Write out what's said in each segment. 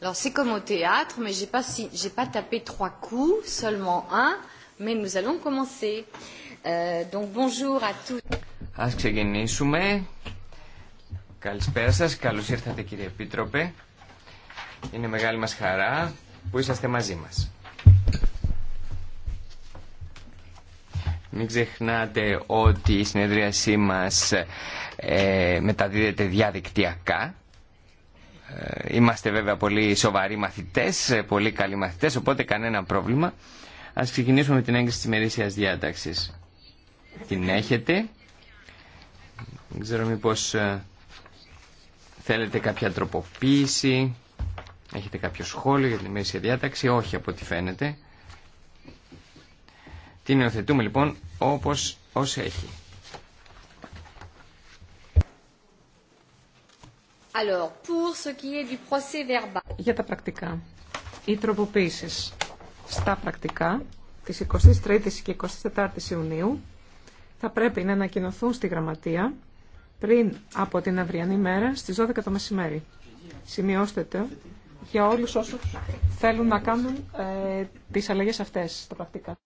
Alors c'est comme au théâtre, mais je n'ai pas, si, pas tapé trois coups, seulement un, mais nous allons commencer. Euh, donc bonjour à tous. Ας ξεκινήσουμε. Καλησπέρα σας, καλώς ήρθατε κύριε Επίτροπε. Είναι μεγάλη μας χαρά που είσαστε μαζί μας. Μην ξεχνάτε ότι η συνεδρίασή μας ε, μεταδίδεται διαδικτυακά ε, είμαστε βέβαια πολύ σοβαροί μαθητές, ε, πολύ καλοί μαθητές, οπότε κανένα πρόβλημα. Ας ξεκινήσουμε με την έγκριση τη μερίσιας διάταξης. Την έχετε. Δεν ξέρω μήπως ε, θέλετε κάποια τροποποίηση. Έχετε κάποιο σχόλιο για την ημερήσια διάταξη. Όχι από ό,τι φαίνεται. Την υιοθετούμε λοιπόν όπως ως έχει. Για τα πρακτικά. Οι τροποποίησει, στα πρακτικά τη 23 η και 24 η Ιουνίου θα πρέπει να ανακοινωθούν στη Γραμματεία πριν από την αυριανή μέρα στι 12 το μεσημέρι. Σημειώστε το για όλου όσους θέλουν να κάνουν ε, τις αλλαγές αυτές στα πρακτικά.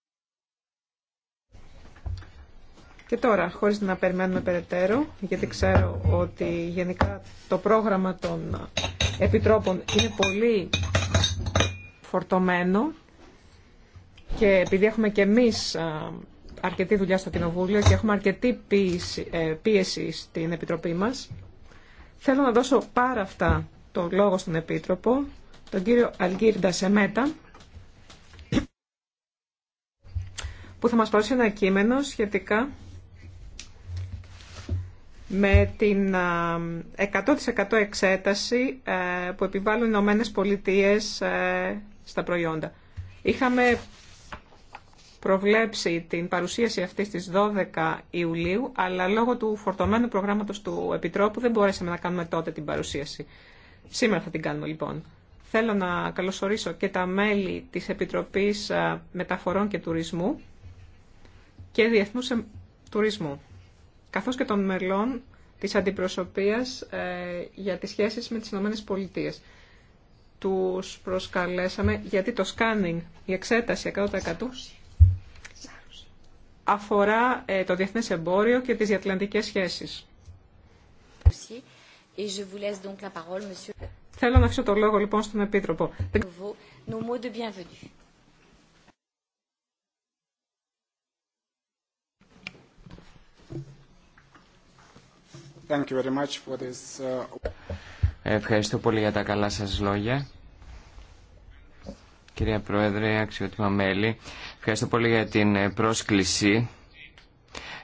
Και τώρα, χωρίς να περιμένουμε περαιτέρω, γιατί ξέρω ότι γενικά το πρόγραμμα των επιτρόπων είναι πολύ φορτωμένο και επειδή έχουμε και εμείς αρκετή δουλειά στο Κοινοβούλιο και έχουμε αρκετή πίεση, ε, πίεση στην Επιτροπή μας, θέλω να δώσω πάρα αυτά το λόγο στον Επίτροπο, τον κύριο Αλγκύρντα Σεμέτα, που θα μας παρουσιάσει ένα κείμενο σχετικά με την 100% εξέταση ε, που επιβάλλουν οι Ηνωμένες Πολιτείες ε, στα προϊόντα. Είχαμε προβλέψει την παρουσίαση αυτή στις 12 Ιουλίου, αλλά λόγω του φορτωμένου προγράμματος του Επιτρόπου δεν μπορέσαμε να κάνουμε τότε την παρουσίαση. Σήμερα θα την κάνουμε λοιπόν. Θέλω να καλωσορίσω και τα μέλη της Επιτροπής ε, Μεταφορών και Τουρισμού και Διεθνούς Τουρισμού καθώς και των μελών της αντιπροσωπείας ε, για τις σχέσεις με τις Ηνωμένες Πολιτείες. Τους προσκαλέσαμε γιατί το σκάνινγκ, η εξέταση 100% αφορά ε, το διεθνές εμπόριο και τις διατλαντικές σχέσεις. Θέλω να αφήσω το λόγο λοιπόν στον Επίτροπο. Uh, ευχαριστώ πολύ για τα καλά σας λόγια. Κυρία Πρόεδρε, αξιότιμα μέλη, ευχαριστώ πολύ για την ε, πρόσκληση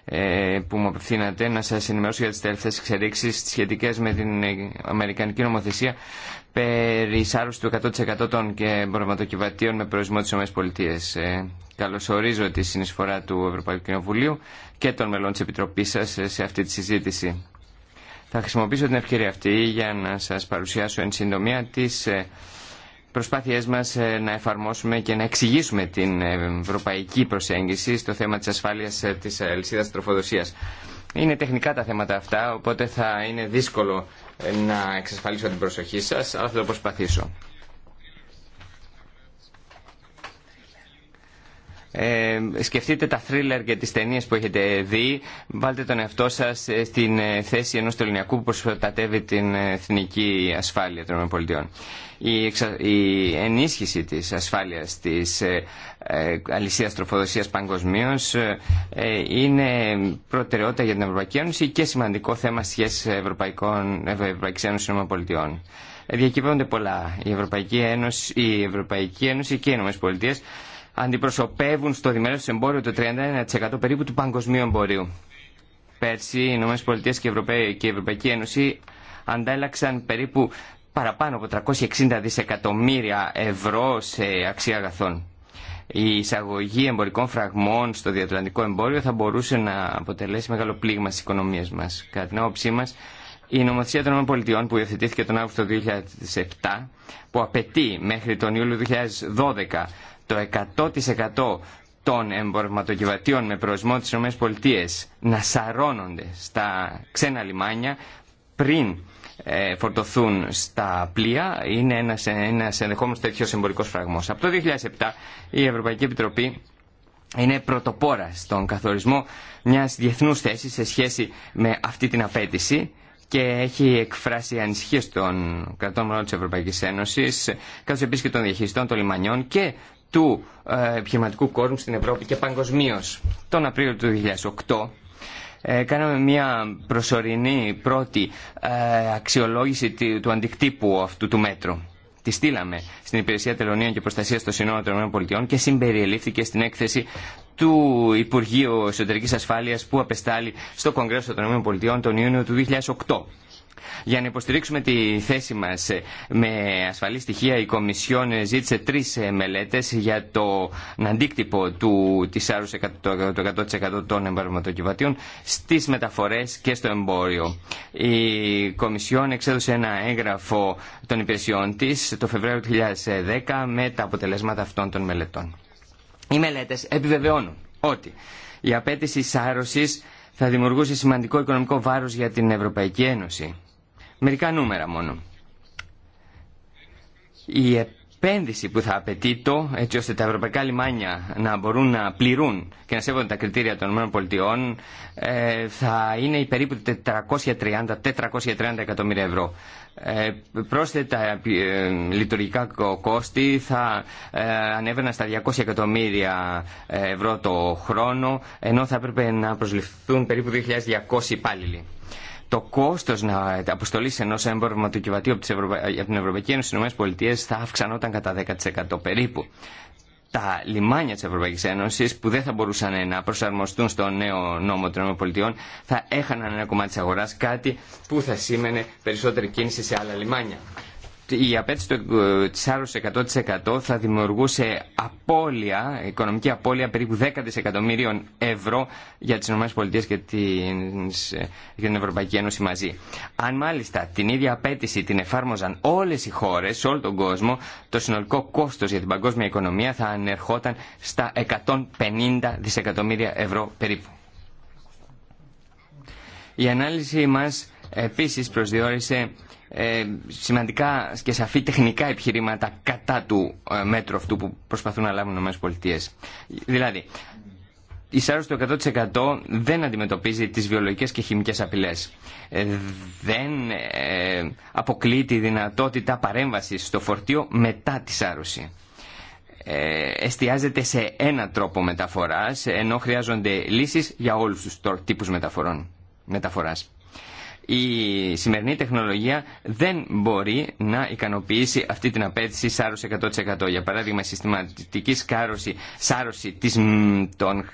ε, που μου απευθύνατε να σας ενημερώσω για τις τελευταίες εξελίξεις σχετικές με την Αμερικανική νομοθεσία περί σάρους του 100% των εμπορευματοκιβατίων με προορισμό της ΟΠΑ. Ε, καλωσορίζω τη συνεισφορά του Ευρωπαϊκού Κοινοβουλίου και των μελών της Επιτροπής σας σε αυτή τη συζήτηση. Θα χρησιμοποιήσω την ευκαιρία αυτή για να σας παρουσιάσω εν συντομία τις ε, προσπάθειές μας ε, να εφαρμόσουμε και να εξηγήσουμε την ευρωπαϊκή προσέγγιση στο θέμα της ασφάλειας ε, της αλυσίδας τροφοδοσίας. Είναι τεχνικά τα θέματα αυτά, οπότε θα είναι δύσκολο να εξασφαλίσω την προσοχή σας, αλλά θα το προσπαθήσω. Ε, σκεφτείτε τα θρίλερ και τις ταινίες που έχετε δει. Βάλτε τον εαυτό σας ε, στην ε, θέση ενός τελωνιακού που προστατεύει την εθνική ασφάλεια των πολιτιών. Η, εξα... η ενίσχυση της ασφάλειας της ε, ε, τροφοδοσίας παγκοσμίω ε, είναι προτεραιότητα για την Ευρωπαϊκή Ένωση και σημαντικό θέμα σχέσης Ευρωπαϊκών... Ευρωπαϊκής Ένωσης Πολιτειών Διακυβεύονται πολλά. Η Ευρωπαϊκή Ένωση, η Ευρωπαϊκή Ένωση και οι Ηνωμένες αντιπροσωπεύουν στο διμερές εμπόριο το 31% περίπου του παγκοσμίου εμπορίου. Πέρσι οι ΗΠΑ και, και η Ευρωπαϊκή Ένωση αντάλλαξαν περίπου παραπάνω από 360 δισεκατομμύρια ευρώ σε αξία αγαθών. Η εισαγωγή εμπορικών φραγμών στο διατλαντικό εμπόριο θα μπορούσε να αποτελέσει μεγάλο πλήγμα στις οικονομίες μας. Κατά την άποψή μας, η νομοθεσία των ΗΠΑ που υιοθετήθηκε τον Αύγουστο 2007, που απαιτεί μέχρι τον Ιούλιο 2012 το 100% των εμπορευματοκιβατίων με προορισμό τις ΗΠΑ να σαρώνονται στα ξένα λιμάνια πριν ε, φορτωθούν στα πλοία είναι ένας, ένας ενδεχόμενος τέτοιος εμπορικός φραγμός. Από το 2007 η Ευρωπαϊκή Επιτροπή είναι πρωτοπόρα στον καθορισμό μιας διεθνούς θέσης σε σχέση με αυτή την απέτηση και έχει εκφράσει ανησυχίε των κρατών μελών τη Ευρωπαϊκή Ένωση, καθώ επίση και των διαχειριστών των λιμανιών και του ε, επιχειρηματικού κόσμου στην Ευρώπη και παγκοσμίω. Τον Απρίλιο του 2008 ε, κάναμε μια προσωρινή πρώτη ε, αξιολόγηση του αντικτύπου αυτού του μέτρου. Τη στείλαμε στην Υπηρεσία Τελωνίων και Προστασία των Συνόρων των ΗΠΑ και συμπεριελήφθηκε στην έκθεση του Υπουργείου Εσωτερικής Ασφάλειας που απεστάλλει στο Κογκρέσο των ΗΠΑ τον Ιούνιο του 2008. Για να υποστηρίξουμε τη θέση μας ε, με ασφαλή στοιχεία, η Κομισιόν ε, ζήτησε τρεις ε, μελέτες για το αντίκτυπο του, το 100% των εμπαρματοκιβατίων στις μεταφορές και στο εμπόριο. Η Κομισιόν εξέδωσε ένα έγγραφο των υπηρεσιών της το Φεβρουάριο 2010 με τα αποτελέσματα αυτών των μελετών. Οι μελέτες επιβεβαιώνουν ότι η απέτηση σάρωσης θα δημιουργούσε σημαντικό οικονομικό βάρος για την Ευρωπαϊκή Ένωση Μερικά νούμερα μόνο. Η επένδυση που θα απαιτεί το έτσι ώστε τα ευρωπαϊκά λιμάνια να μπορούν να πληρούν και να σέβονται τα κριτήρια των ΗΠΑ ε, θα είναι περίπου 430-430 εκατομμύρια ευρώ. Ε, πρόσθετα ε, λειτουργικά κόστη θα ανέβαιναν στα 200 εκατομμύρια ευρώ το χρόνο ενώ θα έπρεπε να προσληφθούν περίπου 2.200 υπάλληλοι το κόστος να ενό ενός του από, από την Ευρωπαϊκή Ένωση στι ΗΠΑ θα αυξανόταν κατά 10% περίπου. Τα λιμάνια τη Ευρωπαϊκής Ένωσης που δεν θα μπορούσαν να προσαρμοστούν στο νέο νόμο των ΗΠΑ θα έχαναν ένα κομμάτι τη αγορά κάτι που θα σήμαινε περισσότερη κίνηση σε άλλα λιμάνια η απέτηση του 4% ε, 100% θα δημιουργούσε απώλεια, οικονομική απώλεια περίπου 10 δισεκατομμύριων ευρώ για τις ΗΠΑ ε, και την Ευρωπαϊκή Ένωση μαζί. Αν μάλιστα την ίδια απέτηση την εφάρμοζαν όλες οι χώρες, σε όλο τον κόσμο, το συνολικό κόστος για την παγκόσμια οικονομία θα ανερχόταν στα 150 δισεκατομμύρια ευρώ περίπου. Η ανάλυση μας επίσης προσδιορίσε ε, σημαντικά και σαφή τεχνικά επιχειρήματα κατά του ε, μέτρου αυτού που προσπαθούν να λάβουν οι ΗΠΑ. Δηλαδή, η Σάρος του 100% δεν αντιμετωπίζει τις βιολογικές και χημικές απειλές. Ε, δεν ε, αποκλείει τη δυνατότητα παρέμβασης στο φορτίο μετά τη σάρωση. εστιάζεται σε ένα τρόπο μεταφοράς, ενώ χρειάζονται λύσεις για όλους τους τύπους μεταφορών, μεταφοράς η σημερινή τεχνολογία δεν μπορεί να ικανοποιήσει αυτή την απέτηση σάρωση 100%. Για παράδειγμα, η συστηματική σκάρωση, σάρωση της, των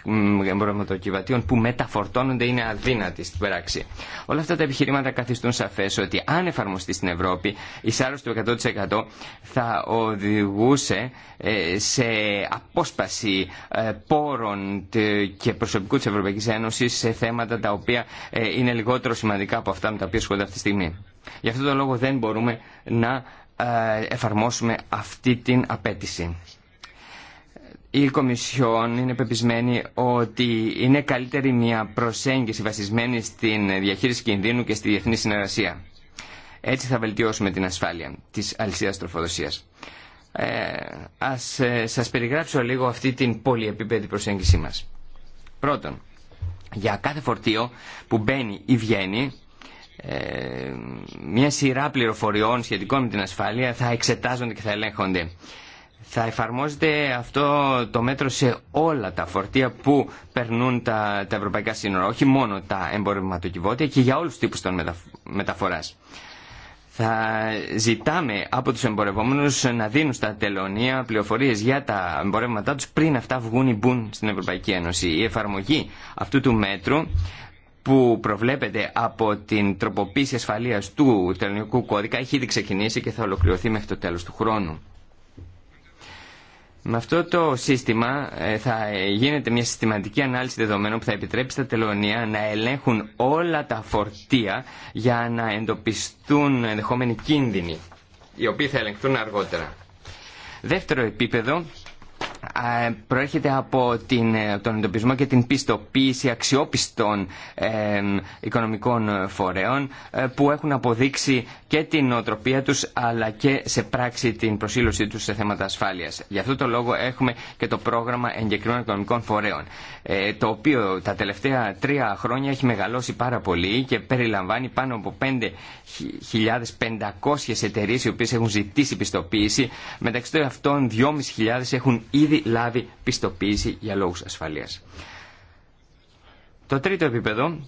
βρωματοκιβατίων που μεταφορτώνονται είναι αδύνατη στην πράξη. Όλα αυτά τα επιχειρήματα καθιστούν σαφέ ότι αν εφαρμοστεί στην Ευρώπη, η σάρωση του 100% θα οδηγούσε ε, σε απόσπαση ε, πόρων και προσωπικού τη Ευρωπαϊκή Ένωση σε θέματα τα οποία ε, είναι λιγότερο σημαντικά από αυτά με τα οποία ασχολούνται αυτή τη στιγμή. Γι' αυτόν τον λόγο δεν μπορούμε να ε, εφαρμόσουμε αυτή την απέτηση. Η Κομισιόν είναι πεπισμένη ότι είναι καλύτερη μια προσέγγιση βασισμένη στην διαχείριση κινδύνου και στη διεθνή συνεργασία. Έτσι θα βελτιώσουμε την ασφάλεια της αλυσίδας τροφοδοσίας. Ε, ας ε, σας περιγράψω λίγο αυτή την πολυεπίπεδη προσέγγιση μας. Πρώτον, για κάθε φορτίο που μπαίνει ή βγαίνει ε, μια σειρά πληροφοριών σχετικών με την ασφάλεια θα εξετάζονται και θα ελέγχονται. Θα εφαρμόζεται αυτό το μέτρο σε όλα τα φορτία που περνούν τα, τα ευρωπαϊκά σύνορα, όχι μόνο τα εμπορευματοκιβώτια και για όλους τους τύπους των μεταφοράς. Θα ζητάμε από τους εμπορευόμενους να δίνουν στα τελωνία πληροφορίες για τα εμπορεύματά τους πριν αυτά βγουν ή μπουν στην Ευρωπαϊκή Ένωση. Η εφαρμογή αυτού του μέτρου που προβλέπεται από την τροποποίηση ασφαλείας του τελωνικού κώδικα έχει ήδη ξεκινήσει και θα ολοκληρωθεί μέχρι το τέλος του χρόνου. Με αυτό το σύστημα ε, θα γίνεται μια συστηματική ανάλυση δεδομένων που θα επιτρέψει στα τελωνία να ελέγχουν όλα τα φορτία για να εντοπιστούν ενδεχόμενοι κίνδυνοι, οι οποίοι θα ελεγχθούν αργότερα. Δεύτερο επίπεδο προέρχεται από την, ε, τον εντοπισμό και την πιστοποίηση αξιόπιστων ε, οικονομικών φορέων ε, που έχουν αποδείξει και την οτροπία τους αλλά και σε πράξη την προσήλωσή τους σε θέματα ασφάλειας. Γι' αυτό το λόγο έχουμε και το πρόγραμμα εγκεκριμένων οικονομικών φορέων το οποίο τα τελευταία τρία χρόνια έχει μεγαλώσει πάρα πολύ και περιλαμβάνει πάνω από 5.500 εταιρείε οι οποίες έχουν ζητήσει πιστοποίηση μεταξύ των αυτών 2.500 έχουν ήδη ήδη λάβει πιστοποίηση για λόγους ασφαλείας. Το τρίτο επίπεδο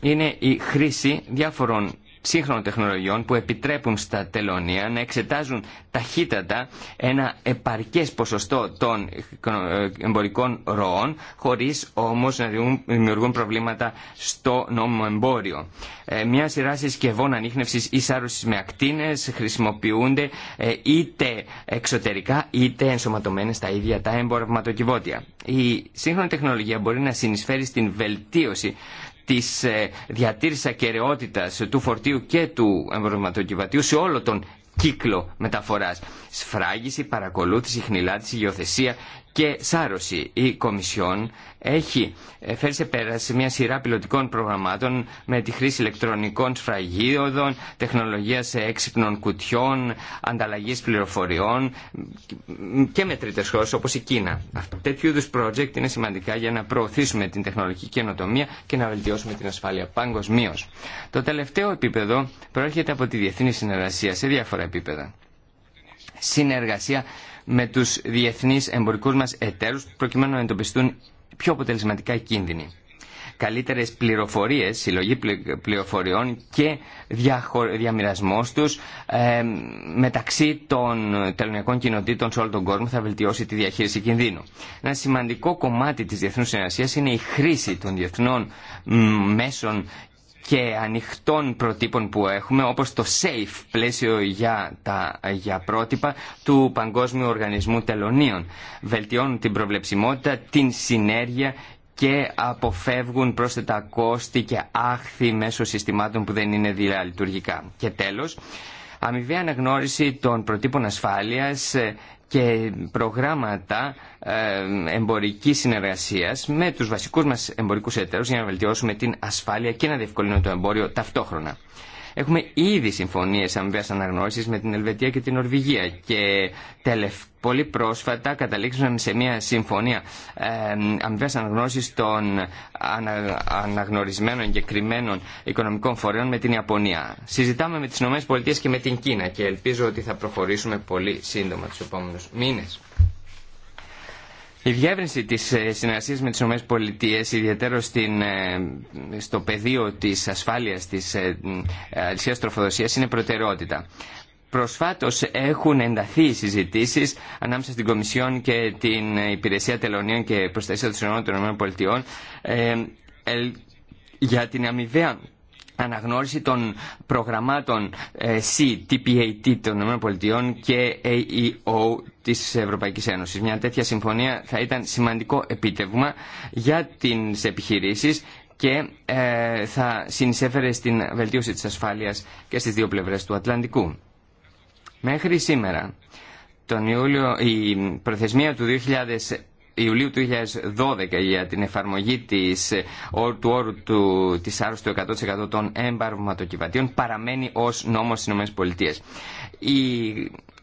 είναι η χρήση διάφορων σύγχρονων τεχνολογιών που επιτρέπουν στα τελωνία να εξετάζουν ταχύτατα ένα επαρκές ποσοστό των ε, εμπορικών ροών χωρίς όμως να δημιουργούν προβλήματα στο νόμιμο εμπόριο. Ε, μια σειρά συσκευών ανείχνευσης ή σάρωσης με ακτίνες χρησιμοποιούνται ε, είτε εξωτερικά είτε ενσωματωμένες στα ίδια τα εμπορευματοκιβώτια. Η με ακτινες χρησιμοποιουνται ειτε εξωτερικα τεχνολογία μπορεί να συνεισφέρει στην βελτίωση της ε, διατήρησης ακεραιότητας του φορτίου και του εμπορευματοκιβατίου σε όλο τον κύκλο μεταφοράς. Σφράγιση, παρακολούθηση, χνηλάτιση, υιοθεσία, και σάρωση. Η Κομισιόν έχει ε, φέρει σε πέραση μια σειρά πιλωτικών προγραμμάτων με τη χρήση ηλεκτρονικών σφραγίδων, τεχνολογίας έξυπνων κουτιών, ανταλλαγής πληροφοριών και με τρίτες χώρες όπως η Κίνα. Τέτοιου είδους project είναι σημαντικά για να προωθήσουμε την τεχνολογική καινοτομία και να βελτιώσουμε την ασφάλεια παγκοσμίω. Το τελευταίο επίπεδο προέρχεται από τη διεθνή συνεργασία σε διάφορα επίπεδα. Συνεργασία με τους διεθνείς εμπορικούς μας εταίρους προκειμένου να εντοπιστούν πιο αποτελεσματικά οι κίνδυνοι. Καλύτερες πληροφορίες, συλλογή πληροφοριών και διαμοιρασμός τους ε, μεταξύ των τελωνιακών κοινοτήτων σε όλο τον κόσμο θα βελτιώσει τη διαχείριση κινδύνου. Ένα σημαντικό κομμάτι της διεθνούς συνεργασίας είναι η χρήση των διεθνών μέσων και ανοιχτών προτύπων που έχουμε, όπως το SAFE, πλαίσιο για, τα, για πρότυπα του Παγκόσμιου Οργανισμού Τελωνίων. Βελτιώνουν την προβλεψιμότητα, την συνέργεια και αποφεύγουν πρόσθετα κόστη και άχθη μέσω συστημάτων που δεν είναι διαλειτουργικά. Και τέλος, αμοιβή αναγνώριση των προτύπων ασφάλειας και προγράμματα ε, εμπορικής συνεργασίας με τους βασικούς μας εμπορικούς εταίρους για να βελτιώσουμε την ασφάλεια και να διευκολύνουμε το εμπόριο ταυτόχρονα. Έχουμε ήδη συμφωνίε αμοιβέ αναγνώριση με την Ελβετία και την Νορβηγία και πολύ πρόσφατα καταλήξαμε σε μια συμφωνία ε, αναγνώσεις των ανα, αναγνωρισμένων κρυμμένων οικονομικών φορέων με την Ιαπωνία. Συζητάμε με τι ΗΠΑ και με την Κίνα και ελπίζω ότι θα προχωρήσουμε πολύ σύντομα του επόμενου μήνε. Η διεύρυνση τη ε, συνεργασία με τις ΗΠΑ, ιδιαίτερα στην, ε, στο πεδίο της ασφάλειας της ε, αλυσίας τροφοδοσία είναι προτεραιότητα. Προσφάτως έχουν ενταθεί οι συζητήσεις ανάμεσα στην Κομισιόν και την Υπηρεσία Τελωνίων και Προστασία των Συνόρων των ΗΠΑ για την αμοιβαία αναγνώριση των προγραμμάτων ε, CTPAT των ΗΠΑ και AEO της Ευρωπαϊκής Ένωσης. Μια τέτοια συμφωνία θα ήταν σημαντικό επίτευγμα για τις επιχειρήσεις και ε, θα συνεισέφερε στην βελτίωση της ασφάλειας και στις δύο πλευρές του Ατλαντικού. Μέχρι σήμερα, τον Ιούλιο, η προθεσμία του Ιουλίου του 2012 για την εφαρμογή της, του όρου του, της άρρωσης του 100% των εμπαρβηματοκιβατίων παραμένει ως νόμος στις ΗΠΑ. Η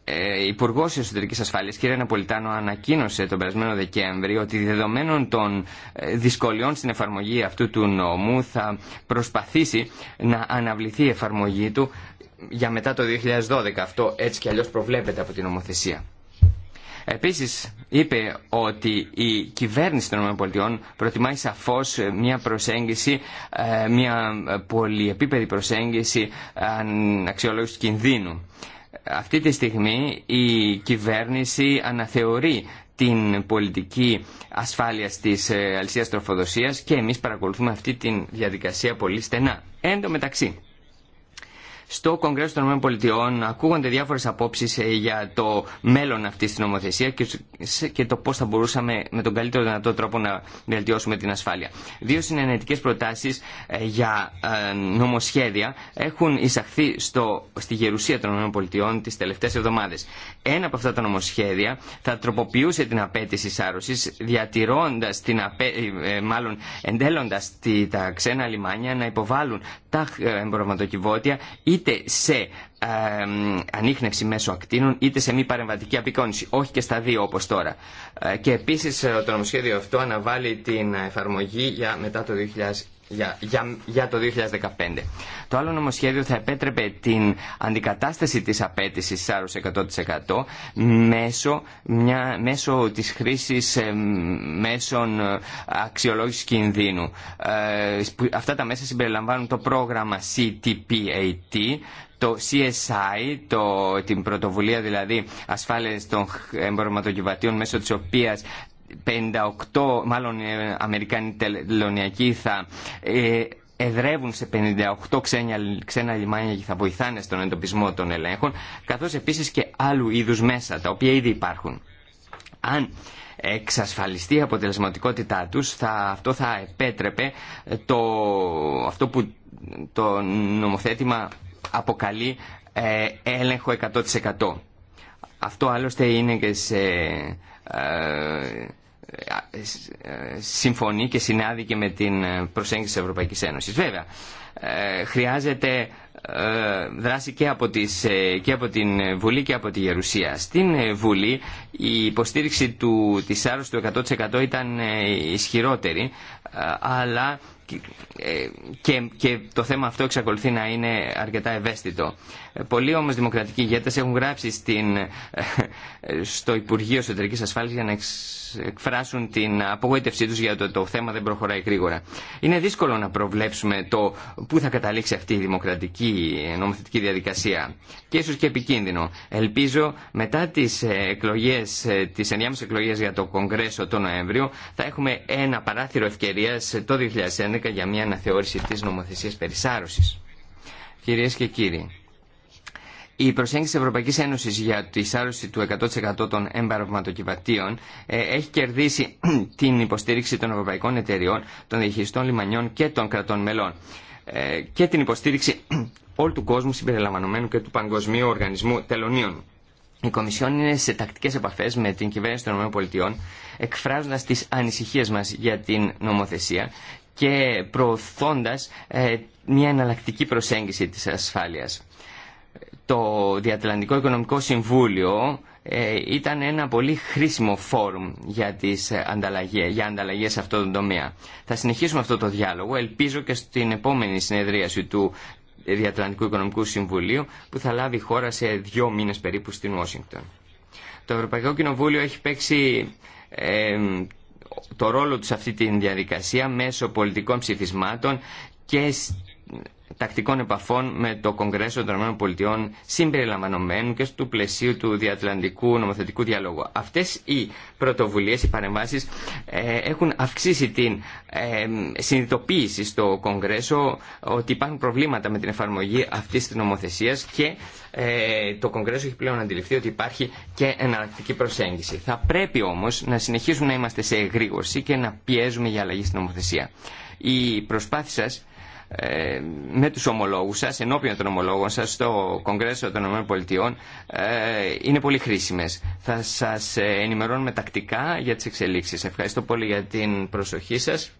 ε, Υπουργός Υπουργό Εσωτερική Ασφάλεια, κ. Ναπολιτάνο, ανακοίνωσε τον περασμένο Δεκέμβρη ότι δεδομένων των ε, δυσκολιών στην εφαρμογή αυτού του νόμου θα προσπαθήσει να αναβληθεί η εφαρμογή του για μετά το 2012. Αυτό έτσι κι αλλιώ προβλέπεται από την νομοθεσία. Επίσης είπε ότι η κυβέρνηση των ΗΠΑ προτιμάει σαφώς μια προσέγγιση, ε, μια πολυεπίπεδη προσέγγιση ε, αξιολόγηση κινδύνου. Αυτή τη στιγμή η κυβέρνηση αναθεωρεί την πολιτική ασφάλεια της ε, αλυσίας τροφοδοσίας και εμείς παρακολουθούμε αυτή τη διαδικασία πολύ στενά. Εν μεταξύ, στο Κογκρέσο των ΗΠΑ ακούγονται διάφορες απόψεις ε, για το μέλλον αυτής της νομοθεσία και το πώς θα μπορούσαμε με τον καλύτερο δυνατό τρόπο να βελτιώσουμε την ασφάλεια. Δύο συνενετικές προτάσεις ε, για ε, νομοσχέδια έχουν εισαχθεί στο, στη γερουσία των ΗΠΑ τις τελευταίες εβδομάδες. Ένα από αυτά τα νομοσχέδια θα τροποποιούσε την απέτηση σάρωσης διατηρώντας την μάλλον εντέλλοντας τα ξένα λιμάνια να υποβάλουν τα εμπορευματοκιβώτια είτε σε ανείχνευση μέσω ακτίνων είτε σε μη παρεμβατική απεικόνηση. Όχι και στα δύο όπως τώρα. Ε, και επίσης ε, το νομοσχέδιο αυτό αναβάλει την εφαρμογή για μετά το για, για, για το 2015. Το άλλο νομοσχέδιο θα επέτρεπε την αντικατάσταση της απέτηση σάρους 100% μέσω, μια, μέσω της χρήσης ε, μέσων ε, αξιολόγησης κινδύνου. Ε, αυτά τα μέσα συμπεριλαμβάνουν το πρόγραμμα CTPAT, το CSI, το, την πρωτοβουλία δηλαδή ασφάλειας των εμπορματοκιβατίων μέσω της οποίας 58 μάλλον ε, Αμερικάνοι τελωνιακοί θα ε, εδρεύουν σε 58 ξένα ξένα λιμάνια και θα βοηθάνε στον εντοπισμό των ελέγχων, καθώς επίσης και άλλου είδους μέσα, τα οποία ήδη υπάρχουν. Αν εξασφαλιστεί η αποτελεσματικότητά τους, θα, αυτό θα επέτρεπε το, αυτό που το νομοθέτημα αποκαλεί ε, έλεγχο 100%. Αυτό άλλωστε είναι και σε... Ε, συμφωνεί και συνάδει και με την ε, προσέγγιση της Ευρωπαϊκής Ένωσης. Βέβαια, ε, χρειάζεται ε, δράση και από, και από την Βουλή και από τη Γερουσία. Στην Βουλή η υποστήριξη του, της άρρωσης του 100% ήταν ισχυρότερη, αλλά ε, και, και το θέμα αυτό εξακολουθεί να είναι αρκετά ευαίσθητο. Πολλοί όμως δημοκρατικοί ηγέτες έχουν γράψει στην, ε, στο Υπουργείο Εσωτερική ασφάλεια για να εκφράσουν την απογοήτευσή τους για το το θέμα δεν προχωράει γρήγορα. Είναι δύσκολο να προβλέψουμε το πού θα καταλήξει αυτή η δημοκρατική ε, νομοθετική διαδικασία και ίσως και επικίνδυνο. Ελπίζω μετά τις εκλογές, τις ενδιάμεσες εκλογές για το Κογκρέσο τον Νοέμβριο θα έχουμε ένα παράθυρο ευκαιρίας το 2011 για μια αναθεώρηση της νομοθεσίας σάρωση. Κυρίες και κύριοι, η προσέγγιση της Ευρωπαϊκής Ένωσης για τη σάρωση του 100% των ε, έχει κερδίσει την υποστήριξη των ευρωπαϊκών εταιριών, των διαχειριστών λιμανιών και των κρατών μελών ε, και την υποστήριξη όλου του κόσμου συμπεριλαμβανομένου και του Παγκοσμίου Οργανισμού Τελωνίων. Η Κομισιόν είναι σε τακτικέ επαφέ με την κυβέρνηση των ΗΠΑ, εκφράζοντα τι ανησυχίε μα για την νομοθεσία και προωθώντας ε, μια εναλλακτική προσέγγιση της ασφάλειας. Το Διατλαντικό Οικονομικό Συμβούλιο ε, ήταν ένα πολύ χρήσιμο φόρουμ για, τις ε, ανταλλαγές, σε αυτό τον τομέα. Θα συνεχίσουμε αυτό το διάλογο, ελπίζω και στην επόμενη συνεδρίαση του Διατλαντικού Οικονομικού Συμβουλίου που θα λάβει η χώρα σε δύο μήνες περίπου στην Ουάσιγκτον. Το Ευρωπαϊκό Κοινοβούλιο έχει παίξει ε, το ρόλο του σε αυτή τη διαδικασία μέσω πολιτικών ψηφισμάτων και τακτικών επαφών με το Κογκρέσο των ΗΠΑ συμπεριλαμβανομένου και στο πλαισίου του διατλαντικού νομοθετικού διαλόγου. Αυτές οι πρωτοβουλίες, οι παρεμβάσεις ε, έχουν αυξήσει την ε, συνειδητοποίηση στο Κογκρέσο ότι υπάρχουν προβλήματα με την εφαρμογή αυτής της νομοθεσίας και ε, το Κογκρέσο έχει πλέον αντιληφθεί ότι υπάρχει και εναλλακτική προσέγγιση. Θα πρέπει όμως να συνεχίσουμε να είμαστε σε εγρήγορση και να πιέζουμε για αλλαγή στην νομοθεσία. Η προσπάθεια σας ε, με τους ομολόγους σας, ενώπιον των ομολόγων σας στο Κογκρέσο των ΗΠΑ ε, είναι πολύ χρήσιμες. Θα σας ε, ενημερώνουμε τακτικά για τις εξελίξεις. Ευχαριστώ πολύ για την προσοχή σας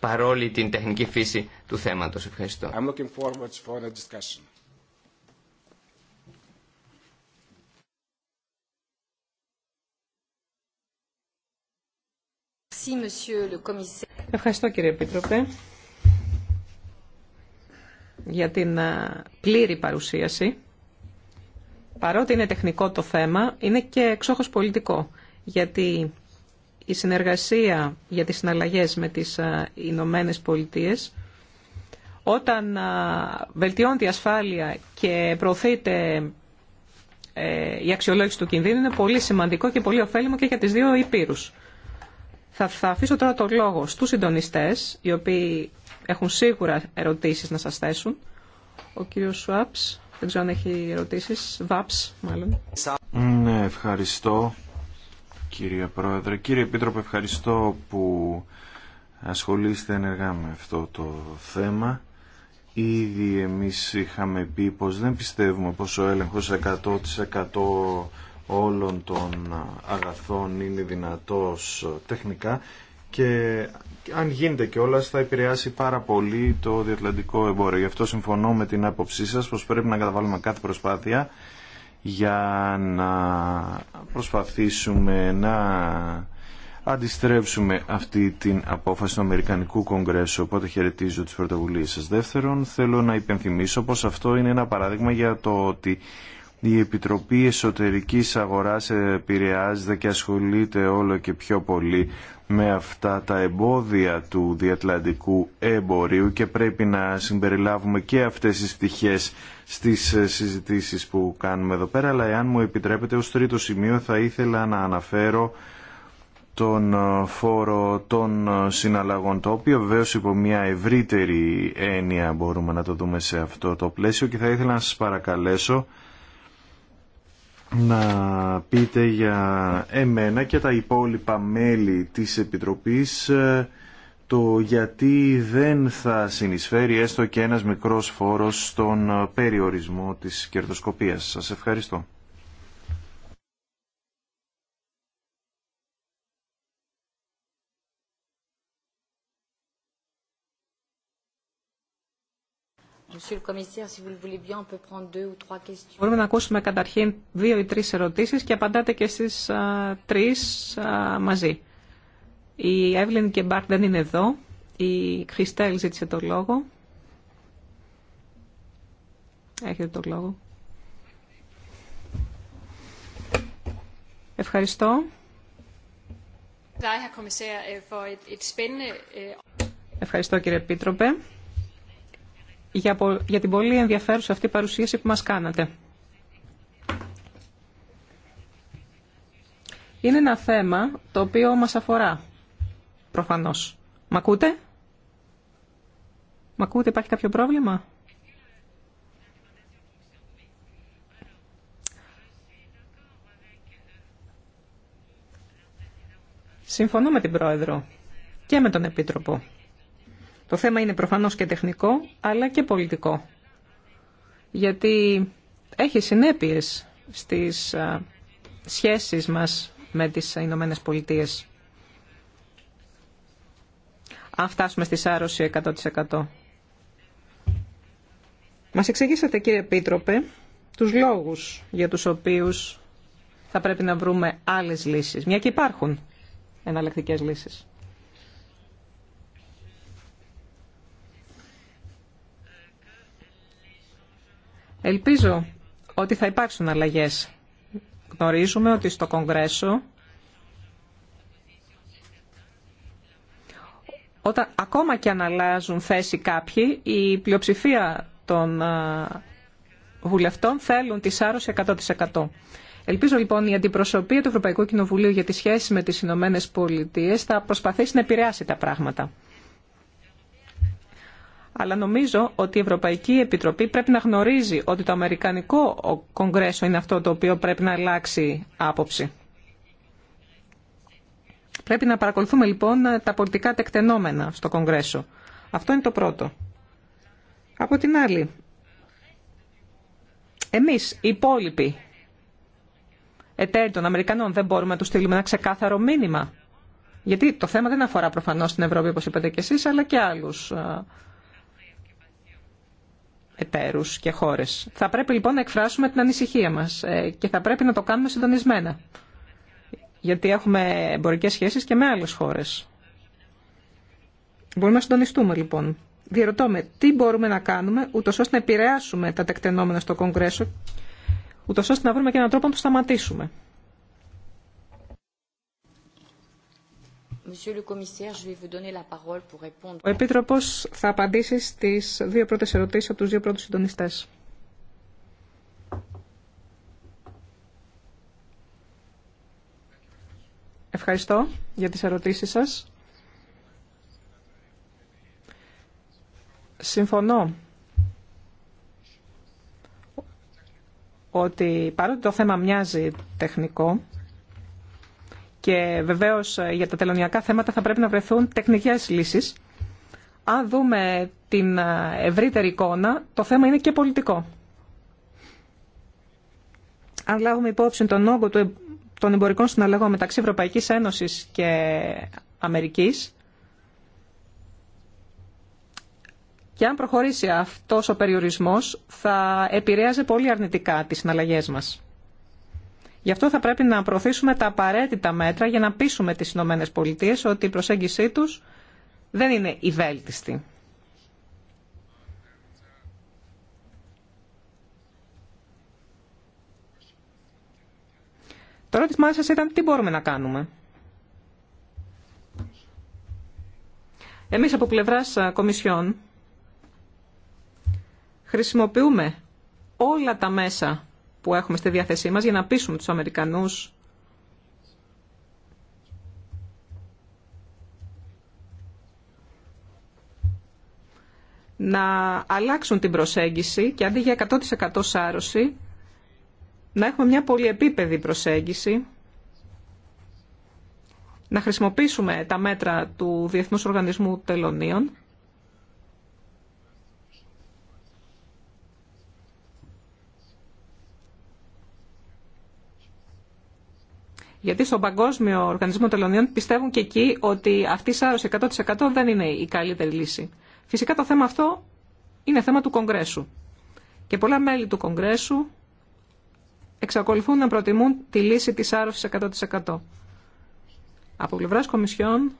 παρόλη την τεχνική φύση του θέματος. Ευχαριστώ. I'm Ευχαριστώ κύριε Επίτροπε για την ε, πλήρη παρουσίαση. Παρότι είναι τεχνικό το θέμα, είναι και εξόχως πολιτικό, γιατί η συνεργασία για τις συναλλαγές με τις ε, Ηνωμένε Πολιτείες, όταν ε, βελτιώνεται η ασφάλεια και προωθείται η αξιολόγηση του κινδύνου, είναι πολύ σημαντικό και πολύ ωφέλιμο και για τις δύο υπήρους. Θα, αφήσω τώρα το λόγο στους συντονιστές, οι οποίοι έχουν σίγουρα ερωτήσεις να σας θέσουν. Ο κύριος Σουάπς, δεν ξέρω αν έχει ερωτήσεις. Βάπς, μάλλον. Ναι, ευχαριστώ κύριε Πρόεδρε. Κύριε Επίτροπε, ευχαριστώ που ασχολείστε ενεργά με αυτό το θέμα. Ήδη εμείς είχαμε πει πως δεν πιστεύουμε πως ο έλεγχος 100% όλων των αγαθών είναι δυνατός τεχνικά και αν γίνεται κιόλα θα επηρεάσει πάρα πολύ το διατλαντικό εμπόριο. Γι' αυτό συμφωνώ με την άποψή σας πως πρέπει να καταβάλουμε κάθε προσπάθεια για να προσπαθήσουμε να αντιστρέψουμε αυτή την απόφαση του Αμερικανικού Κογκρέσου, οπότε χαιρετίζω τις πρωτοβουλίες σας. Δεύτερον, θέλω να υπενθυμίσω πως αυτό είναι ένα παράδειγμα για το ότι η Επιτροπή Εσωτερικής Αγοράς επηρεάζεται και ασχολείται όλο και πιο πολύ με αυτά τα εμπόδια του διατλαντικού εμπορίου και πρέπει να συμπεριλάβουμε και αυτές τις πτυχές στις συζητήσεις που κάνουμε εδώ πέρα αλλά εάν μου επιτρέπετε ως τρίτο σημείο θα ήθελα να αναφέρω τον φόρο των συναλλαγών το οποίο βεβαίω υπό μια ευρύτερη έννοια μπορούμε να το δούμε σε αυτό το πλαίσιο και θα ήθελα να σας παρακαλέσω να πείτε για εμένα και τα υπόλοιπα μέλη της Επιτροπής ε, το γιατί δεν θα συνεισφέρει έστω και ένας μικρός φόρος στον ε, περιορισμό της κερδοσκοπίας. Σας ευχαριστώ. Μπορούμε να ακούσουμε καταρχήν δύο ή τρεις ερωτήσεις και απαντάτε και στις τρεις μαζί. Η Εύλεν και Μπάρτ δεν είναι εδώ. Η Χριστέλ ζήτησε το λόγο. Έχετε το λόγο. Ευχαριστώ. Äh, äh, Ευχαριστώ κύριε πίτροπε για, την πολύ ενδιαφέρουσα αυτή παρουσίαση που μας κάνατε. Είναι ένα θέμα το οποίο μας αφορά, προφανώς. Μ' ακούτε? Μ' ακούτε, υπάρχει κάποιο πρόβλημα? Συμφωνώ με την Πρόεδρο και με τον Επίτροπο. Το θέμα είναι προφανώς και τεχνικό, αλλά και πολιτικό. Γιατί έχει συνέπειες στις σχέσεις μας με τις Ηνωμένε Πολιτείε. Αν φτάσουμε στη σάρωση 100%. Μας εξηγήσατε κύριε Επίτροπε τους λόγους για τους οποίους θα πρέπει να βρούμε άλλες λύσεις, μια και υπάρχουν εναλλακτικές λύσεις. Ελπίζω ότι θα υπάρξουν αλλαγές. Γνωρίζουμε ότι στο Κογκρέσο όταν ακόμα και αν αλλάζουν θέση κάποιοι, η πλειοψηφία των βουλευτών θέλουν τη σάρωση 100%. Ελπίζω λοιπόν η αντιπροσωπεία του Ευρωπαϊκού Κοινοβουλίου για τις σχέσεις με τις Ηνωμένε Πολιτείε θα προσπαθήσει να επηρεάσει τα πράγματα αλλά νομίζω ότι η Ευρωπαϊκή Επιτροπή πρέπει να γνωρίζει ότι το Αμερικανικό Κογκρέσο είναι αυτό το οποίο πρέπει να αλλάξει άποψη. Πρέπει να παρακολουθούμε λοιπόν τα πολιτικά τεκτενόμενα στο Κογκρέσο. Αυτό είναι το πρώτο. Από την άλλη, εμείς οι υπόλοιποι εταίροι των Αμερικανών δεν μπορούμε να τους στείλουμε ένα ξεκάθαρο μήνυμα. Γιατί το θέμα δεν αφορά προφανώς την Ευρώπη όπως είπατε και εσείς αλλά και άλλους εταίρου και χώρες. Θα πρέπει λοιπόν να εκφράσουμε την ανησυχία μας ε, και θα πρέπει να το κάνουμε συντονισμένα. Γιατί έχουμε εμπορικέ σχέσεις και με άλλες χώρες. Μπορούμε να συντονιστούμε λοιπόν. Διερωτώ με τι μπορούμε να κάνουμε ούτως ώστε να επηρεάσουμε τα τεκτενόμενα στο Κογκρέσο ούτω ώστε να βρούμε και έναν τρόπο να το σταματήσουμε. Ο Επίτροπος θα απαντήσει στις δύο πρώτες ερωτήσεις από τους δύο πρώτους συντονιστές. Ευχαριστώ για τις ερωτήσεις σας. Συμφωνώ ότι παρότι το θέμα μοιάζει τεχνικό, και βεβαίως ε, για τα τελωνιακά θέματα θα πρέπει να βρεθούν τεχνικές λύσεις. Αν δούμε την ε, ευρύτερη εικόνα, το θέμα είναι και πολιτικό. Αν λάβουμε υπόψη τον όγκο ε, των εμπορικών συναλλαγών μεταξύ Ευρωπαϊκής Ένωσης και Αμερικής, και αν προχωρήσει αυτός ο περιορισμός θα επηρέαζε πολύ αρνητικά τις συναλλαγές μας. Γι' αυτό θα πρέπει να προωθήσουμε τα απαραίτητα μέτρα για να πείσουμε τις Ηνωμένε Πολιτείε ότι η προσέγγισή τους δεν είναι η βέλτιστη. Το ερώτημά ήταν τι μπορούμε να κάνουμε. Εμείς από πλευράς Κομισιόν χρησιμοποιούμε όλα τα μέσα που έχουμε στη διάθεσή μας για να πείσουμε τους Αμερικανούς να αλλάξουν την προσέγγιση και αντί για 100% σάρωση να έχουμε μια πολυεπίπεδη προσέγγιση, να χρησιμοποιήσουμε τα μέτρα του Διεθνούς Οργανισμού Τελωνίων Γιατί στον Παγκόσμιο Οργανισμό Τελωνίων πιστεύουν και εκεί ότι αυτή η σάρωση 100% δεν είναι η καλύτερη λύση. Φυσικά το θέμα αυτό είναι θέμα του Κογκρέσου. Και πολλά μέλη του Κογκρέσου εξακολουθούν να προτιμούν τη λύση της άρρωσης 100%. Από πλευράς Κομισιόν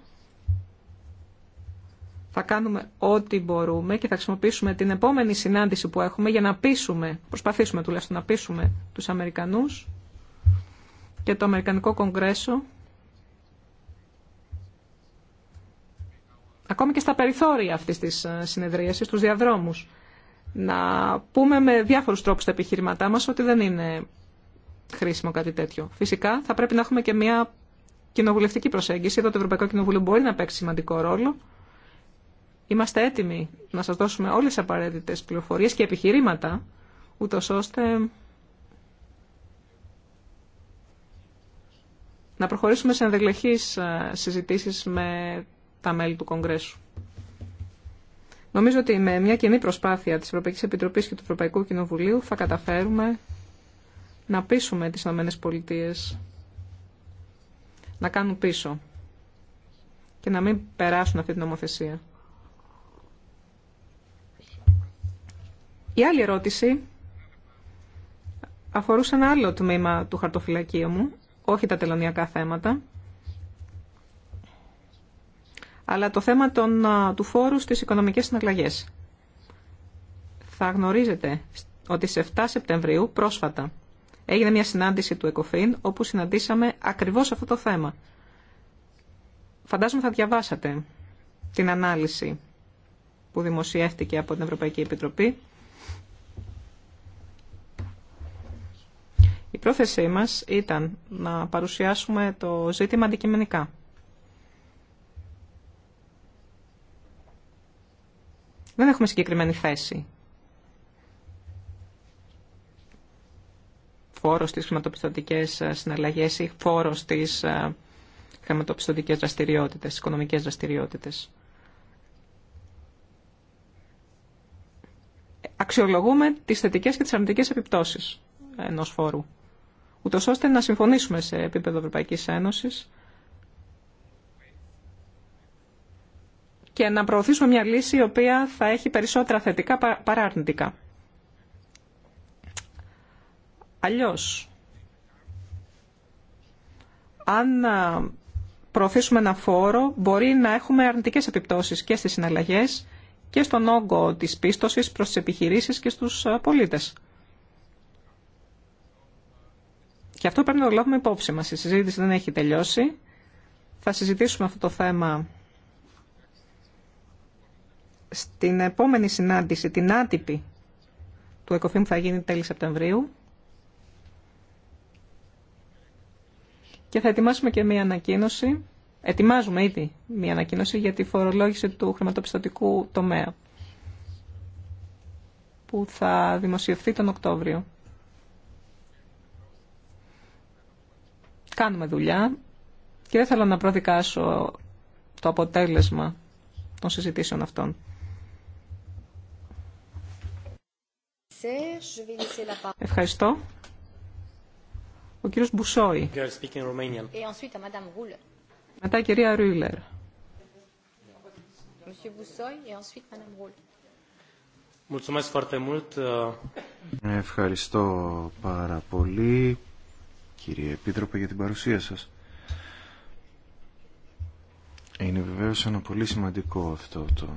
θα κάνουμε ό,τι μπορούμε και θα χρησιμοποιήσουμε την επόμενη συνάντηση που έχουμε για να πείσουμε, προσπαθήσουμε τουλάχιστον να πείσουμε τους Αμερικανούς και το Αμερικανικό Κογκρέσο ακόμη και στα περιθώρια αυτής της ε, συνεδρίασης, στους διαδρόμους, να πούμε με διάφορους τρόπους τα επιχειρηματά μας ότι δεν είναι χρήσιμο κάτι τέτοιο. Φυσικά θα πρέπει να έχουμε και μια κοινοβουλευτική προσέγγιση. Εδώ το Ευρωπαϊκό Κοινοβούλιο μπορεί να παίξει σημαντικό ρόλο. Είμαστε έτοιμοι να σας δώσουμε όλες τις απαραίτητες πληροφορίες και επιχειρήματα, ούτω ώστε να προχωρήσουμε σε ενδελεχείς ε, συζητήσεις με τα μέλη του Κογκρέσου. Νομίζω ότι με μια κοινή προσπάθεια της Ευρωπαϊκής Επιτροπής και του Ευρωπαϊκού Κοινοβουλίου θα καταφέρουμε να πείσουμε τις ΗΠΑ Πολιτείες να κάνουν πίσω και να μην περάσουν αυτή την νομοθεσία. Η άλλη ερώτηση αφορούσε ένα άλλο τμήμα του χαρτοφυλακίου μου, όχι τα τελωνιακά θέματα, αλλά το θέμα των, του φόρου στις οικονομικές συναλλαγές. Θα γνωρίζετε ότι σε 7 Σεπτεμβρίου πρόσφατα έγινε μια συνάντηση του ΕΚΟΦΗΝ όπου συναντήσαμε ακριβώς αυτό το θέμα. Φαντάζομαι θα διαβάσατε την ανάλυση που δημοσιεύτηκε από την Ευρωπαϊκή Επιτροπή πρόθεσή μας ήταν να παρουσιάσουμε το ζήτημα αντικειμενικά. Δεν έχουμε συγκεκριμένη θέση. Φόρος στις χρηματοπιστωτικές ε, συναλλαγές ή φόρος στις ε, χρηματοπιστωτικές δραστηριότητες, οικονομικές δραστηριότητες. Αξιολογούμε τις θετικές και τις αρνητικές επιπτώσεις ενός φόρου ούτω ώστε να συμφωνήσουμε σε επίπεδο Ευρωπαϊκής Ένωση. και να προωθήσουμε μια λύση η οποία θα έχει περισσότερα θετικά παρά αρνητικά. Αλλιώς, αν προωθήσουμε ένα φόρο, μπορεί να έχουμε αρνητικές επιπτώσεις και στις συναλλαγές και στον όγκο της πίστοσης προς τις επιχειρήσεις και στους πολίτες. Και αυτό πρέπει να το λάβουμε υπόψη μας. Η συζήτηση δεν έχει τελειώσει. Θα συζητήσουμε αυτό το θέμα στην επόμενη συνάντηση, την άτυπη του ΕΚΟΦΗΜ θα γίνει τέλη Σεπτεμβρίου. Και θα ετοιμάσουμε και μία ανακοίνωση, ετοιμάζουμε ήδη μία ανακοίνωση για τη φορολόγηση του χρηματοπιστωτικού τομέα, που θα δημοσιευθεί τον Οκτώβριο. Κάνουμε δουλειά και δεν θέλω να προδικάσω το αποτέλεσμα των συζητήσεων αυτών. Ευχαριστώ. Ο κύριος Μπουσόη. Μετά η κυρία Ρούλερ. Ευχαριστώ πάρα πολύ κύριε Επίτροπε για την παρουσία σας. Είναι βεβαίως ένα πολύ σημαντικό αυτό το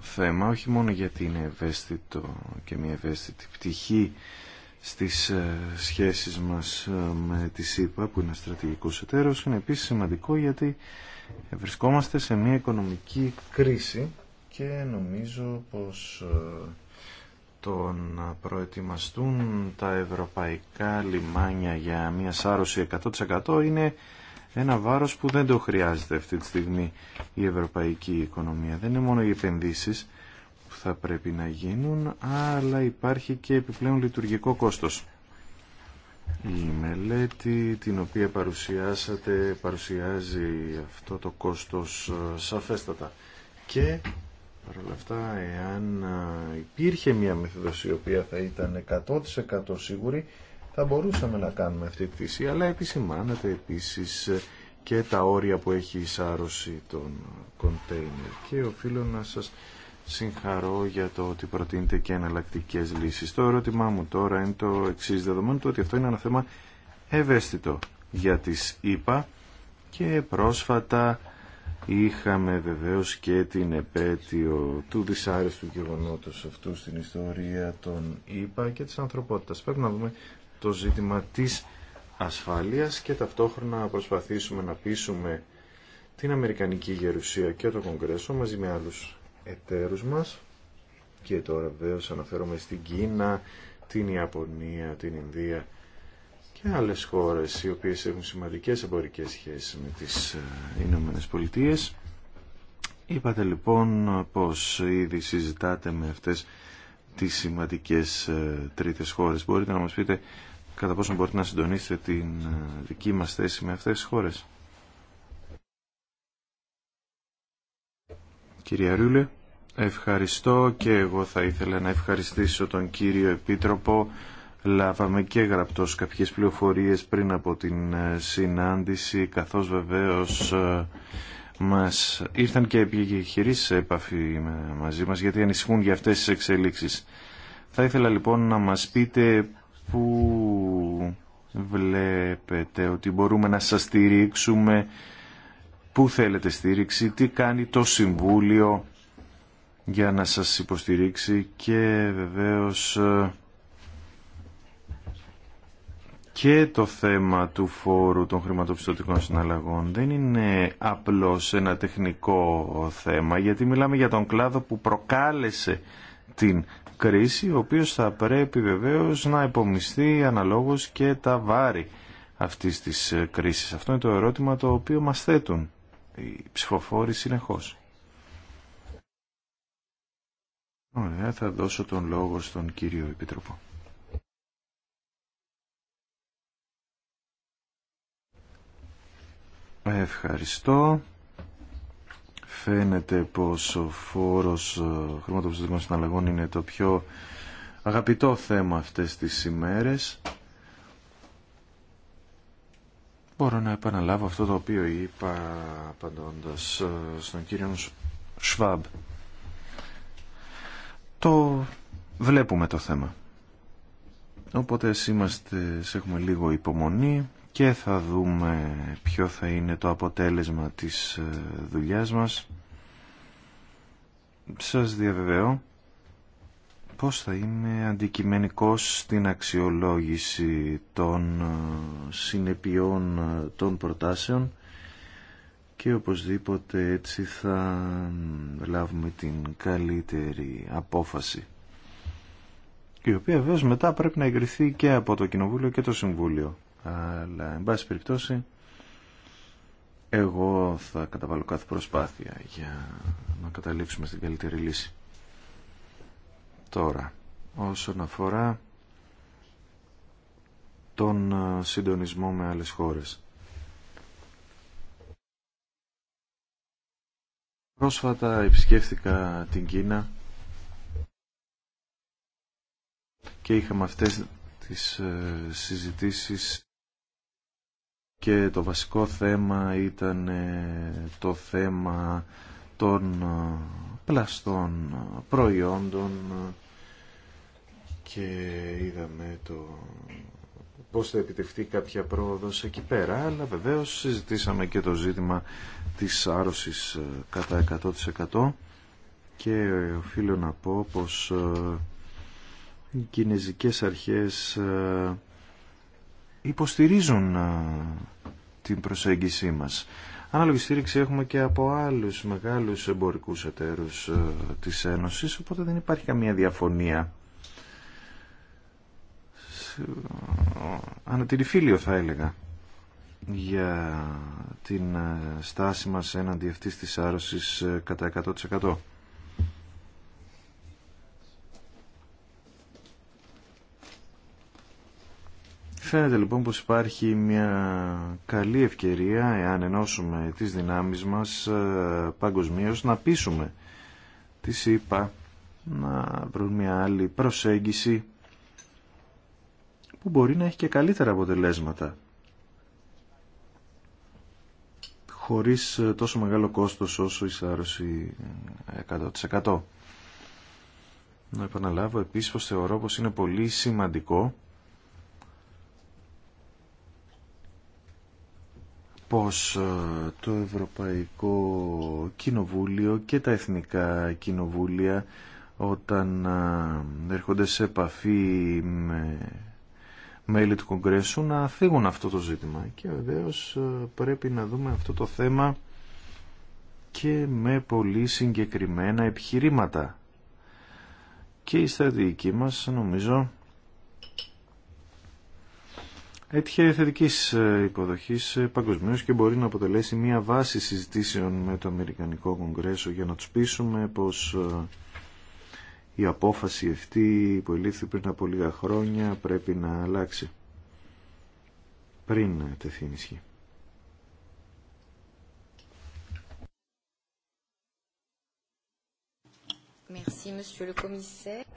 θέμα, όχι μόνο γιατί είναι ευαίσθητο και μια ευαίσθητη πτυχή στις ε, σχέσεις μας ε, με τη ΣΥΠΑ που είναι στρατηγικός εταίρος, είναι επίσης σημαντικό γιατί βρισκόμαστε σε μια οικονομική κρίση και νομίζω πως ε, το να προετοιμαστούν τα ευρωπαϊκά λιμάνια για μια σάρωση 100% είναι ένα βάρος που δεν το χρειάζεται αυτή τη στιγμή η ευρωπαϊκή οικονομία. Δεν είναι μόνο οι επενδύσεις που θα πρέπει να γίνουν, αλλά υπάρχει και επιπλέον λειτουργικό κόστος. Η μελέτη την οποία παρουσιάσατε παρουσιάζει αυτό το κόστος ε, σαφέστατα και Παρ' όλα αυτά, εάν υπήρχε μια μεθοδοσία η οποία θα ήταν 100% σίγουρη, θα μπορούσαμε να κάνουμε αυτή τη θυσία, αλλά επισημάνεται επίσης ε, και τα όρια που έχει η σάρωση των ε, κοντέινερ. Και οφείλω να σας συγχαρώ για το ότι προτείνετε και εναλλακτικέ λύσεις. Το ερώτημά μου τώρα είναι το εξή δεδομένο του ότι αυτό είναι ένα θέμα ευαίσθητο για τις ΗΠΑ και πρόσφατα Είχαμε βεβαίως και την επέτειο του δυσάρεστου γεγονότος αυτού στην ιστορία των ΙΠΑ και της ανθρωπότητας. Πρέπει να δούμε το ζήτημα της ασφάλειας και ταυτόχρονα να προσπαθήσουμε να πείσουμε την Αμερικανική Γερουσία και το Κογκρέσο μαζί με άλλους εταίρους μας και τώρα βέβαιως αναφέρομαι στην Κίνα, την Ιαπωνία, την Ινδία και άλλες χώρες οι οποίες έχουν σημαντικές εμπορικές σχέσεις με τις ε, Ηνωμένε Πολιτείε. Είπατε λοιπόν πως ήδη συζητάτε με αυτές τις σημαντικές ε, τρίτες χώρες. Μπορείτε να μας πείτε κατά πόσο μπορείτε να συντονίσετε την ε, δική μας θέση με αυτές τις χώρες. Κυρία Ρούλε, ευχαριστώ και εγώ θα ήθελα να ευχαριστήσω τον κύριο Επίτροπο λάβαμε και γραπτός κάποιες πληροφορίες πριν από την ε, συνάντηση καθώς βεβαίως ε, μας ήρθαν και επιχειρήσεις σε επαφή μαζί μας γιατί ανησυχούν για αυτές τις εξελίξεις. Θα ήθελα λοιπόν να μας πείτε πού βλέπετε ότι μπορούμε να σας στηρίξουμε, πού θέλετε στήριξη, τι κάνει το Συμβούλιο για να σας υποστηρίξει και βεβαίω ε, και το θέμα του φόρου των χρηματοπιστωτικών συναλλαγών δεν είναι απλώς ένα τεχνικό θέμα γιατί μιλάμε για τον κλάδο που προκάλεσε την κρίση ο οποίος θα πρέπει βεβαίως να υπομειστεί αναλόγως και τα βάρη αυτής της κρίσης. Αυτό είναι το ερώτημα το οποίο μας θέτουν οι ψηφοφόροι συνεχώς. Ωραία, θα δώσω τον λόγο στον κύριο Επίτροπο. Ευχαριστώ. Φαίνεται πως ο φόρος ε, χρηματοπιστωτικών συναλλαγών είναι το πιο αγαπητό θέμα αυτές τις ημέρες. Μπορώ να επαναλάβω αυτό το οποίο είπα απαντώντας ε, στον κύριο Σβάμπ. Το βλέπουμε το θέμα. Οπότε είμαστε, έχουμε λίγο υπομονή και θα δούμε ποιο θα είναι το αποτέλεσμα της ε, δουλειάς μας. Σας διαβεβαιώ πώς θα είμαι αντικειμενικός στην αξιολόγηση των ε, συνεπειών ε, των προτάσεων και οπωσδήποτε έτσι θα λάβουμε την καλύτερη απόφαση η οποία βέβαια μετά πρέπει να εγκριθεί και από το Κοινοβούλιο και το Συμβούλιο αλλά εν πάση περιπτώσει εγώ θα καταβάλω κάθε προσπάθεια για να καταλήξουμε στην καλύτερη λύση. Τώρα, όσον αφορά τον ε, συντονισμό με άλλες χώρες. Πρόσφατα επισκέφθηκα την Κίνα και είχαμε αυτές τις ε, συζητήσεις και το βασικό θέμα ήταν ε, το θέμα των ε, πλαστών προϊόντων και είδαμε το πώς θα επιτευχθεί κάποια πρόοδος εκεί πέρα αλλά βεβαίως συζητήσαμε και το ζήτημα της άρρωσης ε, κατά 100% και οφείλω να πω πως οι κινέζικες αρχές υποστηρίζουν την προσέγγισή μας. Ανάλογη στήριξη έχουμε και από άλλους μεγάλους εμπορικούς εταίρους ε, της Ένωσης, οπότε δεν υπάρχει καμία διαφωνία. Ανατηρηφίλιο θα έλεγα για την ε, στάση μας έναντι αυτής της άρρωσης ε, κατά 100%. Φαίνεται λοιπόν πως υπάρχει μια καλή ευκαιρία, εάν ενώσουμε τις δυνάμεις μας ε, παγκοσμίως, να πείσουμε τις είπα να βρουν μια άλλη προσέγγιση που μπορεί να έχει και καλύτερα αποτελέσματα χωρίς ε, τόσο μεγάλο κόστος όσο η σάρωση 100%. Να επαναλάβω επίσης πως θεωρώ πως είναι πολύ σημαντικό πως ε, το Ευρωπαϊκό Κοινοβούλιο και τα Εθνικά Κοινοβούλια όταν ε, έρχονται σε επαφή με μέλη του Κογκρέσου να φύγουν αυτό το ζήτημα και βεβαίως ε, πρέπει να δούμε αυτό το θέμα και με πολύ συγκεκριμένα επιχειρήματα και η στρατηγική μας νομίζω έτυχε θετική ε, υποδοχή ε, παγκοσμίω και μπορεί να αποτελέσει μια βάση συζητήσεων με το Αμερικανικό Κογκρέσο για να του πείσουμε πω ε, η απόφαση αυτή που ελήφθη πριν από λίγα χρόνια πρέπει να αλλάξει πριν τεθεί ενισχύ.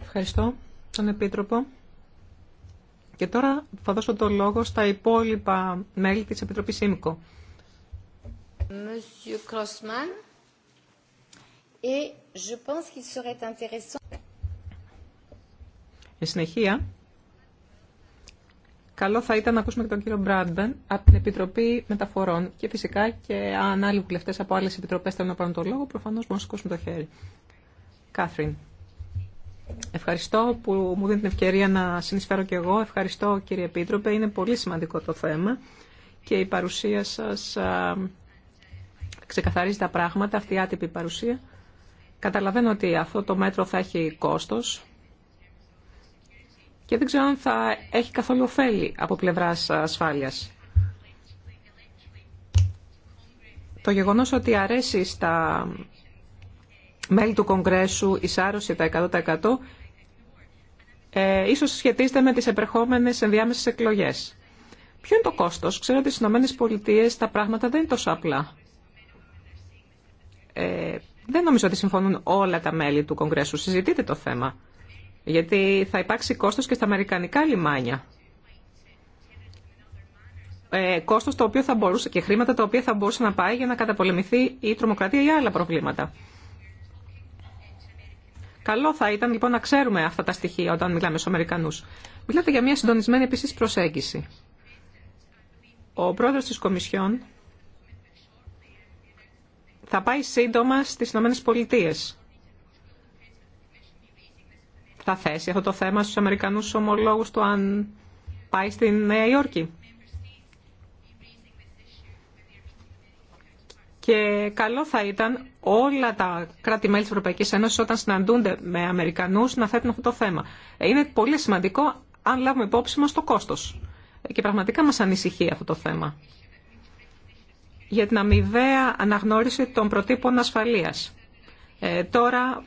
Ευχαριστώ τον Επίτροπο. Και τώρα θα δώσω το λόγο στα υπόλοιπα μέλη της Επιτροπής ΣΥΜΚΟ. Εν συνεχεία, καλό θα ήταν να ακούσουμε και τον κύριο Μπράντμπεν από την Επιτροπή Μεταφορών και φυσικά και αν άλλοι βουλευτέ από άλλε επιτροπέ θέλουν να πάρουν το λόγο, προφανώ μπορούν να σηκώσουν το χέρι. Κάθριν. Ευχαριστώ που μου δίνει την ευκαιρία να συνεισφέρω και εγώ. Ευχαριστώ κύριε Επίτροπε. Είναι πολύ σημαντικό το θέμα και η παρουσία σας ξεκαθαρίζει τα πράγματα, αυτή η άτυπη παρουσία. Καταλαβαίνω ότι αυτό το μέτρο θα έχει κόστος και δεν ξέρω αν θα έχει καθόλου ωφέλη από πλευράς ασφάλειας. Το γεγονός ότι αρέσει στα μέλη του Κογκρέσου εισάρρωση τα 100% ε, ίσως σχετίζεται με τις επερχόμενες ενδιάμεσες εκλογές. Ποιο είναι το κόστος. Ξέρω ότι στις ΗΠΑ Πολιτείες τα πράγματα δεν είναι τόσο απλά. Ε, δεν νομίζω ότι συμφωνούν όλα τα μέλη του Κογκρέσου. Συζητείτε το θέμα. Γιατί θα υπάρξει κόστος και στα αμερικανικά λιμάνια. Ε, κόστος το οποίο θα μπορούσε και χρήματα τα οποία θα μπορούσε να πάει για να καταπολεμηθεί η τρομοκρατία ή άλλα προβλήματα. Καλό θα ήταν λοιπόν να ξέρουμε αυτά τα στοιχεία όταν μιλάμε στου Αμερικανού. Μιλάτε για μια συντονισμένη επίση προσέγγιση. Ο πρόεδρο τη Κομισιόν θα πάει σύντομα στι ΗΠΑ. Θα θέσει αυτό το θέμα στου Αμερικανού ομολόγου του αν πάει στη Νέα Υόρκη. Και καλό θα ήταν όλα τα κράτη-μέλη της Ευρωπαϊκής Ένωσης όταν συναντούνται με Αμερικανούς να θέτουν αυτό το θέμα. Είναι πολύ σημαντικό αν λάβουμε υπόψη μας το κόστος. Και πραγματικά μας ανησυχεί αυτό το θέμα. Για την αμοιβαία αναγνώριση των προτύπων ασφαλείας. Ε, τώρα,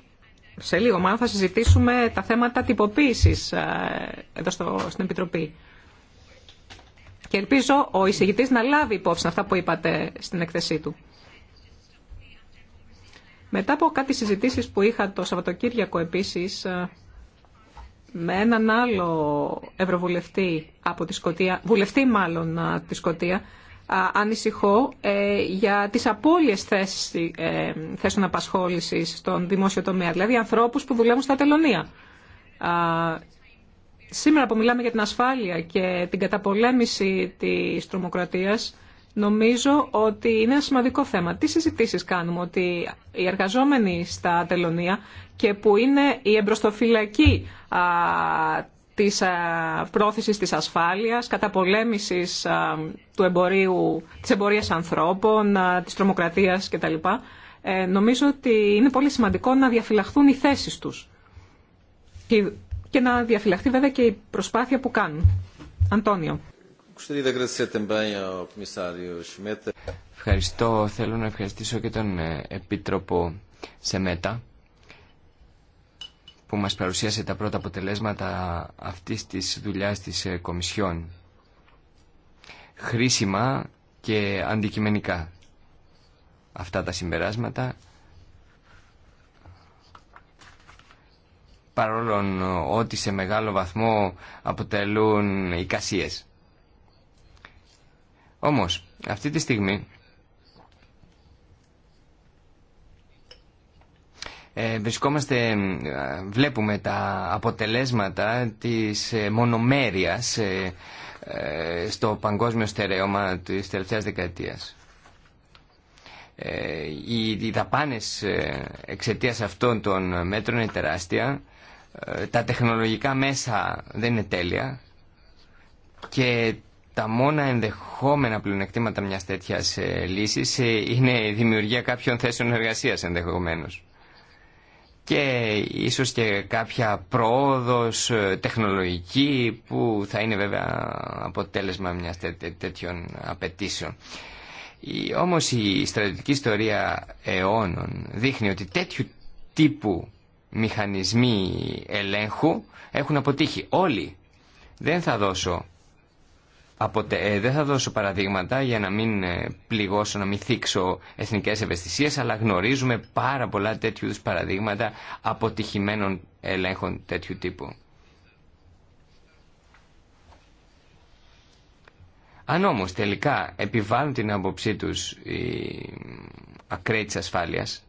σε λίγο μάλλον, θα συζητήσουμε τα θέματα τυποποίησης ε, εδώ στην Επιτροπή. Και ελπίζω ο εισηγητής να λάβει υπόψη αυτά που είπατε στην εκθεσή του. Μετά από κάτι συζητήσεις που είχα το Σαββατοκύριακο επίσης ε, με έναν άλλο ευρωβουλευτή από τη Σκωτία, βουλευτή μάλλον ε, τη Σκωτία, ε, ανησυχώ για τις απώλειες θέσεις, ε, θέσεων απασχόλησης στον δημόσιο τομέα, δηλαδή ανθρώπους που δουλεύουν στα τελωνία. σήμερα που μιλάμε για την ασφάλεια και την καταπολέμηση της τρομοκρατίας, Νομίζω ότι είναι ένα σημαντικό θέμα. Τι συζητήσεις κάνουμε, ότι οι εργαζόμενοι στα τελωνία και που είναι η εμπροστοφυλακή της τη πρόθεσης της ασφάλειας, καταπολέμησης του εμπορίου, της εμπορίας ανθρώπων, τη της τρομοκρατίας κτλ. Ε, νομίζω ότι είναι πολύ σημαντικό να διαφυλαχθούν οι θέσεις τους και, και να διαφυλαχθεί βέβαια και η προσπάθεια που κάνουν. Αντώνιο. Ευχαριστώ. Θέλω να ευχαριστήσω και τον ε, Επίτροπο Σεμέτα που μας παρουσίασε τα πρώτα αποτελέσματα αυτής της δουλειάς της ε, Κομισιόν. Χρήσιμα και αντικειμενικά αυτά τα συμπεράσματα παρόλο ε, ότι σε μεγάλο βαθμό αποτελούν εικασίες. Όμως, αυτή τη στιγμή ε, βρισκόμαστε, ε, βλέπουμε τα αποτελέσματα της ε, μονομέρειας στο παγκόσμιο στερεώμα της τελευταίας δεκαετίας. Οι δαπάνες εξαιτίας αυτών των μέτρων είναι τεράστια, τα τεχνολογικά μέσα δεν είναι τέλεια και τα μόνα ενδεχόμενα πλεονεκτήματα μιας τέτοιας ε, λύσης ε, είναι η δημιουργία κάποιων θέσεων εργασίας ενδεχομένως. Και ίσως και κάποια πρόοδος ε, τεχνολογική που θα είναι βέβαια αποτέλεσμα μιας τέτοιων απαιτήσεων. Όμως η στρατιωτική ιστορία αιώνων δείχνει ότι τέτοιου τύπου μηχανισμοί ελέγχου έχουν αποτύχει. Όλοι. Δεν θα δώσω Αποτε... Ε, δεν θα δώσω παραδείγματα για να μην ε, πληγώσω, να μην θίξω εθνικές ευαισθησίες, αλλά γνωρίζουμε πάρα πολλά τέτοιου παραδείγματα αποτυχημένων ελέγχων τέτοιου τύπου. Αν όμως τελικά επιβάλλουν την άποψή τους οι ακραίοι ασφάλειας,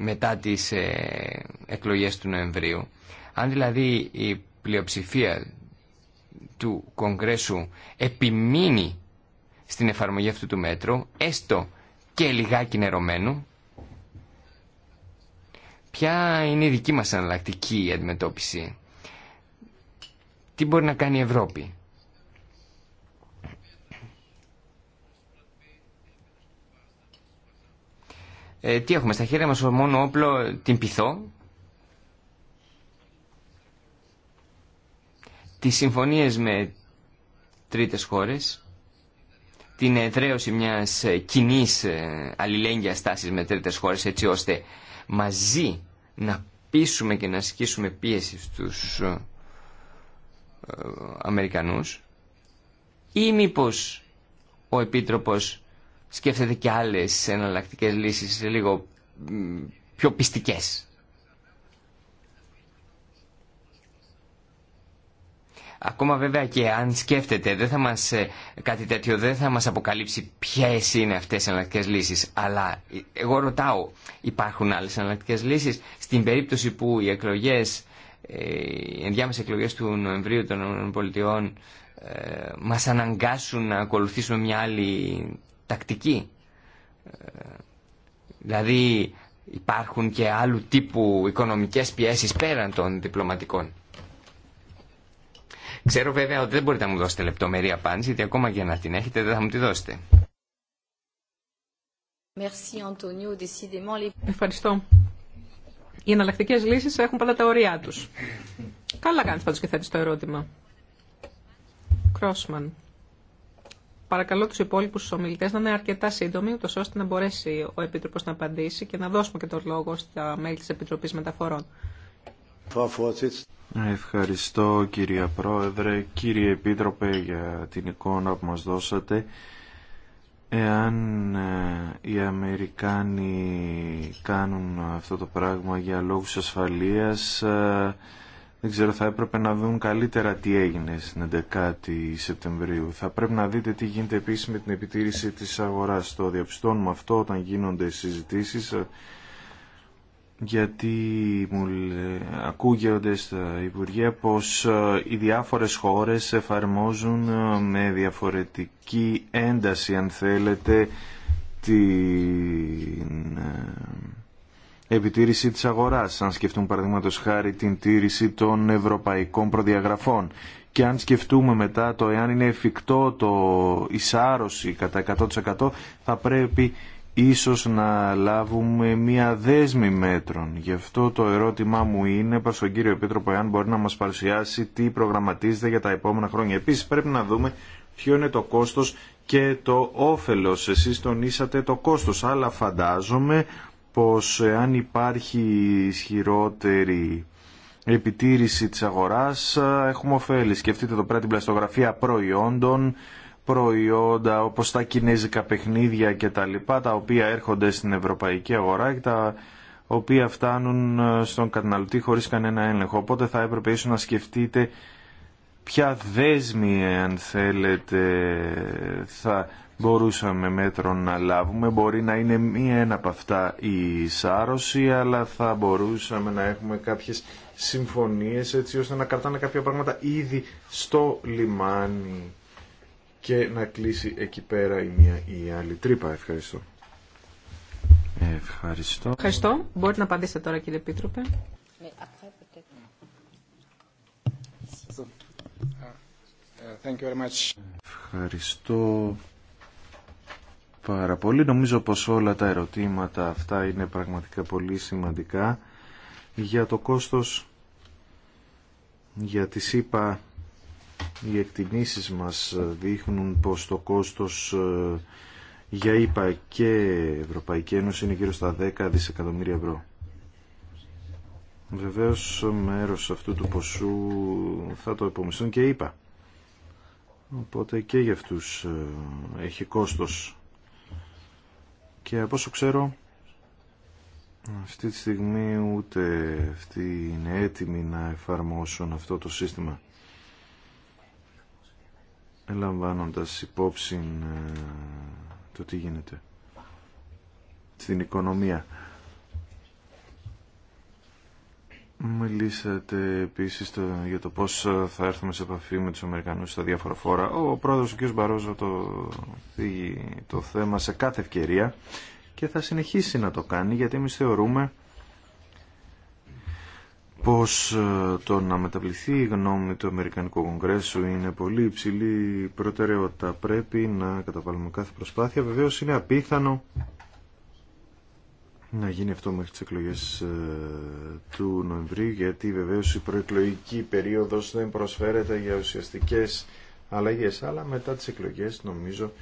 μετά τις ε, εκλογές του Νοεμβρίου. Αν δηλαδή η πλειοψηφία του Κογκρέσου επιμείνει στην εφαρμογή αυτού του μέτρου, έστω και λιγάκι νερωμένου, ποια είναι η δική μας αναλλακτική αντιμετώπιση. Τι μπορεί να κάνει η Ευρώπη. Ε, τι έχουμε στα χέρια μας μόνο όπλο την πυθό, τις συμφωνίες με τρίτες χώρες, την εδραίωση μιας κοινή ε, αλληλέγγυας τάσης με τρίτες χώρες έτσι ώστε μαζί να πείσουμε και να ασκήσουμε πίεση στους ε, ε, Αμερικανούς ή μήπως ο Επίτροπος σκέφτεται και άλλες εναλλακτικές λύσεις λίγο πιο πιστικές. Ακόμα βέβαια και αν σκέφτεται δεν θα μας, ε, κάτι τέτοιο δεν θα μας αποκαλύψει ποιες είναι αυτές οι εναλλακτικές λύσεις. Αλλά ε, εγώ ρωτάω υπάρχουν άλλες εναλλακτικές λύσεις. Στην περίπτωση που οι εκλογές, ε, οι ενδιάμεσες εκλογές του Νοεμβρίου των ΗΠΑ μας αναγκάσουν να ακολουθήσουμε μια άλλη τακτική. Ε, δηλαδή υπάρχουν και άλλου τύπου οικονομικές πιέσεις πέραν των διπλωματικών. Ξέρω βέβαια ότι δεν μπορείτε να μου δώσετε λεπτομερή απάντηση, γιατί ακόμα και να την έχετε δεν θα μου τη δώσετε. Ευχαριστώ. Οι εναλλακτικέ λύσει έχουν πάντα τα ωριά του. Καλά κάνει πάντω και θέτει το ερώτημα. Κρόσμαν παρακαλώ τους υπόλοιπους ομιλητέ να είναι αρκετά σύντομοι, ούτω ώστε να μπορέσει ο Επίτροπος να απαντήσει και να δώσουμε και τον λόγο στα μέλη τη Επιτροπής Μεταφορών. Ευχαριστώ κυρία Πρόεδρε, κύριε Επίτροπε για την εικόνα που μας δώσατε. Εάν ε, οι Αμερικάνοι κάνουν αυτό το πράγμα για λόγους ασφαλείας, ε, δεν ξέρω, θα έπρεπε να δουν καλύτερα τι έγινε στην 11η Σεπτεμβρίου. Θα πρέπει να δείτε τι γίνεται επίση με την επιτήρηση της αγοράς. Το διαπιστώνουμε αυτό όταν γίνονται συζητήσεις, ε, γιατί μου λέ, ακούγονται στα Υπουργεία πως ε, οι διάφορες χώρες εφαρμόζουν ε, με διαφορετική ένταση, αν θέλετε, την επιτήρηση της αγοράς, αν σκεφτούμε παραδείγματος χάρη την τήρηση των ευρωπαϊκών προδιαγραφών και αν σκεφτούμε μετά το εάν είναι εφικτό το εισάρρωση κατά 100% θα πρέπει ίσως να λάβουμε μία δέσμη μέτρων. Γι' αυτό το ερώτημά μου είναι προς τον κύριο Επίτροπο εάν μπορεί να μας παρουσιάσει τι προγραμματίζεται για τα επόμενα χρόνια. Επίσης πρέπει να δούμε ποιο είναι το κόστος και το όφελος. Εσείς τονίσατε το κόστος, αλλά φαντάζομαι πως αν υπάρχει ισχυρότερη επιτήρηση της αγοράς έχουμε ωφέλη. Σκεφτείτε εδώ πέρα την πλαστογραφία προϊόντων, προϊόντα όπως τα κινέζικα παιχνίδια και τα λοιπά, τα οποία έρχονται στην ευρωπαϊκή αγορά και τα οποία φτάνουν στον καταναλωτή χωρίς κανένα έλεγχο. Οπότε θα έπρεπε ίσως να σκεφτείτε ποια δέσμη, αν θέλετε, θα μπορούσαμε μέτρο να λάβουμε. Μπορεί να είναι μία ένα από αυτά η σάρωση, αλλά θα μπορούσαμε να έχουμε κάποιες συμφωνίες έτσι ώστε να κρατάνε κάποια πράγματα ήδη στο λιμάνι και να κλείσει εκεί πέρα η μία ή η άλλη τρύπα. Ευχαριστώ. Ευχαριστώ. Ευχαριστώ. Μπορείτε να απαντήσετε τώρα κύριε Επίτροπε. Thank Ευχαριστώ πάρα πολύ. Νομίζω πως όλα τα ερωτήματα αυτά είναι πραγματικά πολύ σημαντικά. Για το κόστος, για τις είπα οι εκτιμήσεις μας δείχνουν πως το κόστος ε, για ΕΠΑ και Ευρωπαϊκή Ένωση είναι γύρω στα 10 δισεκατομμύρια ευρώ. Βεβαίως μέρος αυτού του ποσού θα το υπομισθούν και είπα. Οπότε και για αυτούς ε, έχει κόστος και από όσο ξέρω, αυτή τη στιγμή ούτε αυτοί είναι έτοιμοι να εφαρμόσουν αυτό το σύστημα. ελαμβάνοντας υπόψη ε, το τι γίνεται στην οικονομία. Μιλήσατε επίση για το πώς θα έρθουμε σε επαφή με τους Αμερικανούς στα διάφορα φόρα. Ο πρόεδρος, ο κ. Μπαρόζο, το θίγει το θέμα σε κάθε ευκαιρία και θα συνεχίσει να το κάνει γιατί εμεί θεωρούμε πως ε, το να μεταβληθεί η γνώμη του Αμερικανικού Κογκρέσου είναι πολύ υψηλή προτεραιότητα. Πρέπει να καταβάλουμε κάθε προσπάθεια. Βεβαίω είναι απίθανο να γίνει αυτό μέχρι τις εκλογές ε, του Νοεμβρίου γιατί βεβαίως η προεκλογική περίοδος δεν προσφέρεται για ουσιαστικές αλλαγές αλλά μετά τις εκλογές νομίζω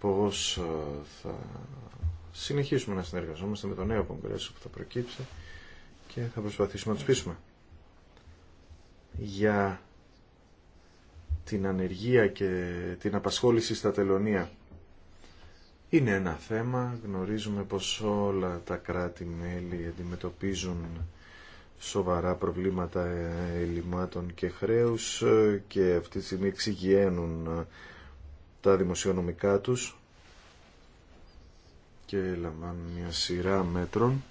πως ε, θα συνεχίσουμε να συνεργαζόμαστε με το νέο κογκρέσο που θα προκύψει και θα προσπαθήσουμε να του πείσουμε για την ανεργία και την απασχόληση στα τελωνία είναι ένα θέμα, γνωρίζουμε πως όλα τα κράτη-μέλη αντιμετωπίζουν σοβαρά προβλήματα ελλημάτων και χρέους και αυτή τη στιγμή εξηγιαίνουν τα δημοσιονομικά τους και λαμβάνουν μια σειρά μέτρων.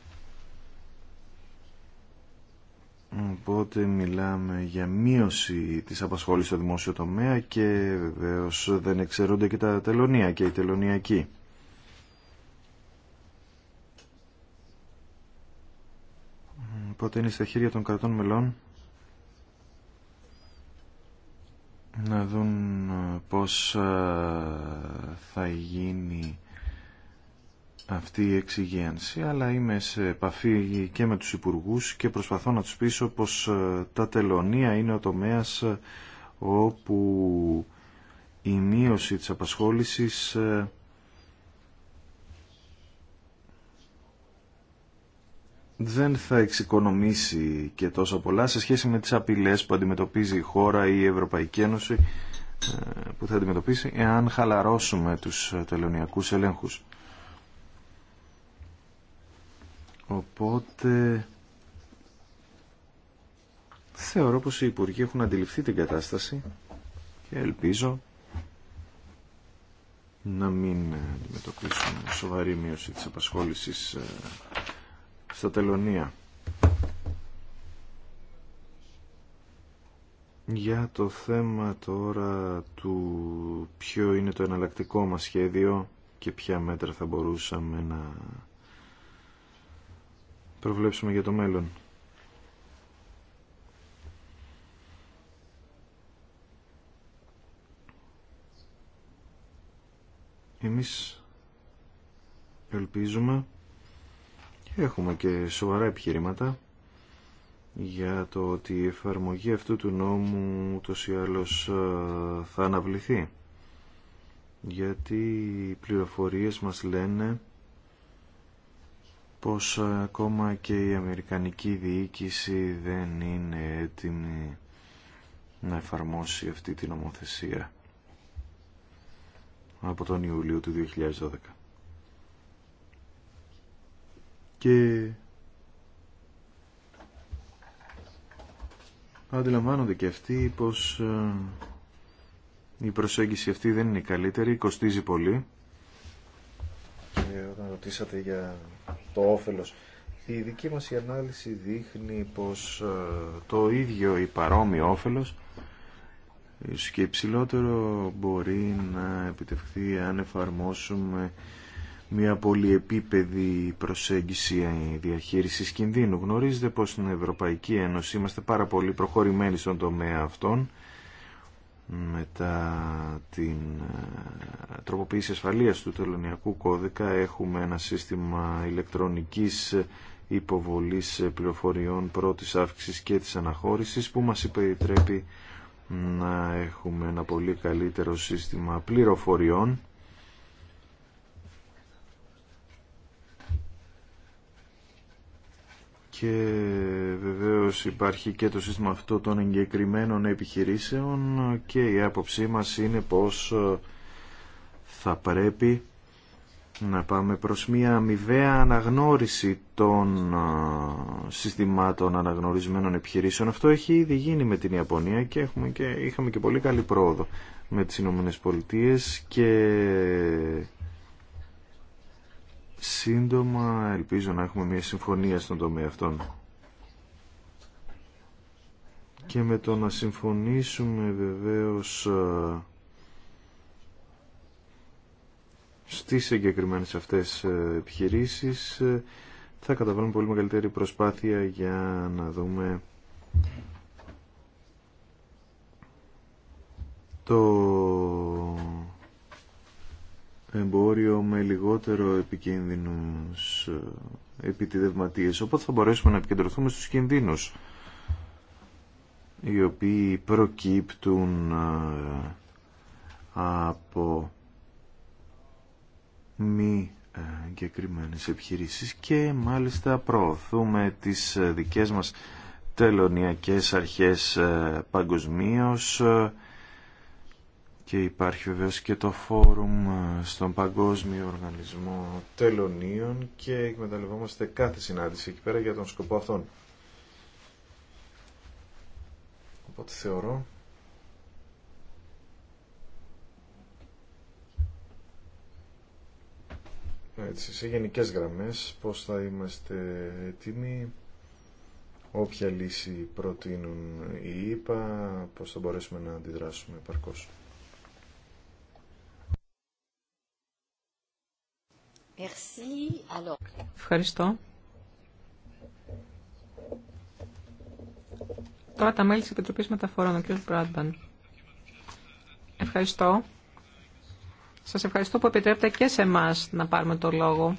Οπότε μιλάμε για μείωση της απασχόλησης στο δημόσιο τομέα και βεβαίω δεν εξαιρούνται και τα τελωνία και η τελωνιακή. Οπότε είναι στα χέρια των κρατών μελών να δουν ε, πώς ε, θα γίνει αυτή η εξυγένση, αλλά είμαι σε επαφή και με τους υπουργούς και προσπαθώ να τους πείσω πως ε, τα τελωνία είναι ο τομέας όπου η μείωση της απασχόλησης δεν θα εξοικονομήσει και τόσο πολλά σε σχέση με τις απειλές που αντιμετωπίζει η χώρα ή η Ευρωπαϊκή Ένωση ε, που θα αντιμετωπίσει εάν χαλαρώσουμε τους ε, τελωνιακούς ελέγχους. Οπότε θεωρώ πως οι Υπουργοί έχουν αντιληφθεί την κατάσταση και ελπίζω να μην ε, αντιμετωπίσουν σοβαρή μείωση της απασχόλησης στα τελωνία. Για το θέμα τώρα του ποιο είναι το εναλλακτικό μας σχέδιο και ποια μέτρα θα μπορούσαμε να προβλέψουμε για το μέλλον. Εμείς ελπίζουμε Έχουμε και σοβαρά επιχειρήματα για το ότι η εφαρμογή αυτού του νόμου ούτως ή άλλως ε, θα αναβληθεί. Γιατί οι πληροφορίες μας λένε πως ακόμα και η Αμερικανική διοίκηση δεν είναι έτοιμη να εφαρμόσει αυτή την νομοθεσία από τον Ιούλιο του 2012 και αντιλαμβάνονται και αυτοί πως ε, η προσέγγιση αυτή δεν είναι η καλύτερη, κοστίζει πολύ. Και όταν ρωτήσατε για το όφελος, η δική μας η ανάλυση δείχνει πως ε, το ίδιο ή παρόμοιο όφελος ίσως και υψηλότερο μπορεί να επιτευχθεί αν εφαρμόσουμε μια πολυεπίπεδη προσέγγιση διαχείρισης κινδύνου. Γνωρίζετε πως στην Ευρωπαϊκή Ένωση είμαστε πάρα πολύ προχωρημένοι στον τομέα αυτών μετά την ε, τροποποίηση ασφαλείας του τελωνιακού κώδικα έχουμε ένα σύστημα ηλεκτρονικής υποβολής πληροφοριών πρώτης αύξησης και της αναχώρησης που μας επιτρέπει να έχουμε ένα πολύ καλύτερο σύστημα πληροφοριών και βεβαίως υπάρχει και το σύστημα αυτό των εγκεκριμένων επιχειρήσεων και η άποψή μας είναι πως ε, θα πρέπει να πάμε προς μια αμοιβαία αναγνώριση των ε, συστημάτων αναγνωρισμένων επιχειρήσεων. Αυτό έχει ήδη γίνει με την Ιαπωνία και, και είχαμε και πολύ καλή πρόοδο με τις Ηνωμένες Πολιτείες και σύντομα ελπίζω να έχουμε μια συμφωνία στον τομέα αυτών. Και με το να συμφωνήσουμε βεβαίως στις εγκεκριμένες αυτές ε, επιχειρήσεις ε, θα καταβάλουμε πολύ μεγαλύτερη προσπάθεια για να δούμε το εμπόριο με λιγότερο επικίνδυνους ε, επιτιδευματίες. Οπότε θα μπορέσουμε να επικεντρωθούμε στους κινδύνους οι οποίοι προκύπτουν ε, από μη ε, εγκεκριμένες επιχειρήσεις και μάλιστα προωθούμε τις δικές μας τελωνιακές αρχές παγκοσμίως και υπάρχει βεβαίω και το φόρουμ ε, στον Παγκόσμιο Οργανισμό Τελωνίων και εκμεταλλευόμαστε κάθε συνάντηση εκεί πέρα για τον σκοπό αυτόν. Οπότε θεωρώ έτσι, σε γενικές γραμμές πώς θα είμαστε έτοιμοι όποια λύση προτείνουν οι ΙΠΑ, πώς θα μπορέσουμε να αντιδράσουμε επαρκώς. Ευχαριστώ. Τώρα τα μέλη της Επιτροπής Μεταφορών, ο κ. Μπράντμπαν. Ευχαριστώ. Σας ευχαριστώ που επιτρέπετε και σε εμά να πάρουμε το λόγο.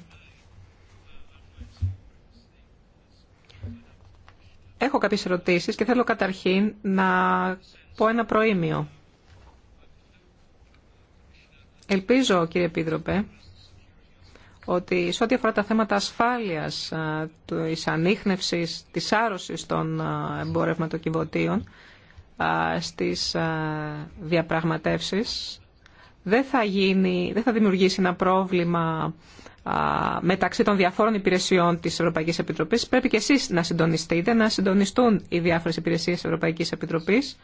Έχω κάποιες ερωτήσεις και θέλω καταρχήν να πω ένα προήμιο. Ελπίζω, κύριε Επίτροπε, ότι σε ό,τι αφορά τα θέματα ασφάλειας, τη ανείχνευσης, της άρρωσης των εμπορευματοκιβωτίων στις διαπραγματεύσεις, δεν θα, γίνει, δεν θα δημιουργήσει ένα πρόβλημα μεταξύ των διαφόρων υπηρεσιών της Ευρωπαϊκής Επιτροπής. Πρέπει και εσείς να συντονιστείτε, να συντονιστούν οι διάφορες υπηρεσίες της Ευρωπαϊκής Επιτροπής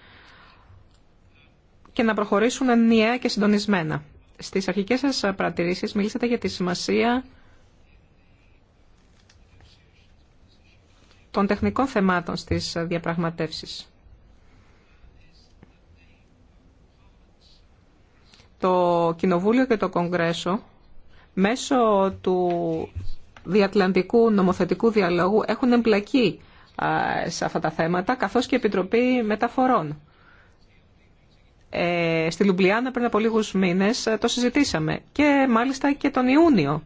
και να προχωρήσουν ενιαία και συντονισμένα στις αρχικές σας παρατηρήσεις μιλήσατε για τη σημασία των τεχνικών θεμάτων στις διαπραγματεύσεις. Το Κοινοβούλιο και το Κογκρέσο μέσω του διατλαντικού νομοθετικού διαλόγου έχουν εμπλακεί σε αυτά τα θέματα, καθώς και η Επιτροπή Μεταφορών. Ε, στη Λουμπλιάνα πριν από λίγους μήνες ε, το συζητήσαμε και μάλιστα και τον Ιούνιο.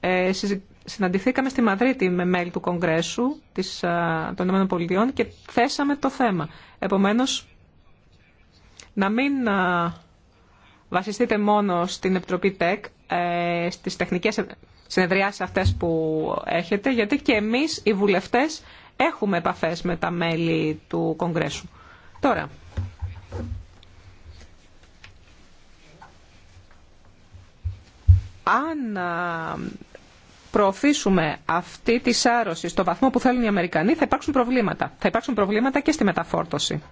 Ε, συναντηθήκαμε στη Μαδρίτη με μέλη του Κογκρέσου της, ε, των ΗΠΑ και θέσαμε το θέμα. Επομένως, να μην ε, βασιστείτε μόνο στην Επιτροπή ΤΕΚ, ε, στις τεχνικές συνεδριάσεις αυτές που έχετε, γιατί και εμείς οι βουλευτές έχουμε επαφές με τα μέλη του Κογκρέσου. Τώρα, αν προωθήσουμε αυτή τη σάρωση στο βαθμό που θέλουν οι Αμερικανοί, θα υπάρξουν προβλήματα. Θα υπάρξουν προβλήματα και στη μεταφόρτωση.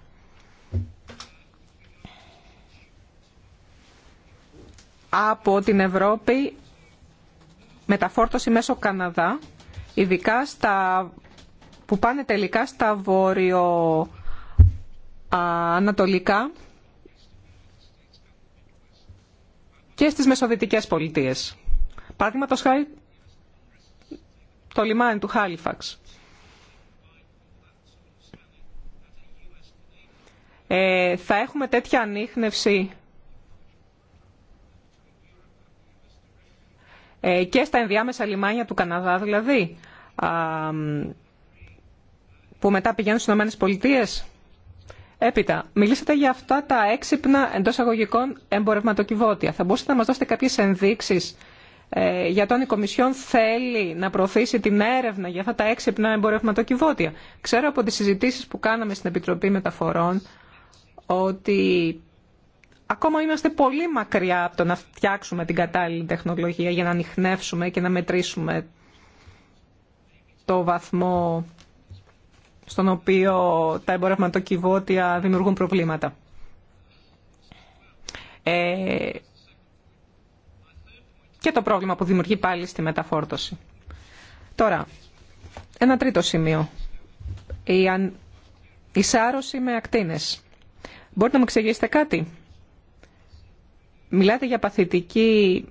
Από την Ευρώπη, μεταφόρτωση μέσω Καναδά, ειδικά στα, που πάνε τελικά στα βόρειο-ανατολικά και στις μεσοδυτικές πολιτείες. Παραδείγματο χάρη το λιμάνι του Χάλιφαξ. Ε, θα έχουμε τέτοια ανείχνευση ε, και στα ενδιάμεσα λιμάνια του Καναδά δηλαδή, που μετά πηγαίνουν στις Ηνωμένες Πολιτείες. Έπειτα, μιλήσατε για αυτά τα έξυπνα εντό αγωγικών εμπορευματοκιβώτια. Θα μπορούσατε να μα δώσετε κάποιε ενδείξει ε, για το αν η Κομισιόν θέλει να προωθήσει την έρευνα για αυτά τα έξυπνα εμπορευματοκιβώτια. Ξέρω από τι συζητήσει που κάναμε στην Επιτροπή Μεταφορών ότι ακόμα είμαστε πολύ μακριά από το να φτιάξουμε την κατάλληλη τεχνολογία για να ανοιχνεύσουμε και να μετρήσουμε το βαθμό στον οποίο τα εμπορευματοκιβώτια δημιουργούν προβλήματα. Ε, και το πρόβλημα που δημιουργεί πάλι στη μεταφόρτωση. Τώρα, ένα τρίτο σημείο. Η, αν... σάρωση με ακτίνες. Μπορείτε να μου εξηγήσετε κάτι. Μιλάτε για παθητική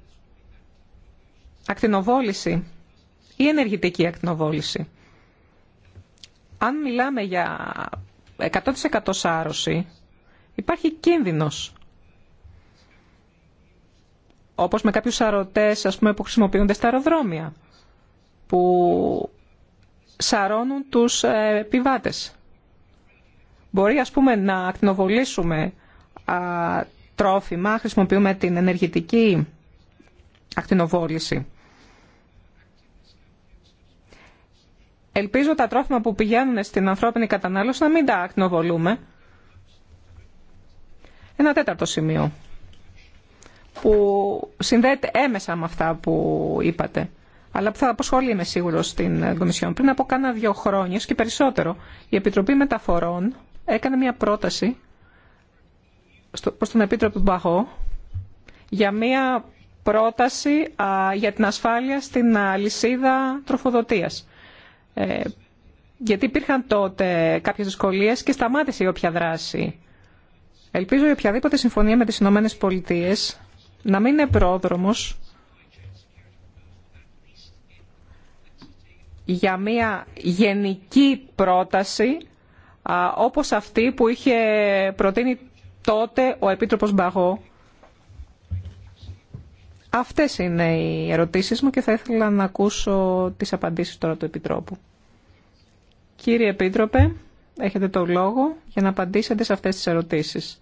ακτινοβόληση ή ενεργητική ακτινοβόληση αν μιλάμε για 100% σάρωση, υπάρχει κίνδυνος. Όπως με κάποιους σαρωτές ας πούμε, που χρησιμοποιούνται στα αεροδρόμια, που σαρώνουν τους ε, πιβάτες. Μπορεί ας πούμε να ακτινοβολήσουμε τρόφιμα, χρησιμοποιούμε την ενεργητική ακτινοβόληση. Ελπίζω τα τρόφιμα που πηγαίνουν στην ανθρώπινη κατανάλωση να μην τα ακτινοβολούμε. Ένα τέταρτο σημείο που συνδέεται έμεσα με αυτά που είπατε αλλά που θα αποσχολεί με σίγουρο στην Κομισιόν. Πριν από κάνα δύο χρόνια και περισσότερο η Επιτροπή Μεταφορών έκανε μια πρόταση προς τον Επίτροπο Μπαγό για μια πρόταση για την ασφάλεια στην αλυσίδα τροφοδοτίας. Ε, γιατί υπήρχαν τότε κάποιες δυσκολίες και σταμάτησε η όποια δράση. Ελπίζω η οποιαδήποτε συμφωνία με τις Ηνωμένες Πολιτείες να μην είναι πρόδρομος για μια γενική πρόταση όπως αυτή που είχε προτείνει τότε ο Επίτροπος Μπαγό. Αυτές είναι οι ερωτήσεις μου και θα ήθελα να ακούσω τις απαντήσεις τώρα του Επιτρόπου. Κύριε Επίτροπε, έχετε το λόγο για να απαντήσετε σε αυτές τις ερωτήσεις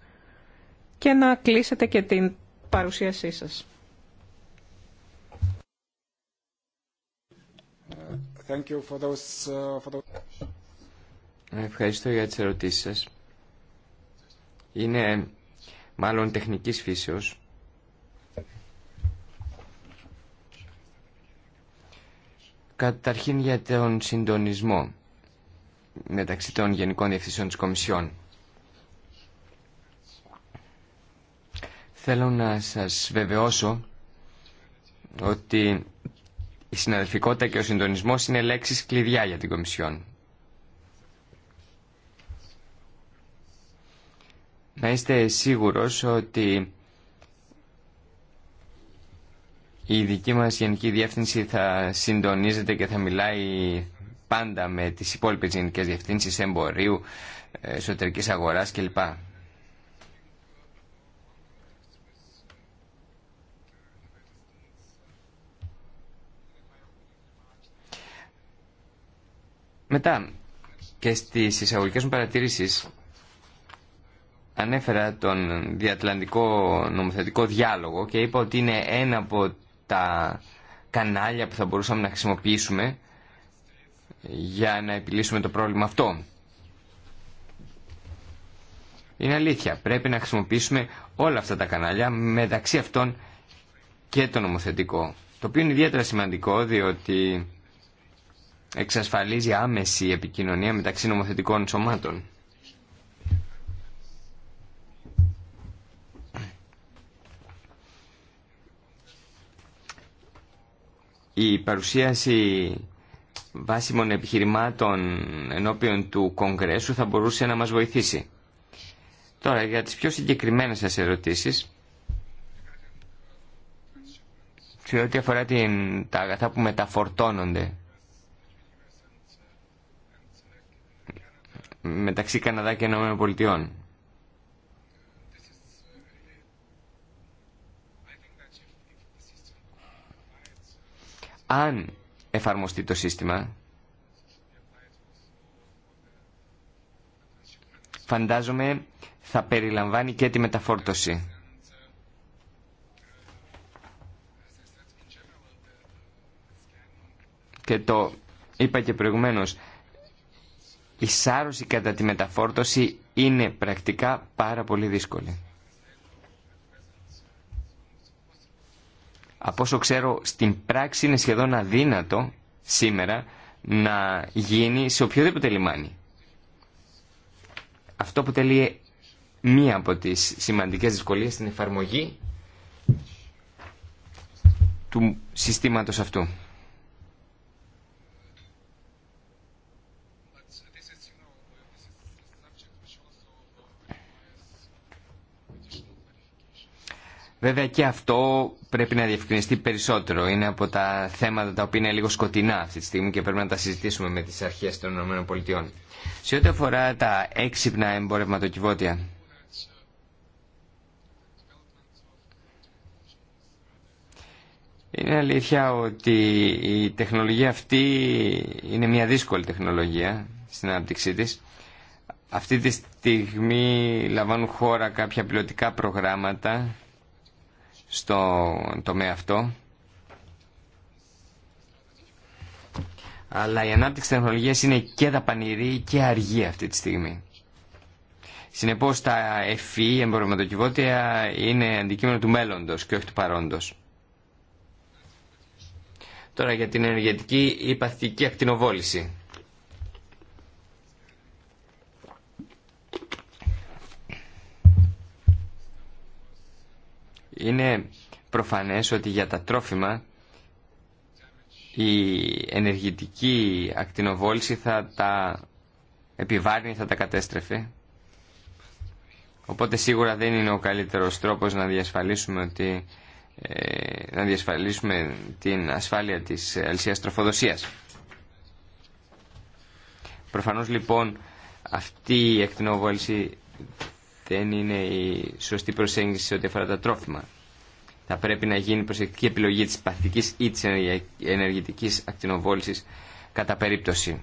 και να κλείσετε και την παρουσίασή σας. Thank you uh, Ευχαριστώ για τις ερωτήσεις σας. Είναι μάλλον τεχνικής φύσεως. Καταρχήν για τον συντονισμό μεταξύ των Γενικών Διευθυνσίων της Κομισιόν. Θέλω να σας βεβαιώσω ότι η συναδελφικότητα και ο συντονισμός είναι λέξεις κλειδιά για την Κομισιόν. Να είστε σίγουρος ότι η δική μας Γενική Διεύθυνση θα συντονίζεται και θα μιλάει πάντα με τις υπόλοιπες γενικές διευθύνσεις εμπορίου, εσωτερικής αγοράς κλπ. Μετά και στις εισαγωγικές μου παρατήρησεις ανέφερα τον διατλαντικό νομοθετικό διάλογο και είπα ότι είναι ένα από τα κανάλια που θα μπορούσαμε να χρησιμοποιήσουμε για να επιλύσουμε το πρόβλημα αυτό. Είναι αλήθεια. Πρέπει να χρησιμοποιήσουμε όλα αυτά τα κανάλια, μεταξύ αυτών και το νομοθετικό. Το οποίο είναι ιδιαίτερα σημαντικό, διότι εξασφαλίζει άμεση επικοινωνία μεταξύ νομοθετικών σωμάτων. Η παρουσίαση βάσιμων επιχειρημάτων ενώπιον του Κογκρέσου θα μπορούσε να μας βοηθήσει. Τώρα για τις πιο συγκεκριμένες σας ερωτήσεις σε ό,τι αφορά την, τα αγαθά που μεταφορτώνονται μεταξύ Καναδά και Ηνωμένων Πολιτειών. Αν εφαρμοστεί το σύστημα. Φαντάζομαι θα περιλαμβάνει και τη μεταφόρτωση. Και το είπα και προηγουμένως, η σάρωση κατά τη μεταφόρτωση είναι πρακτικά πάρα πολύ δύσκολη. Από όσο ξέρω, στην πράξη είναι σχεδόν αδύνατο σήμερα να γίνει σε οποιοδήποτε λιμάνι. Αυτό αποτελεί μία από τις σημαντικές δυσκολίες στην εφαρμογή του συστήματος αυτού. Βέβαια και αυτό πρέπει να διευκρινιστεί περισσότερο. Είναι από τα θέματα τα οποία είναι λίγο σκοτεινά αυτή τη στιγμή και πρέπει να τα συζητήσουμε με τις αρχές των ΗΠΑ. Σε ό,τι αφορά τα έξυπνα εμπορευματοκιβώτια, Είναι αλήθεια ότι η τεχνολογία αυτή είναι μια δύσκολη τεχνολογία στην ανάπτυξή της. Αυτή τη στιγμή λαμβάνουν χώρα κάποια πιλωτικά προγράμματα στο τομέα αυτό. Αλλά η ανάπτυξη τεχνολογία είναι και δαπανηρή και αργή αυτή τη στιγμή. Συνεπώς τα ΕΦΗ, e, εμπορευματοκιβώτια, είναι αντικείμενο του μέλλοντος και όχι του παρόντος. Τώρα για την ενεργετική υπαθητική ακτινοβόληση. Είναι προφανές ότι για τα τρόφιμα η ενεργητική ακτινοβόληση θα τα επιβάρνει, θα τα κατέστρεφε. Οπότε σίγουρα δεν είναι ο καλύτερος τρόπος να διασφαλίσουμε ότι ε, να διασφαλίσουμε την ασφάλεια της αλυσίας τροφοδοσίας. Προφανώς λοιπόν αυτή η ακτινοβόληση δεν είναι η σωστή προσέγγιση σε ό,τι αφορά τα τρόφιμα. Θα πρέπει να γίνει προσεκτική επιλογή της παθητικής ή της ενεργητικής ακτινοβόλησης κατά περίπτωση.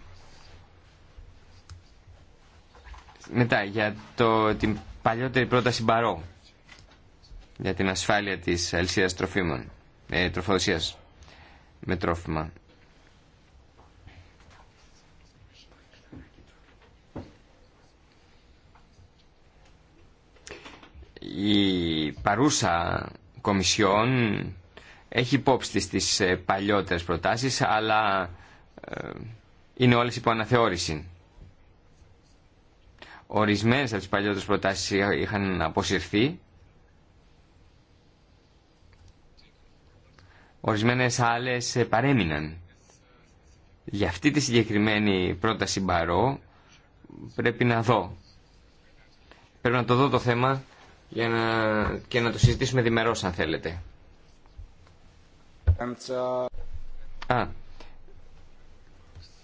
Μετά, για το, την παλιότερη πρόταση Μπαρό για την ασφάλεια της αλυσίδας τροφίμων, ε, τροφοδοσίας με τρόφιμα. η παρούσα Κομισιόν έχει υπόψη στις ε, παλιότερες προτάσεις, αλλά ε, είναι όλες υπό αναθεώρηση. Ορισμένες από τις παλιότερες προτάσεις είχαν αποσυρθεί. Ορισμένες άλλες παρέμειναν. Για αυτή τη συγκεκριμένη πρόταση μπαρό πρέπει να δω. Πρέπει να το δω το θέμα για να, και να το συζητήσουμε διμερώς αν θέλετε. Α,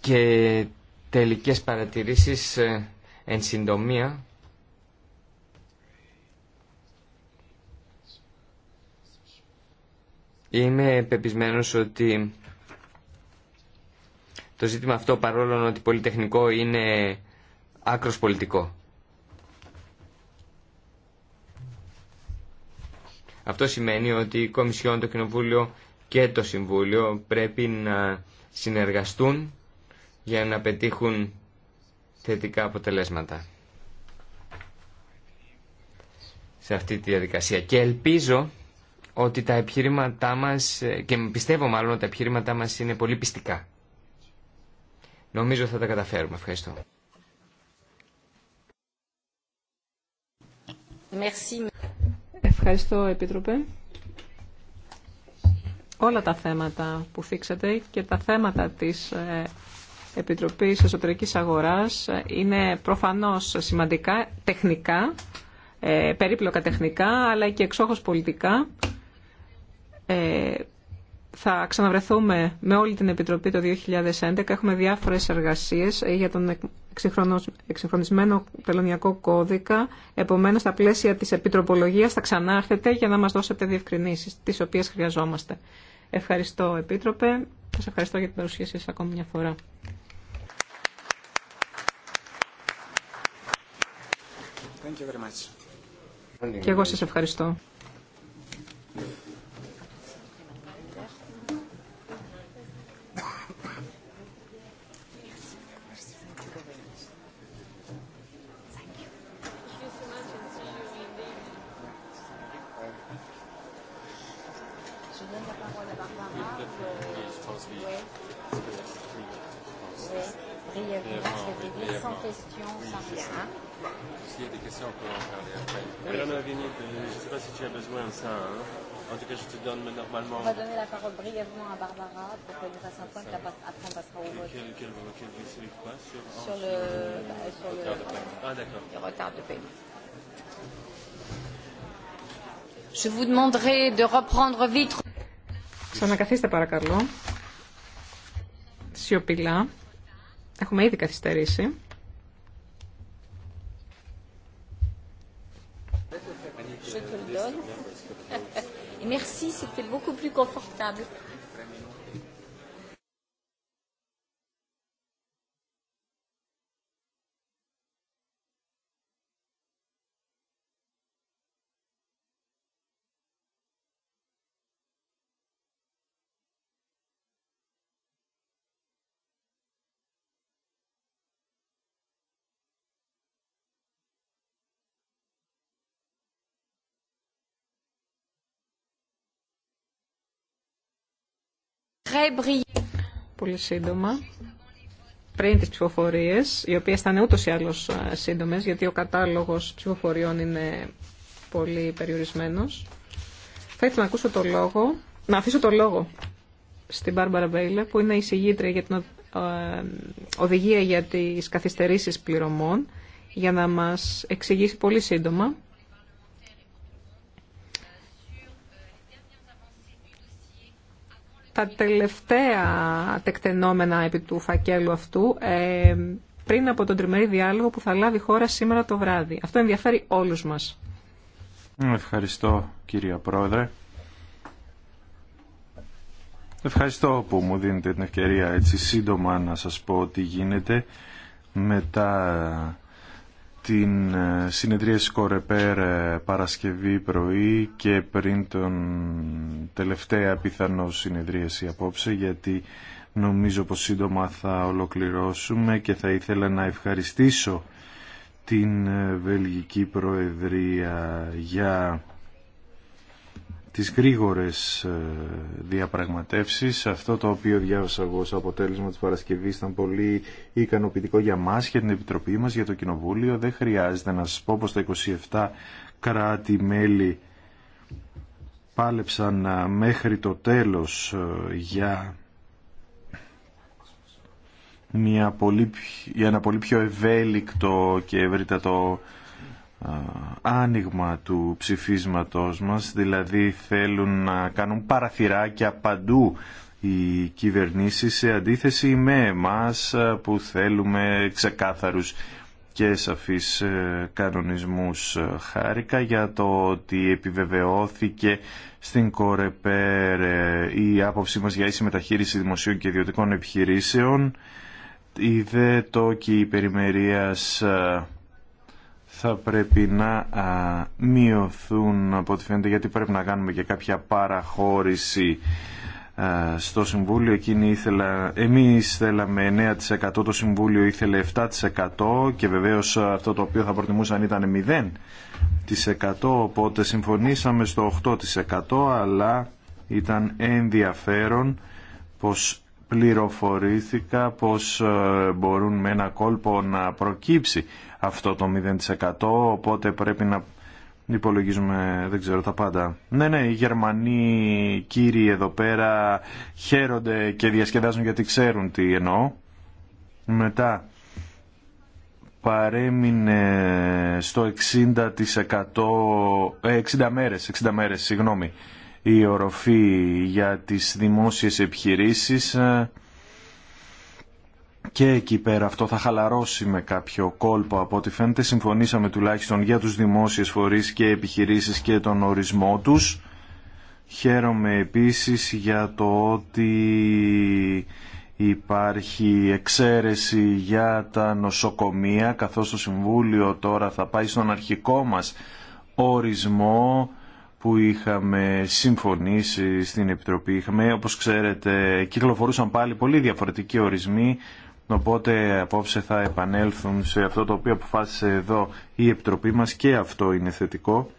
και τελικές παρατηρήσεις ε, εν συντομία. Είμαι πεπισμένος ότι το ζήτημα αυτό παρόλο ότι πολυτεχνικό είναι άκρος πολιτικό. Αυτό σημαίνει ότι η Κομισιόν, το Κοινοβούλιο και το Συμβούλιο πρέπει να συνεργαστούν για να πετύχουν θετικά αποτελέσματα σε αυτή τη διαδικασία. Και ελπίζω ότι τα επιχείρηματά μας, και πιστεύω μάλλον ότι τα επιχείρηματά μας είναι πολύ πιστικά. Νομίζω θα τα καταφέρουμε. Ευχαριστώ. Merci. Ευχαριστώ, Επίτροπε. Όλα τα θέματα που θίξατε και τα θέματα της ε, Επιτροπής Εσωτερικής Αγοράς ε, είναι προφανώς σημαντικά τεχνικά, ε, περίπλοκα τεχνικά, αλλά και εξόχως πολιτικά. Θα ξαναβρεθούμε με όλη την Επιτροπή το 2011. Έχουμε διάφορες εργασίες για τον εξυγχρονισμένο τελωνιακό κώδικα. Επομένως, στα πλαίσια της επιτροπολογίας θα ξανάρθετε για να μας δώσετε διευκρινήσει, τις οποίες χρειαζόμαστε. Ευχαριστώ, Επίτροπε. Σας ευχαριστώ για την παρουσία σας ακόμη μια φορά. Και εγώ σας ευχαριστώ. ça, on peut je ne sais pas si tu as besoin de ça. En tout cas, je te donne normalement. va donner la parole brièvement à Barbara pour qu'elle un point, après on sur, le, sur le Ah, d'accord. Je vous demanderai de reprendre vite. Ξανακαθίστε παρακαλώ. Σιωπηλά. Έχουμε ήδη καθυστερήσει. Merci, c'était beaucoup plus confortable. Πολύ σύντομα, πριν τις ψηφοφορίες, οι οποίες θα είναι ούτως ή άλλως ε, σύντομες, γιατί ο κατάλογος ψηφοφοριών είναι πολύ περιορισμένος, θα ήθελα να ακούσω το λόγο, να αφήσω το λόγο στην Μπάρμπαρα Μπέιλε, που είναι η συγγήτρια για την ε, οδηγία για τις καθυστερήσεις πληρωμών, για να μας εξηγήσει πολύ σύντομα τα τελευταία τεκτενόμενα επί του φακέλου αυτού ε, πριν από τον τριμερή διάλογο που θα λάβει η χώρα σήμερα το βράδυ. Αυτό ενδιαφέρει όλους μας. Ευχαριστώ κυρία Πρόεδρε. Ευχαριστώ που μου δίνετε την ευκαιρία έτσι σύντομα να σας πω τι γίνεται μετά την ε, συνεδρία Σκορεπέρ ε, Παρασκευή πρωί και πριν τον τελευταία πιθανό συνεδρίαση απόψε γιατί νομίζω πως σύντομα θα ολοκληρώσουμε και θα ήθελα να ευχαριστήσω την ε, Βελγική Προεδρία για τις γρήγορες ε, διαπραγματεύσεις. Αυτό το οποίο διάβασα εγώ στο αποτέλεσμα της Παρασκευής ήταν πολύ ικανοποιητικό για μας, για την Επιτροπή μας, για το Κοινοβούλιο. Δεν χρειάζεται να σας πω πως τα 27 κράτη-μέλη πάλεψαν ε, μέχρι το τέλος ε, για μια πολύ, για ένα πολύ πιο ευέλικτο και ευρύτατο άνοιγμα του ψηφίσματός μας, δηλαδή θέλουν να κάνουν παραθυράκια παντού οι κυβερνήσεις σε αντίθεση με εμάς που θέλουμε ξεκάθαρους και σαφείς ε, κανονισμούς χάρηκα για το ότι επιβεβαιώθηκε στην Κορεπέρ ε, η άποψή μας για ίση μεταχείριση δημοσίων και ιδιωτικών επιχειρήσεων είδε το και Περιμερίας ε, θα πρέπει να μειωθούν από ό,τι φαίνεται γιατί πρέπει να κάνουμε και κάποια παραχώρηση στο Συμβούλιο. Εκείνη ήθελα, εμείς θέλαμε 9%, το Συμβούλιο ήθελε 7% και βεβαίως αυτό το οποίο θα προτιμούσαν ήταν 0%. Οπότε συμφωνήσαμε στο 8% αλλά ήταν ενδιαφέρον πως πληροφορήθηκα πως ε, μπορούν με ένα κόλπο να προκύψει αυτό το 0% οπότε πρέπει να υπολογίζουμε δεν ξέρω τα πάντα. Ναι, ναι, οι Γερμανοί κύριοι εδώ πέρα χαίρονται και διασκεδάζουν γιατί ξέρουν τι εννοώ. Μετά παρέμεινε στο 60%, 60 ε, μέρες, 60 μέρες, συγγνώμη, η οροφή για τις δημόσιες επιχειρήσεις και εκεί πέρα αυτό θα χαλαρώσει με κάποιο κόλπο από ό,τι φαίνεται. Συμφωνήσαμε τουλάχιστον για τους δημόσιες φορείς και επιχειρήσεις και τον ορισμό τους. Χαίρομαι επίσης για το ότι υπάρχει εξαίρεση για τα νοσοκομεία καθώς το Συμβούλιο τώρα θα πάει στον αρχικό μας ορισμό που είχαμε συμφωνήσει στην Επιτροπή. Είχαμε, όπως ξέρετε, κυκλοφορούσαν πάλι πολύ διαφορετικοί ορισμοί Οπότε απόψε θα επανέλθουν σε αυτό το οποίο αποφάσισε εδώ η Επιτροπή μας και αυτό είναι θετικό.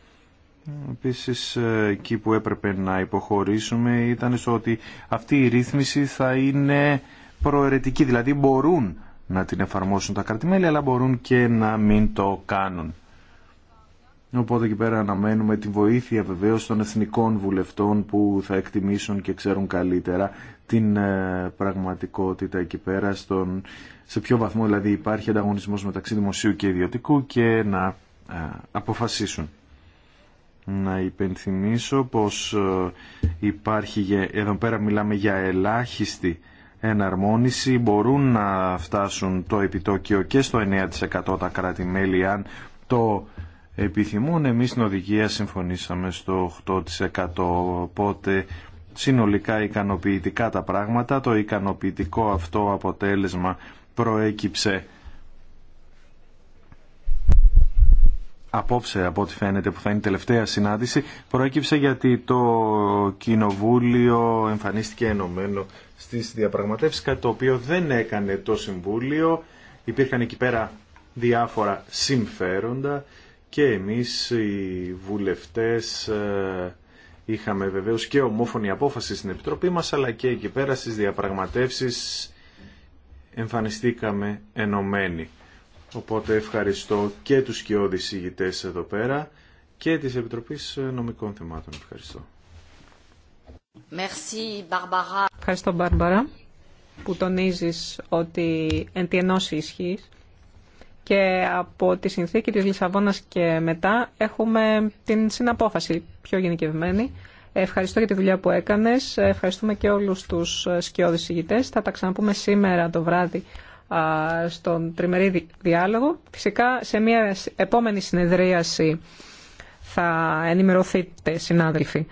Επίσης ε, εκεί που έπρεπε να υποχωρήσουμε ήταν στο ότι αυτή η ρύθμιση θα είναι προαιρετική, δηλαδή μπορούν να την εφαρμόσουν τα κρατημέλη αλλά μπορούν και να μην το κάνουν. Οπότε εκεί πέρα αναμένουμε τη βοήθεια βεβαίως των εθνικών βουλευτών που θα εκτιμήσουν και ξέρουν καλύτερα την ε, πραγματικότητα εκεί πέρα, στον, σε ποιο βαθμό δηλαδή υπάρχει ανταγωνισμός μεταξύ δημοσίου και ιδιωτικού και να ε, αποφασίσουν. Να υπενθυμίσω πως ε, υπάρχει, εδώ πέρα μιλάμε για ελάχιστη εναρμόνιση, μπορούν να φτάσουν το επιτόκιο και στο 9% τα κράτη-μέλη αν το επιθυμούν. Εμείς στην οδηγία συμφωνήσαμε στο 8% οπότε συνολικά ικανοποιητικά τα πράγματα. Το ικανοποιητικό αυτό αποτέλεσμα προέκυψε απόψε από ό,τι φαίνεται που θα είναι η τελευταία συνάντηση προέκυψε γιατί το Κοινοβούλιο εμφανίστηκε ενωμένο στις διαπραγματεύσεις κάτι το οποίο δεν έκανε το Συμβούλιο υπήρχαν εκεί πέρα διάφορα συμφέροντα και εμείς οι βουλευτές ε, Είχαμε βεβαίω και ομόφωνη απόφαση στην Επιτροπή μα, αλλά και εκεί πέρα στι διαπραγματεύσεις εμφανιστήκαμε ενωμένοι. Οπότε ευχαριστώ και τους σκιώδεις ηγητές εδώ πέρα και της Επιτροπής Νομικών Θεμάτων. Ευχαριστώ. Merci, Ευχαριστώ, Μπάρμπαρα, που τονίζεις ότι εν τη ενώση ισχύει και από τη συνθήκη της Λισαβόνας και μετά έχουμε την συναπόφαση πιο γενικευμένη. Ευχαριστώ για τη δουλειά που έκανες. Ευχαριστούμε και όλους τους σκιώδεις ηγητές. Θα τα ξαναπούμε σήμερα το βράδυ στον τριμερή διάλογο. Φυσικά σε μια επόμενη συνεδρίαση θα ενημερωθείτε συνάδελφοι.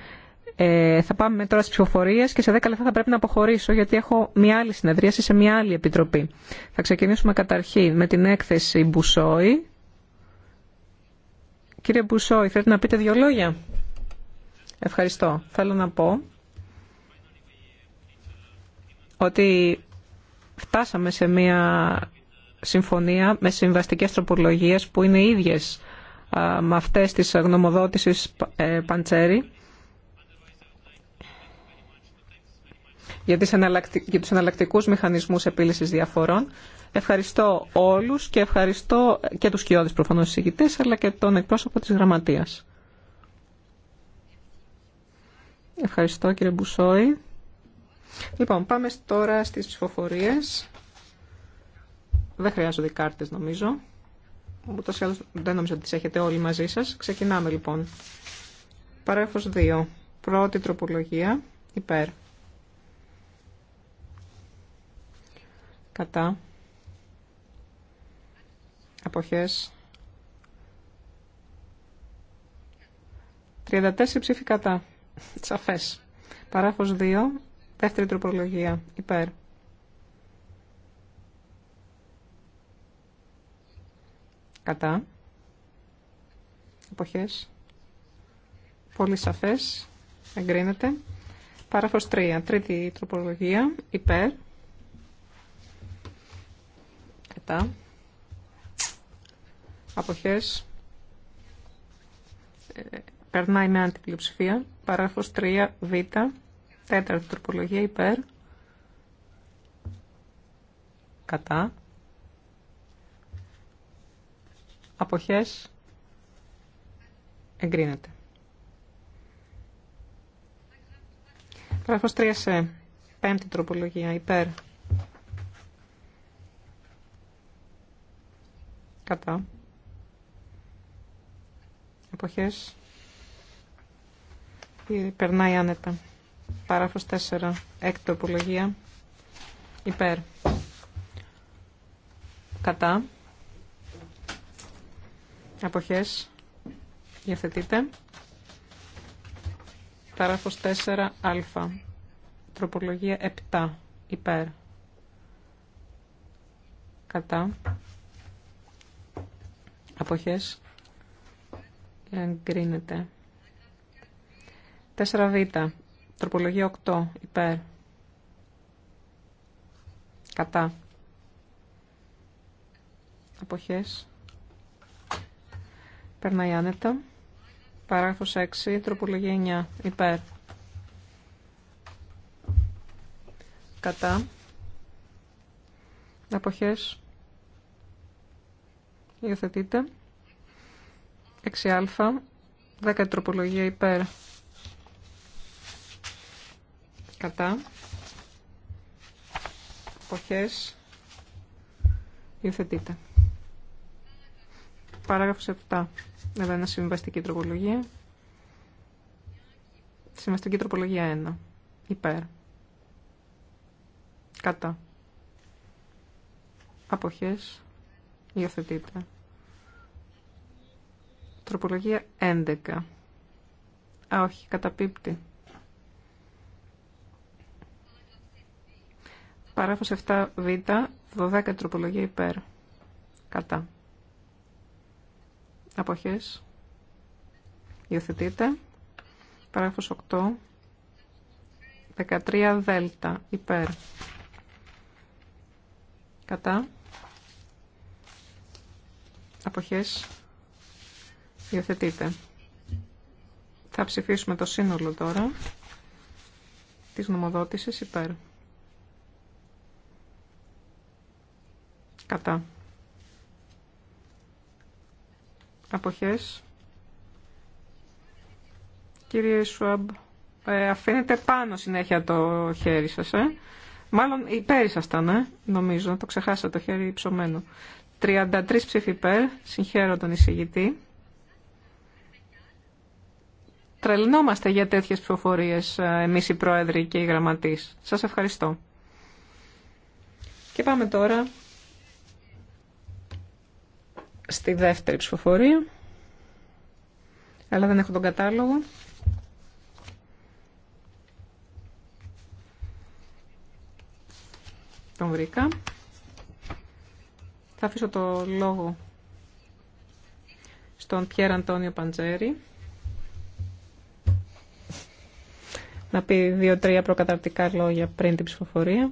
Ε, θα πάμε τώρα στις ψηφοφορίες και σε 10 λεπτά θα πρέπει να αποχωρήσω γιατί έχω μια άλλη συνεδρίαση σε μια άλλη επιτροπή. Θα ξεκινήσουμε καταρχήν με την έκθεση Μπουσόη. Κύριε Μπουσόη, θέλετε να πείτε δύο λόγια. Ευχαριστώ. Θέλω να πω ότι φτάσαμε σε μια συμφωνία με συμβαστικές τροπολογίες που είναι ίδιες με αυτές της γνωμοδότησης ε, Παντσέρη για, τις για τους εναλλακτικούς μηχανισμούς επίλυσης διαφορών. Ευχαριστώ όλους και ευχαριστώ και τους κοιόδης προφανώς συζητητές αλλά και τον εκπρόσωπο της Γραμματείας. Ευχαριστώ κύριε Μπουσόη. Λοιπόν, πάμε τώρα στις ψηφοφορίες. Δεν χρειάζονται κάρτες νομίζω. Ούτως ή δεν νομίζω ότι τις έχετε όλοι μαζί σας. Ξεκινάμε λοιπόν. Παράγραφος 2. Πρώτη τροπολογία. Υπέρ. κατά αποχές 34 ψήφοι κατά σαφές παράφος 2 δεύτερη τροπολογία υπέρ κατά Αποχές. πολύ σαφές εγκρίνεται παράφος 3 τρίτη τροπολογία υπέρ Αποχέ. αποχές περνάει με αντιπλειοψηφία παράγραφος 3 β τέταρτη τροπολογία υπέρ κατά αποχές εγκρίνεται παράγραφος 3 σε πέμπτη τροπολογία υπέρ κατά εποχές ε, περνάει άνετα Παράφος 4 Έκτοπολογία υπερ υπέρ κατά διαθετείτε. Παράφος Παράγραφος 4α. Τροπολογία 7. Υπέρ. Κατά αποχές εγκρίνεται. 4β, τροπολογία 8, υπέρ, κατά, αποχές, περνάει άνετα. Παράγραφος 6, τροπολογία 9, υπέρ, κατά, αποχές, Υιοθετείτε. 6α. 10 τροπολογία υπέρ. Κατά. Εποχές. Υιοθετείτε. Παράγραφος 7. Εδώ είναι συμβαστική τροπολογία. Συμβαστική τροπολογία 1. Υπέρ. Κατά. Αποχές. Υιοθετείτε. Τροπολογία 11. Α, όχι, καταπίπτει. Παράφος 7β, 12 τροπολογία υπέρ. Κατά. Αποχές. Υιοθετείτε. Παράφος 8. 13 δέλτα υπέρ. Κατά αποχές υιοθετείται. Θα ψηφίσουμε το σύνολο τώρα της νομοδότησης υπέρ. Κατά. Αποχές. Κύριε Σουαμπ, ε, αφήνετε πάνω συνέχεια το χέρι σας, ε. Μάλλον υπέρ ήσασταν, ε, νομίζω, το ξεχάσατε το χέρι ψωμένο. 33 ψήφοι υπέρ, συγχαίρω τον εισηγητή. Τρελνόμαστε για τέτοιες ψηφοφορίες ε, εμείς οι πρόεδροι και οι γραμματείς. Σας ευχαριστώ. Και πάμε τώρα στη δεύτερη ψηφοφορία. Αλλά δεν έχω τον κατάλογο. Τον βρήκα. Θα αφήσω το λόγο στον Πιέρα Αντώνιο Παντζέρη να πει δύο-τρία προκαταρτικά λόγια πριν την ψηφοφορία.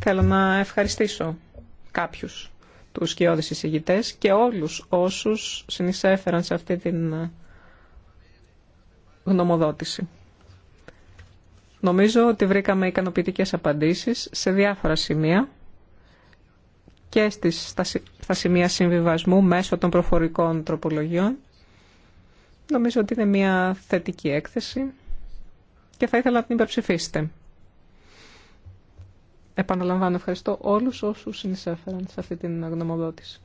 Θέλω να ευχαριστήσω κάποιους τους σκιώδης εισηγητές και όλους όσους συνεισέφεραν σε αυτή την γνωμοδότηση. Νομίζω ότι βρήκαμε ικανοποιητικές απαντήσεις σε διάφορα σημεία και στις, στα, σημεία συμβιβασμού μέσω των προφορικών τροπολογιών. Νομίζω ότι είναι μια θετική έκθεση και θα ήθελα να την υπερψηφίσετε. Επαναλαμβάνω, ευχαριστώ όλους όσους συνεισέφεραν σε αυτή την γνωμοδότηση.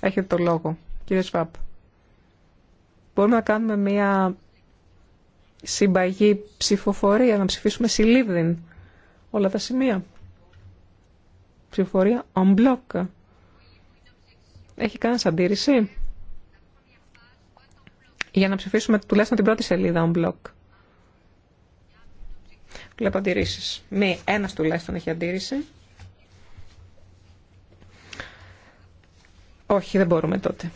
Έχετε το λόγο. Κύριε Σφαπ μπορούμε να κάνουμε μια συμπαγή ψηφοφορία, να ψηφίσουμε συλλήβδιν όλα τα σημεία. Ψηφοφορία on block. Έχει κανένα αντίρρηση για να ψηφίσουμε τουλάχιστον την πρώτη σελίδα on block. Βλέπω αντιρρήσει. Μη ένα τουλάχιστον έχει αντίρρηση. Όχι, δεν μπορούμε τότε.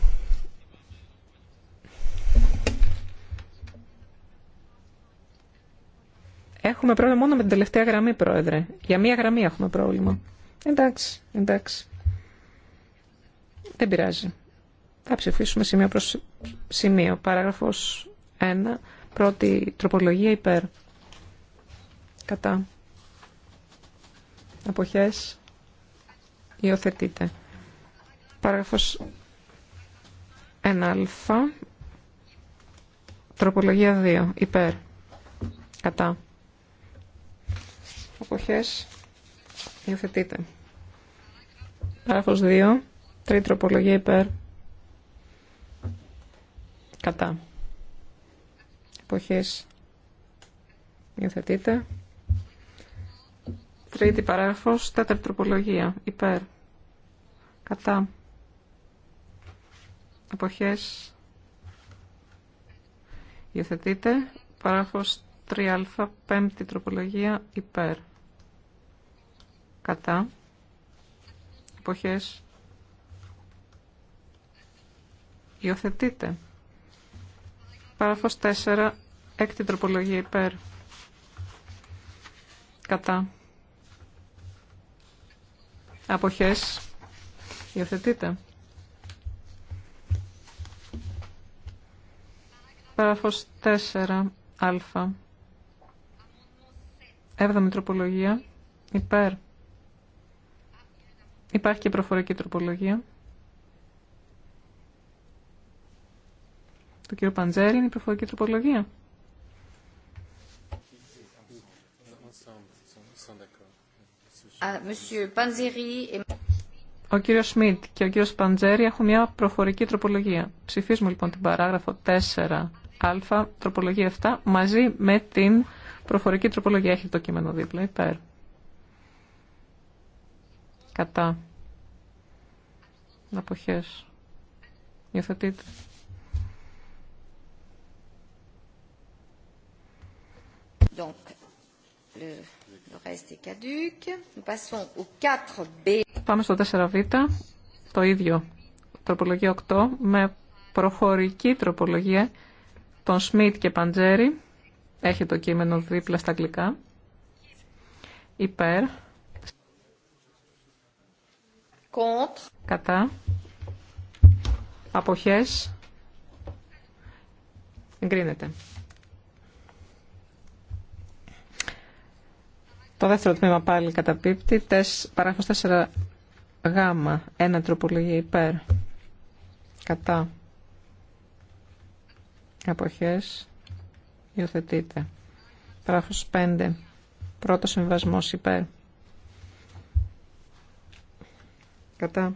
Έχουμε πρόβλημα μόνο με την τελευταία γραμμή, Πρόεδρε. Για μία γραμμή έχουμε πρόβλημα. Εντάξει, εντάξει. Δεν πειράζει. Θα ψηφίσουμε σημείο προς σημείο. Παράγραφος 1, πρώτη τροπολογία υπέρ. Κατά. Αποχές. Υιοθετείται. Παράγραφος 1α. Τροπολογία 2. Υπέρ. Κατά. Εποχές, υιοθετείτε. Παράγραφος 2. Τρίτη τροπολογία υπέρ. Κατά. Εποχές. Υιοθετείτε. Τρίτη παράγραφος. Τέταρτη τροπολογία. Υπέρ. Κατά. Εποχές. Υιοθετείτε. Παράγραφος 3α, η τροπολογία, υπέρ. Κατά. Εποχές. Υιοθετείτε. Πάραφος 4, έκτη τροπολογία, υπέρ. Κατά. Αποχέ. Υιοθετείτε. Πάραφος 4, α. Έβδομη τροπολογία. Υπέρ. Υπάρχει και προφορική τροπολογία. Το κύριο Παντζέρη είναι η προφορική τροπολογία. Ο κύριο Σμιτ και ο κύριο Παντζέρη έχουν μια προφορική τροπολογία. Ψηφίζουμε λοιπόν την παράγραφο 4α, τροπολογία 7, μαζί με την Προφορική τροπολογία έχει το κείμενο δίπλα. Υπέρ. Κατά. Αποχές. Υιοθετείτε. Πάμε στο 4β. Το ίδιο. Τροπολογία 8 με προφορική τροπολογία των Σμιτ και Παντζέρη. Έχει το κείμενο δίπλα στα αγγλικά. Υπέρ. κόντ, Κατά. Αποχές. Εγκρίνεται. Το δεύτερο τμήμα πάλι καταπίπτει. Παράγραφος 4 γάμα. Ένα τροπολογία υπέρ. Κατά. Αποχές. Υιοθετείτε. Παράγραφος 5. Πρώτο συμβασμός υπέρ. Κατά.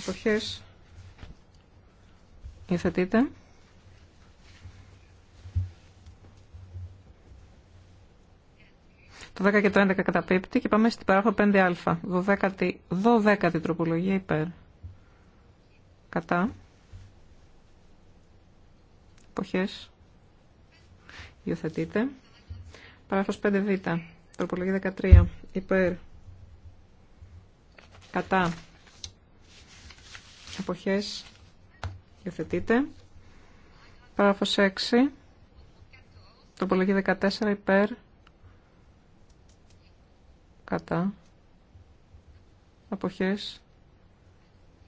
Εποχές. Υιοθετείτε. Το 10 και το 11 καταπίπτει και πάμε στην πραγμα 5 5α. 12η, 12η τροπολογία υπέρ. Κατά. Εποχές. Υιοθετείτε. Παράγραφος 5β. Τροπολογία 13. Υπέρ. Κατά. Αποχές. Υιοθετείτε. Παράγραφος 6. Τροπολογία 14. Υπέρ. Κατά. Αποχές.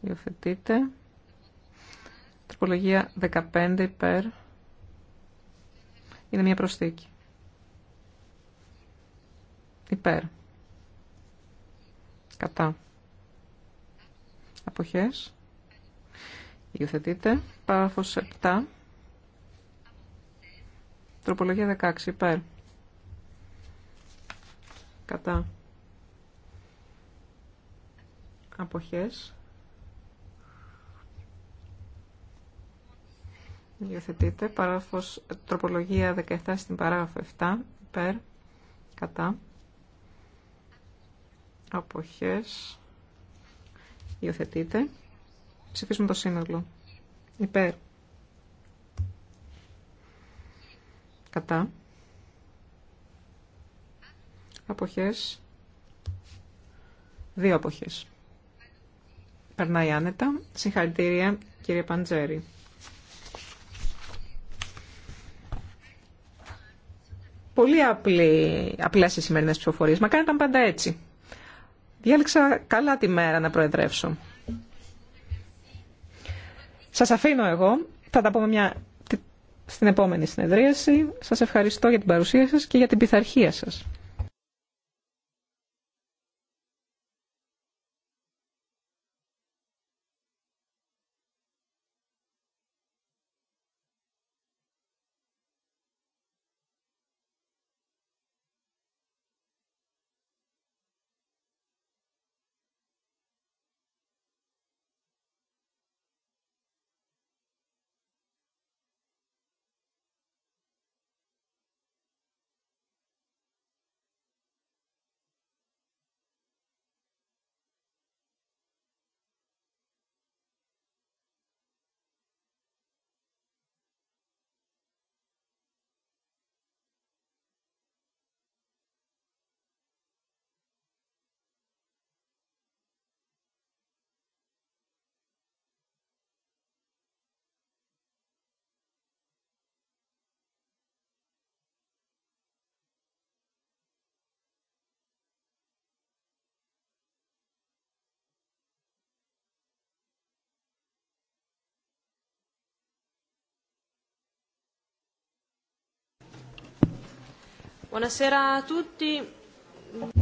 Υιοθετείτε. Τροπολογία 15. Υπέρ. Είναι μια προσθήκη. Υπέρ. Κατά. Αποχές. Υιοθετείτε. Πάραφο 7. Τροπολογία 16. Υπέρ. Κατά. Αποχές. Υιοθετείτε, Παράγραφος τροπολογία 17 στην παράγραφο 7. Υπέρ. Κατά. Αποχές. υιοθετείτε, Ψηφίσουμε το σύνολο. Υπέρ. Κατά. Αποχές. Δύο αποχές. Περνάει άνετα. Συγχαρητήρια κύριε Παντζέρη. πολύ απλή, απλές οι σημερινές ψηφοφορίες. Μα ήταν πάντα έτσι. Διάλεξα καλά τη μέρα να προεδρεύσω. Σας αφήνω εγώ. Θα τα πω μια... στην επόμενη συνεδρίαση. Σας ευχαριστώ για την παρουσία σας και για την πειθαρχία σας.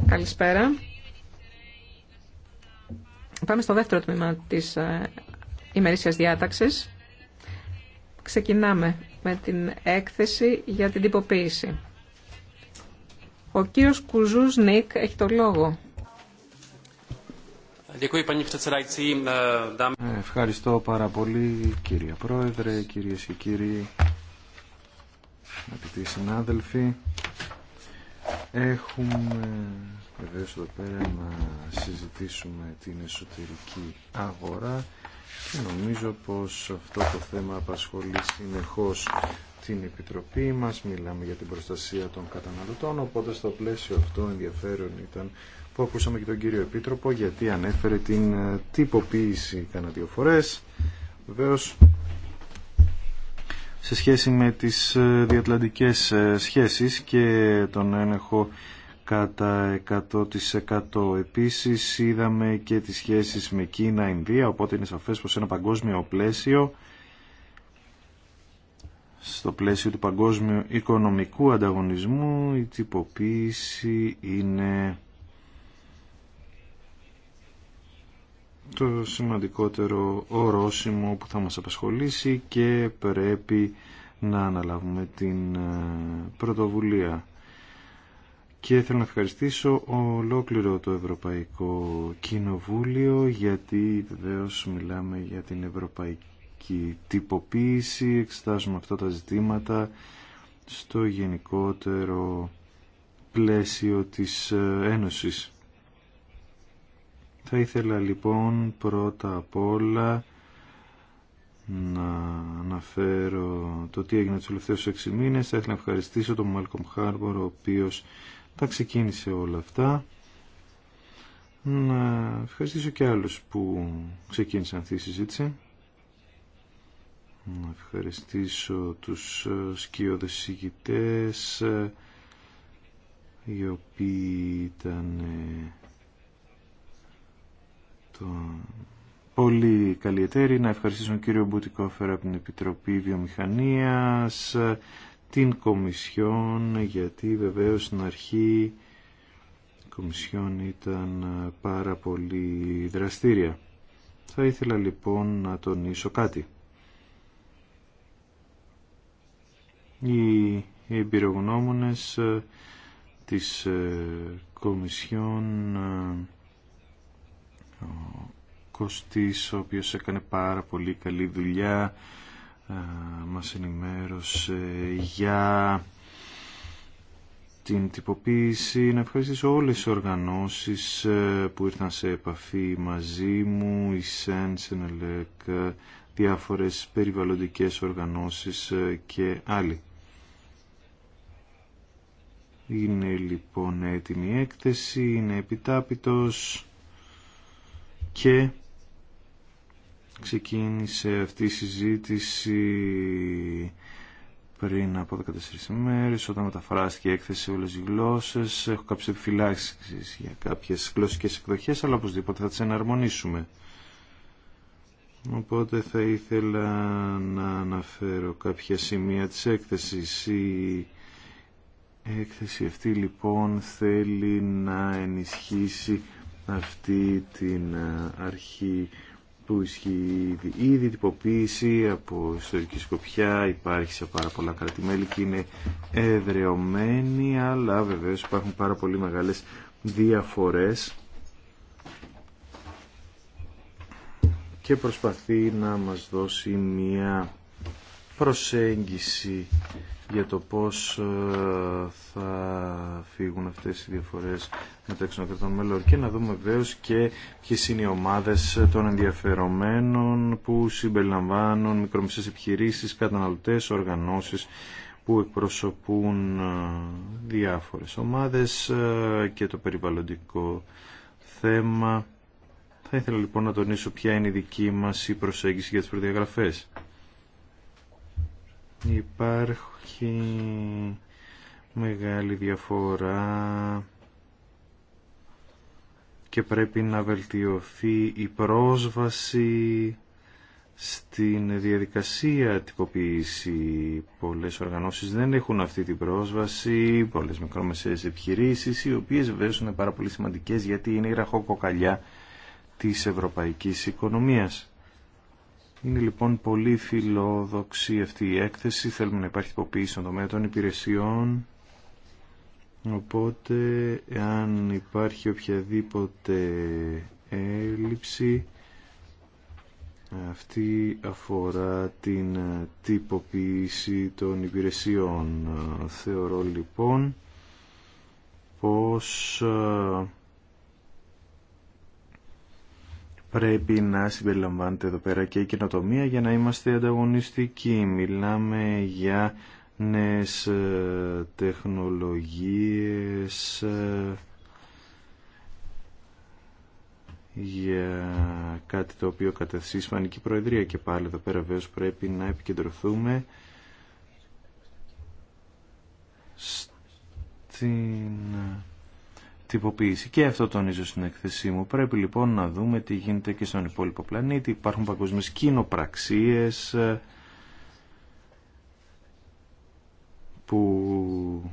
Καλησπέρα. Πάμε στο δεύτερο τμήμα της ε, ημερήσιας διάταξης. Ξεκινάμε με την έκθεση για την τυποποίηση. Ο κύριος Κουζούς Νίκ έχει το λόγο. Ε, ε, ευχαριστώ πάρα πολύ κύριε Πρόεδρε, κυρίες και κύριοι, αγαπητοί συνάδελφοι. Έχουμε βεβαίω εδώ πέρα να συζητήσουμε την εσωτερική αγορά και νομίζω πως αυτό το θέμα απασχολεί συνεχώς την Επιτροπή μας, μιλάμε για την προστασία των καταναλωτών, οπότε στο πλαίσιο αυτό ενδιαφέρον ήταν που ακούσαμε και τον κύριο Επίτροπο γιατί ανέφερε την τυποποίηση κανένα δύο φορές. Βεβαίως σε σχέση με τις ε, διατλαντικές ε, σχέσεις και τον έλεγχο κατά 100%. Επίσης είδαμε και τις σχέσεις με Κίνα, Ινδία, οπότε είναι σαφές πως ένα παγκόσμιο πλαίσιο στο πλαίσιο του παγκόσμιου οικονομικού ανταγωνισμού η τυποποίηση είναι το σημαντικότερο ορόσημο που θα μας απασχολήσει και πρέπει να αναλάβουμε την ε, πρωτοβουλία. Και θέλω να ευχαριστήσω ολόκληρο το Ευρωπαϊκό Κοινοβούλιο γιατί βεβαίω μιλάμε για την ευρωπαϊκή τυποποίηση, εξετάζουμε αυτά τα ζητήματα στο γενικότερο πλαίσιο της ε, Ένωσης. Θα ήθελα λοιπόν πρώτα απ' όλα να αναφέρω το τι έγινε τους τελευταίους 6 μήνες. Θα ήθελα να ευχαριστήσω τον Μάλκομ Χάρμπορ, ο οποίος τα ξεκίνησε όλα αυτά. Να ευχαριστήσω και άλλους που ξεκίνησαν αυτή τη συζήτηση. Να ευχαριστήσω τους ε, σκιώδες συγκητές, ε, οι οποίοι ήταν πολύ καλή Να ευχαριστήσουμε κύριο Μπουτικόφερ από την Επιτροπή Βιομηχανίας, την Κομισιόν, γιατί βεβαίως στην αρχή η Κομισιόν ήταν πάρα πολύ δραστήρια. Θα ήθελα λοιπόν να τονίσω κάτι. Οι εμπειρογνώμονες της Κομισιόν ο Κωστής, ο οποίος έκανε πάρα πολύ καλή δουλειά, μας ενημέρωσε για την τυποποίηση. Να ευχαριστήσω όλες τις οργανώσεις ε, που ήρθαν σε επαφή μαζί μου, η ΣΕΝ, ΣΕΝΕΛΕΚ, διάφορες περιβαλλοντικές οργανώσεις ε, και άλλοι. Είναι λοιπόν έτοιμη η έκθεση, είναι επιτάπητος και ξεκίνησε αυτή η συζήτηση πριν από 14 μέρε, όταν μεταφράστηκε η έκθεση σε όλες τις γλώσσες έχω κάποιες επιφυλάξεις για κάποιες γλωσσικές εκδοχές αλλά οπωσδήποτε θα τις εναρμονίσουμε οπότε θα ήθελα να αναφέρω κάποια σημεία της έκθεσης η έκθεση αυτή λοιπόν θέλει να ενισχύσει αυτή την ε, αρχή που ισχύει ήδη. Η διτυποποίηση από ιστορική σκοπιά υπάρχει σε πάρα πολλά κρατημέλη και είναι εδρεωμένη, αλλά βεβαίως υπάρχουν πάρα πολύ μεγάλες διαφορές και προσπαθεί να μας δώσει μια προσέγγιση για το πώς ε, θα φύγουν αυτές οι διαφορές μεταξύ των κρατών μέλων και να δούμε βεβαίω και ποιε είναι οι ομάδες των ενδιαφερομένων που συμπεριλαμβάνουν μικρομεσαίες επιχειρήσεις, καταναλωτές, οργανώσεις που εκπροσωπούν ε, διάφορες ομάδες ε, και το περιβαλλοντικό θέμα. Θα ήθελα λοιπόν να τονίσω ποια είναι η δική μας η προσέγγιση για τις προδιαγραφές. Υπάρχει μεγάλη διαφορά και πρέπει να βελτιωθεί η πρόσβαση στην διαδικασία τυποποίηση. Πολλές οργανώσεις δεν έχουν αυτή την πρόσβαση, πολλές μικρομεσαίες επιχειρήσεις, οι οποίες βέβαια είναι πάρα πολύ σημαντικές γιατί είναι η ραχοκοκαλιά της ευρωπαϊκής οικονομίας. Είναι λοιπόν πολύ φιλόδοξη αυτή η έκθεση. Θέλουμε να υπάρχει υποποίηση στον τομέα των υπηρεσιών. Οπότε, αν υπάρχει οποιαδήποτε έλλειψη, αυτή αφορά την τυποποίηση των υπηρεσιών. Θεωρώ λοιπόν πως ε, πρέπει να συμπεριλαμβάνεται εδώ πέρα και η καινοτομία για να είμαστε ανταγωνιστικοί. Μιλάμε για νέες ε, τεχνολογίες, ε, για κάτι το οποίο κατευθύνει η Ισπανική Προεδρία και πάλι εδώ πέρα βέβαια πρέπει να επικεντρωθούμε στην τυποποίηση. Και αυτό τονίζω στην εκθεσή μου. Πρέπει λοιπόν να δούμε τι γίνεται και στον υπόλοιπο πλανήτη. Υπάρχουν παγκοσμίες κοινοπραξίες ε, που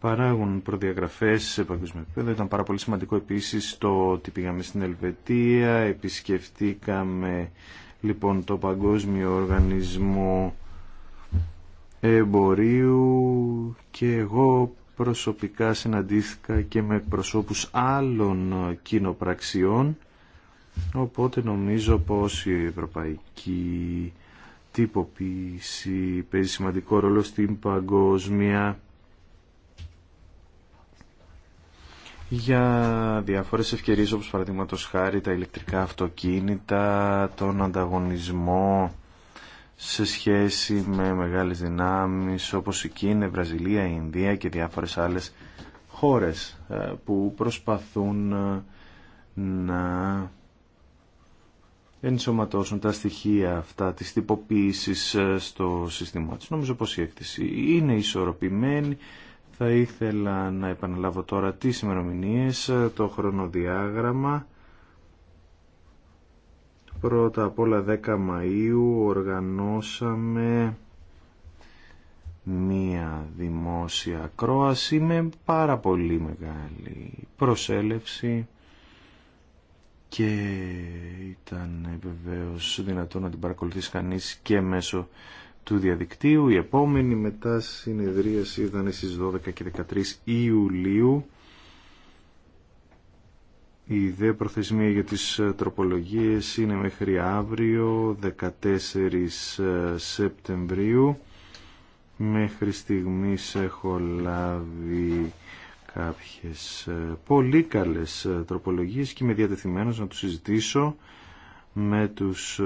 παράγουν προδιαγραφές σε παγκοσμίο επίπεδο. Ήταν πάρα πολύ σημαντικό επίσης το ότι πήγαμε στην Ελβετία, επισκεφτήκαμε λοιπόν το Παγκόσμιο Οργανισμό Εμπορίου και εγώ προσωπικά συναντήθηκα και με προσώπους άλλων ε, κοινοπραξιών οπότε νομίζω πως η ευρωπαϊκή τυποποίηση παίζει σημαντικό ρόλο στην παγκόσμια για διάφορες ευκαιρίες όπως παραδείγματο χάρη τα ηλεκτρικά αυτοκίνητα, τον ανταγωνισμό σε σχέση με μεγάλες δυνάμεις όπως η Κίνα, η Βραζιλία, η Ινδία και διάφορες άλλες χώρες ε, που προσπαθούν ε, να ενσωματώσουν τα στοιχεία αυτά της τυποποίησης ε, στο σύστημά της. Νομίζω πως η έκθεση είναι ισορροπημένη. Θα ήθελα να επαναλάβω τώρα τις ημερομηνίε, το χρονοδιάγραμμα. Πρώτα απ' όλα 10 Μαΐου οργανώσαμε μία δημόσια κρόαση με πάρα πολύ μεγάλη προσέλευση και ήταν βεβαίω δυνατόν να την παρακολουθήσει κανείς και μέσω του διαδικτύου. Η επόμενη μετά συνεδρίαση ήταν στις 12 και 13 Ιουλίου η ιδέα προθεσμία για τις ε, τροπολογίες είναι μέχρι αύριο 14 ε, Σεπτεμβρίου. Μέχρι στιγμής έχω λάβει κάποιες ε, πολύ καλές τροπολογίες και είμαι διατεθειμένος να τους συζητήσω με τους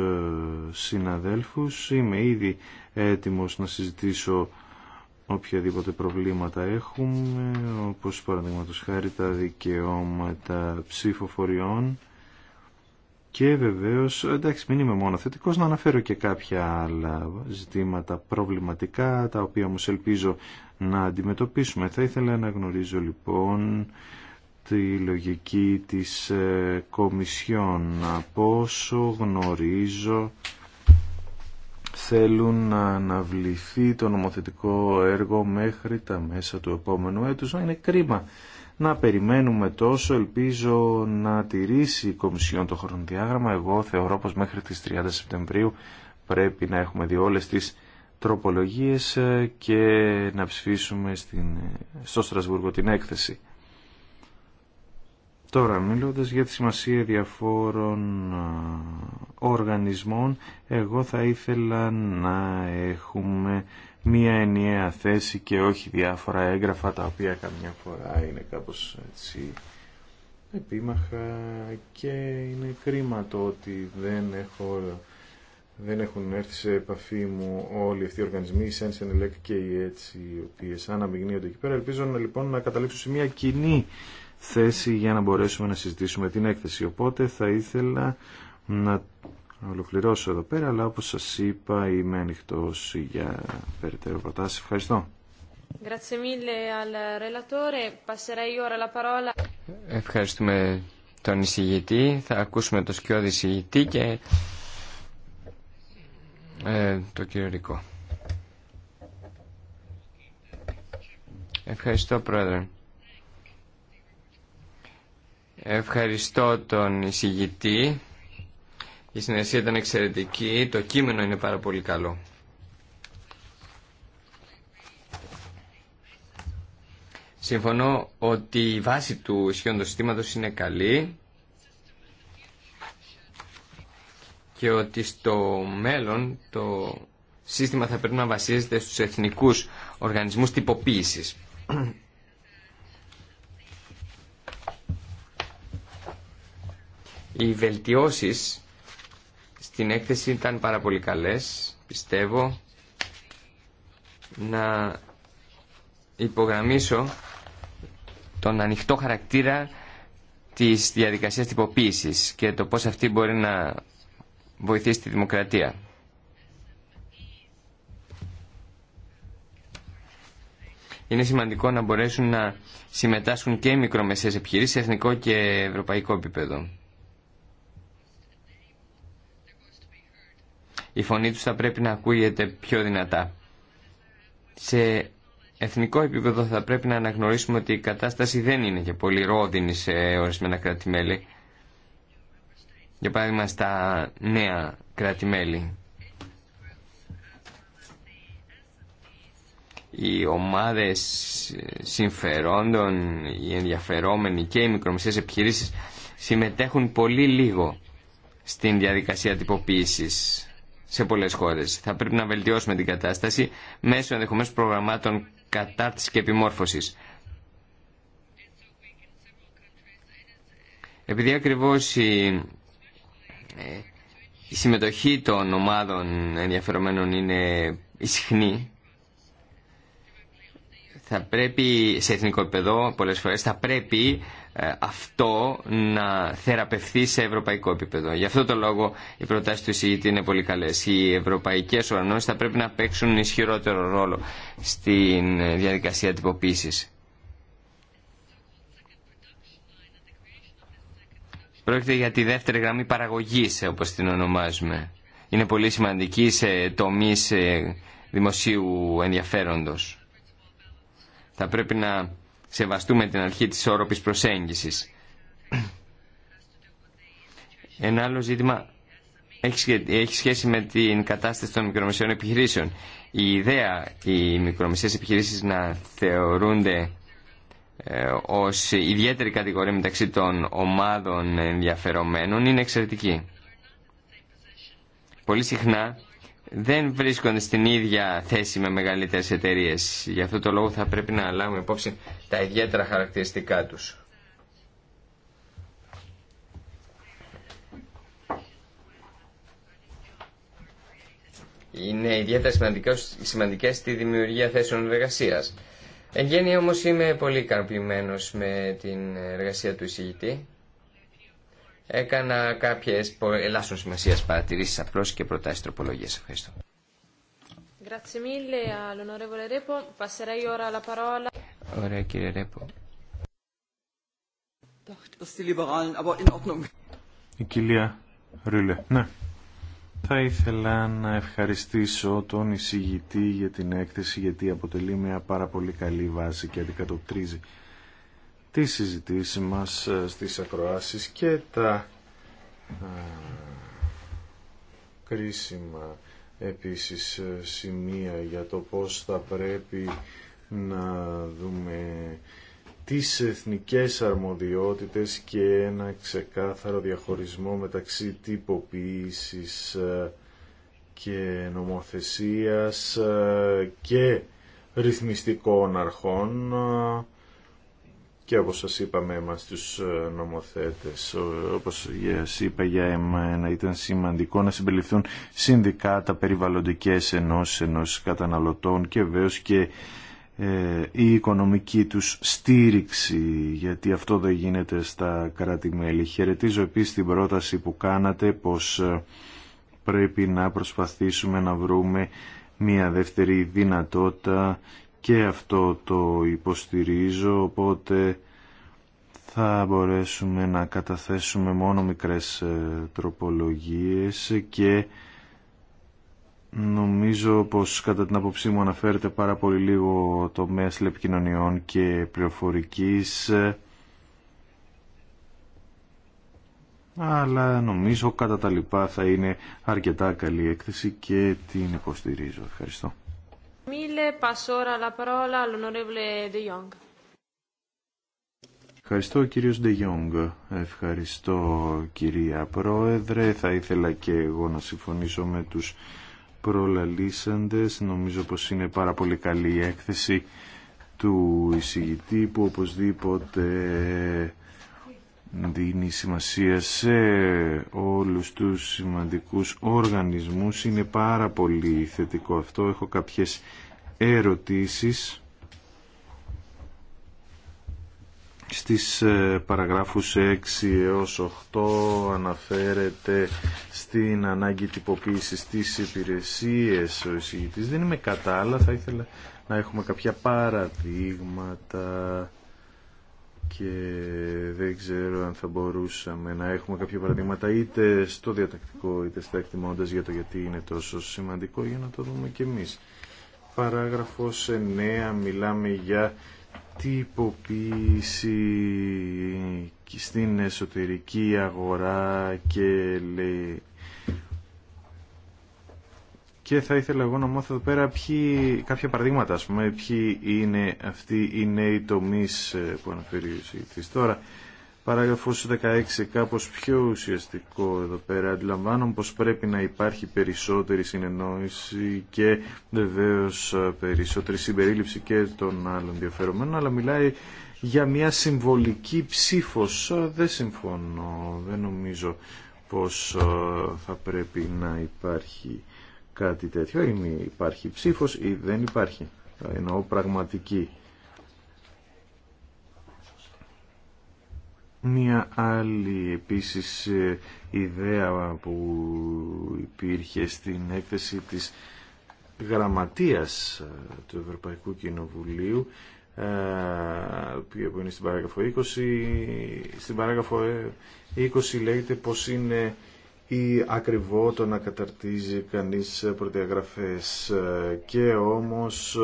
συναδέλφους. Είμαι ήδη έτοιμος να συζητήσω οποιαδήποτε προβλήματα έχουμε, όπως παραδείγματος χάρη τα δικαιώματα ψηφοφοριών και βεβαίως, εντάξει μην είμαι μόνο θετικός, να αναφέρω και κάποια άλλα ζητήματα προβληματικά, τα οποία όμως ελπίζω να αντιμετωπίσουμε. Θα ήθελα να γνωρίζω λοιπόν τη λογική της ε, Κομισιόν, από όσο γνωρίζω θέλουν να αναβληθεί το νομοθετικό έργο μέχρι τα μέσα του επόμενου έτους. Είναι κρίμα να περιμένουμε τόσο. Ελπίζω να τηρήσει η Κομισιόν το χρονοδιάγραμμα. Εγώ θεωρώ πως μέχρι τις 30 Σεπτεμβρίου πρέπει να έχουμε δει όλες τις τροπολογίες και να ψηφίσουμε στην, στο Στρασβούργο την έκθεση. Τώρα, μιλώντας για τη σημασία διαφόρων οργανισμών, εγώ θα ήθελα να έχουμε μία ενιαία θέση και όχι διάφορα έγγραφα τα οποία καμιά φορά είναι κάπως έτσι επίμαχα και είναι κρίμα το ότι δεν, δεν έχουν έρθει σε επαφή μου όλοι αυτοί οι οργανισμοί, η Sense και οι έτσι οι οποίες αναμειγνύονται εκεί πέρα. Ελπίζω λοιπόν να καταλήξω σε μία κοινή θέση για να μπορέσουμε να συζητήσουμε την έκθεση. Οπότε θα ήθελα να ολοκληρώσω εδώ πέρα, αλλά όπως σας είπα είμαι ανοιχτό για περαιτέρω προτάσεις. Ευχαριστώ. Ευχαριστούμε τον εισηγητή. Θα ακούσουμε τον σκιώδη εισηγητή και ε, το κύριο Ρικό. Ευχαριστώ πρόεδρε. Ευχαριστώ τον εισηγητή. Η συνεργασία ήταν εξαιρετική. Το κείμενο είναι πάρα πολύ καλό. Συμφωνώ ότι η βάση του ισχύοντος συστήματος είναι καλή και ότι στο μέλλον το σύστημα θα πρέπει να βασίζεται στους εθνικούς οργανισμούς τυποποίησης. Οι βελτιώσεις στην έκθεση ήταν πάρα πολύ καλές, πιστεύω. Να υπογραμμίσω τον ανοιχτό χαρακτήρα της διαδικασίας τυποποίησης και το πώς αυτή μπορεί να βοηθήσει τη δημοκρατία. Είναι σημαντικό να μπορέσουν να συμμετάσχουν και οι μικρομεσαίες επιχειρήσεις σε εθνικό και ευρωπαϊκό επίπεδο. η φωνή τους θα πρέπει να ακούγεται πιο δυνατά. Σε εθνικό επίπεδο θα πρέπει να αναγνωρίσουμε ότι η κατάσταση δεν είναι και πολύ ρόδινη σε ορισμένα κράτη-μέλη. Για παράδειγμα στα νέα κράτη-μέλη. Οι ομάδες συμφερόντων, οι ενδιαφερόμενοι και οι μικρομεσαίες επιχειρήσεις συμμετέχουν πολύ λίγο στην διαδικασία τυποποίησης σε πολλές χώρε. Θα πρέπει να βελτιώσουμε την κατάσταση μέσω ενδεχομένω προγραμμάτων κατάρτισης και επιμόρφωσης. Επειδή ακριβώ η, ε, η συμμετοχή των ομάδων ενδιαφερομένων είναι ισχνή, θα πρέπει σε εθνικό επίπεδο πολλές φορές θα πρέπει ε, αυτό να θεραπευθεί σε ευρωπαϊκό επίπεδο. Γι' αυτό το λόγο οι προτάσει του εισηγητή είναι πολύ καλέ. Οι ευρωπαϊκέ οργανώσει θα πρέπει να παίξουν ισχυρότερο ρόλο στην διαδικασία τυποποίηση. Πρόκειται για τη δεύτερη γραμμή παραγωγής, όπω την ονομάζουμε. Είναι πολύ σημαντική σε τομεί ε, δημοσίου ενδιαφέροντο. Θα πρέπει να σεβαστούμε την αρχή της όροπης προσέγγισης. Ένα άλλο ζήτημα έχει σχέση με την κατάσταση των μικρομεσαίων επιχειρήσεων. Η ιδέα οι μικρομεσαίες επιχειρήσεις να θεωρούνται ε, ως ιδιαίτερη κατηγορία μεταξύ των ομάδων ενδιαφερομένων είναι εξαιρετική. Πολύ συχνά δεν βρίσκονται στην ίδια θέση με μεγαλύτερες εταιρείες. Γι' αυτό το λόγο θα πρέπει να λάβουμε υπόψη τα ιδιαίτερα χαρακτηριστικά τους. Είναι ιδιαίτερα σημαντικές, στη δημιουργία θέσεων εργασίας. Εν γέννη όμως είμαι πολύ ικανοποιημένος με την εργασία του εισηγητή. Έκανα κάποιε ελάχιστον σημασία παρατηρήσει απλώ και προτάσει τροπολογία. Ευχαριστώ. Η κυρία Ναι. Θα ήθελα να ευχαριστήσω τον εισηγητή για την έκθεση γιατί αποτελεί μια πάρα πολύ καλή βάση και αντικατοπτρίζει τις συζητήσεις μας ε, στις ακροάσεις και τα ε, κρίσιμα επίσης ε, σημεία για το πώς θα πρέπει να δούμε τις εθνικές αρμοδιότητες και ένα ξεκάθαρο διαχωρισμό μεταξύ τυποποίησης και νομοθεσίας και ρυθμιστικών αρχών και όπως σας είπαμε μας τους ε, νομοθέτες όπως σας είπα για εμένα ήταν σημαντικό να συμπεριληφθούν τα περιβαλλοντικές ενώσεις ενώσεις καταναλωτών και βέβαιω και ε, η οικονομική τους στήριξη γιατί αυτό δεν γίνεται στα κράτη-μέλη. Χαιρετίζω επίσης την πρόταση που κάνατε πως ε, πρέπει να προσπαθήσουμε να βρούμε μια δεύτερη δυνατότητα και αυτό το υποστηρίζω οπότε θα μπορέσουμε να καταθέσουμε μόνο μικρές ε, τροπολογίες και νομίζω πως κατά την απόψή μου αναφέρεται πάρα πολύ λίγο το μέσο λεπικοινωνιών και πληροφορικής αλλά νομίζω κατά τα λοιπά θα είναι αρκετά καλή έκθεση και την υποστηρίζω. Ευχαριστώ. Ευχαριστώ κύριος De Ευχαριστώ κυρία Πρόεδρε. Θα ήθελα και εγώ να συμφωνήσω με τους προλαλήσαντες. Νομίζω πως είναι πάρα πολύ καλή η έκθεση του εισηγητή που οπωσδήποτε δίνει σημασία σε όλους τους σημαντικούς οργανισμούς. Είναι πάρα πολύ θετικό αυτό. Έχω κάποιες ερωτήσεις στις ε, παραγράφους 6 έως 8 αναφέρεται στην ανάγκη τυποποίησης της υπηρεσίας ο εισηγητής. Δεν είμαι κατά, αλλά θα ήθελα να έχουμε κάποια παραδείγματα και δεν ξέρω αν θα μπορούσαμε να έχουμε κάποια παραδείγματα είτε στο διατακτικό είτε στα εκτιμώντας για το γιατί είναι τόσο σημαντικό για να το δούμε και εμείς. Παράγραφος 9 μιλάμε για τυποποίηση στην εσωτερική αγορά και λέει και θα ήθελα εγώ να μάθω εδώ πέρα ποιοι, κάποια παραδείγματα, α πούμε, ποιοι είναι αυτοί οι νέοι τομεί ε, που αναφέρει ο συγητής. Τώρα, παράγραφος 16, κάπως πιο ουσιαστικό εδώ πέρα. Αντιλαμβάνομαι πως πρέπει να υπάρχει περισσότερη συνεννόηση και βεβαίω ε, περισσότερη συμπερίληψη και των άλλων ενδιαφερομένων, αλλά μιλάει για μια συμβολική ψήφος. Ε, δεν συμφωνώ, δεν νομίζω πως θα πρέπει να υπάρχει κάτι τέτοιο ή υπάρχει ψήφος ή δεν υπάρχει. Εννοώ πραγματική. Μία άλλη επίσης ε, ιδέα που υπήρχε στην έκθεση της γραμματείας ε, του Ευρωπαϊκού Κοινοβουλίου ε, που είναι στην παράγραφο 20 στην παράγραφο 20 λέγεται πως είναι ή ακριβό το να καταρτίζει κανείς προδιαγραφές και όμως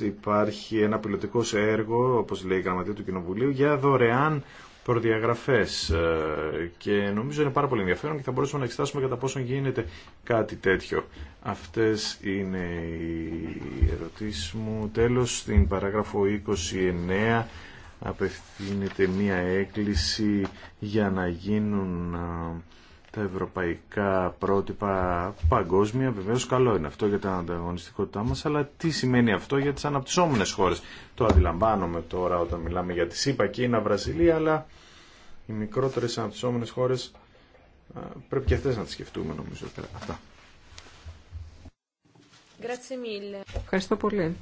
ε, υπάρχει ένα πιλωτικό έργο όπως λέει η Γραμματεία του Κοινοβουλίου για δωρεάν προδιαγραφές ε, και νομίζω είναι πάρα πολύ ενδιαφέρον και θα μπορούσαμε να εξετάσουμε κατά πόσο γίνεται κάτι τέτοιο. Αυτές είναι οι ερωτήσεις μου. Τέλος, στην παράγραφο 29 απευθύνεται μία έκκληση για να γίνουν ε, τα ευρωπαϊκά πρότυπα παγκόσμια. Βεβαίως καλό είναι αυτό για την ανταγωνιστικότητά μας, αλλά τι σημαίνει αυτό για τις αναπτυσσόμενες χώρες. Το αντιλαμβάνομαι τώρα όταν μιλάμε για τη ΣΥΠΑ, Κίνα, Βραζιλία, αλλά οι μικρότερες αναπτυσσόμενες χώρες πρέπει και αυτές να τις σκεφτούμε νομίζω. Αυτά. Ευχαριστώ πολύ.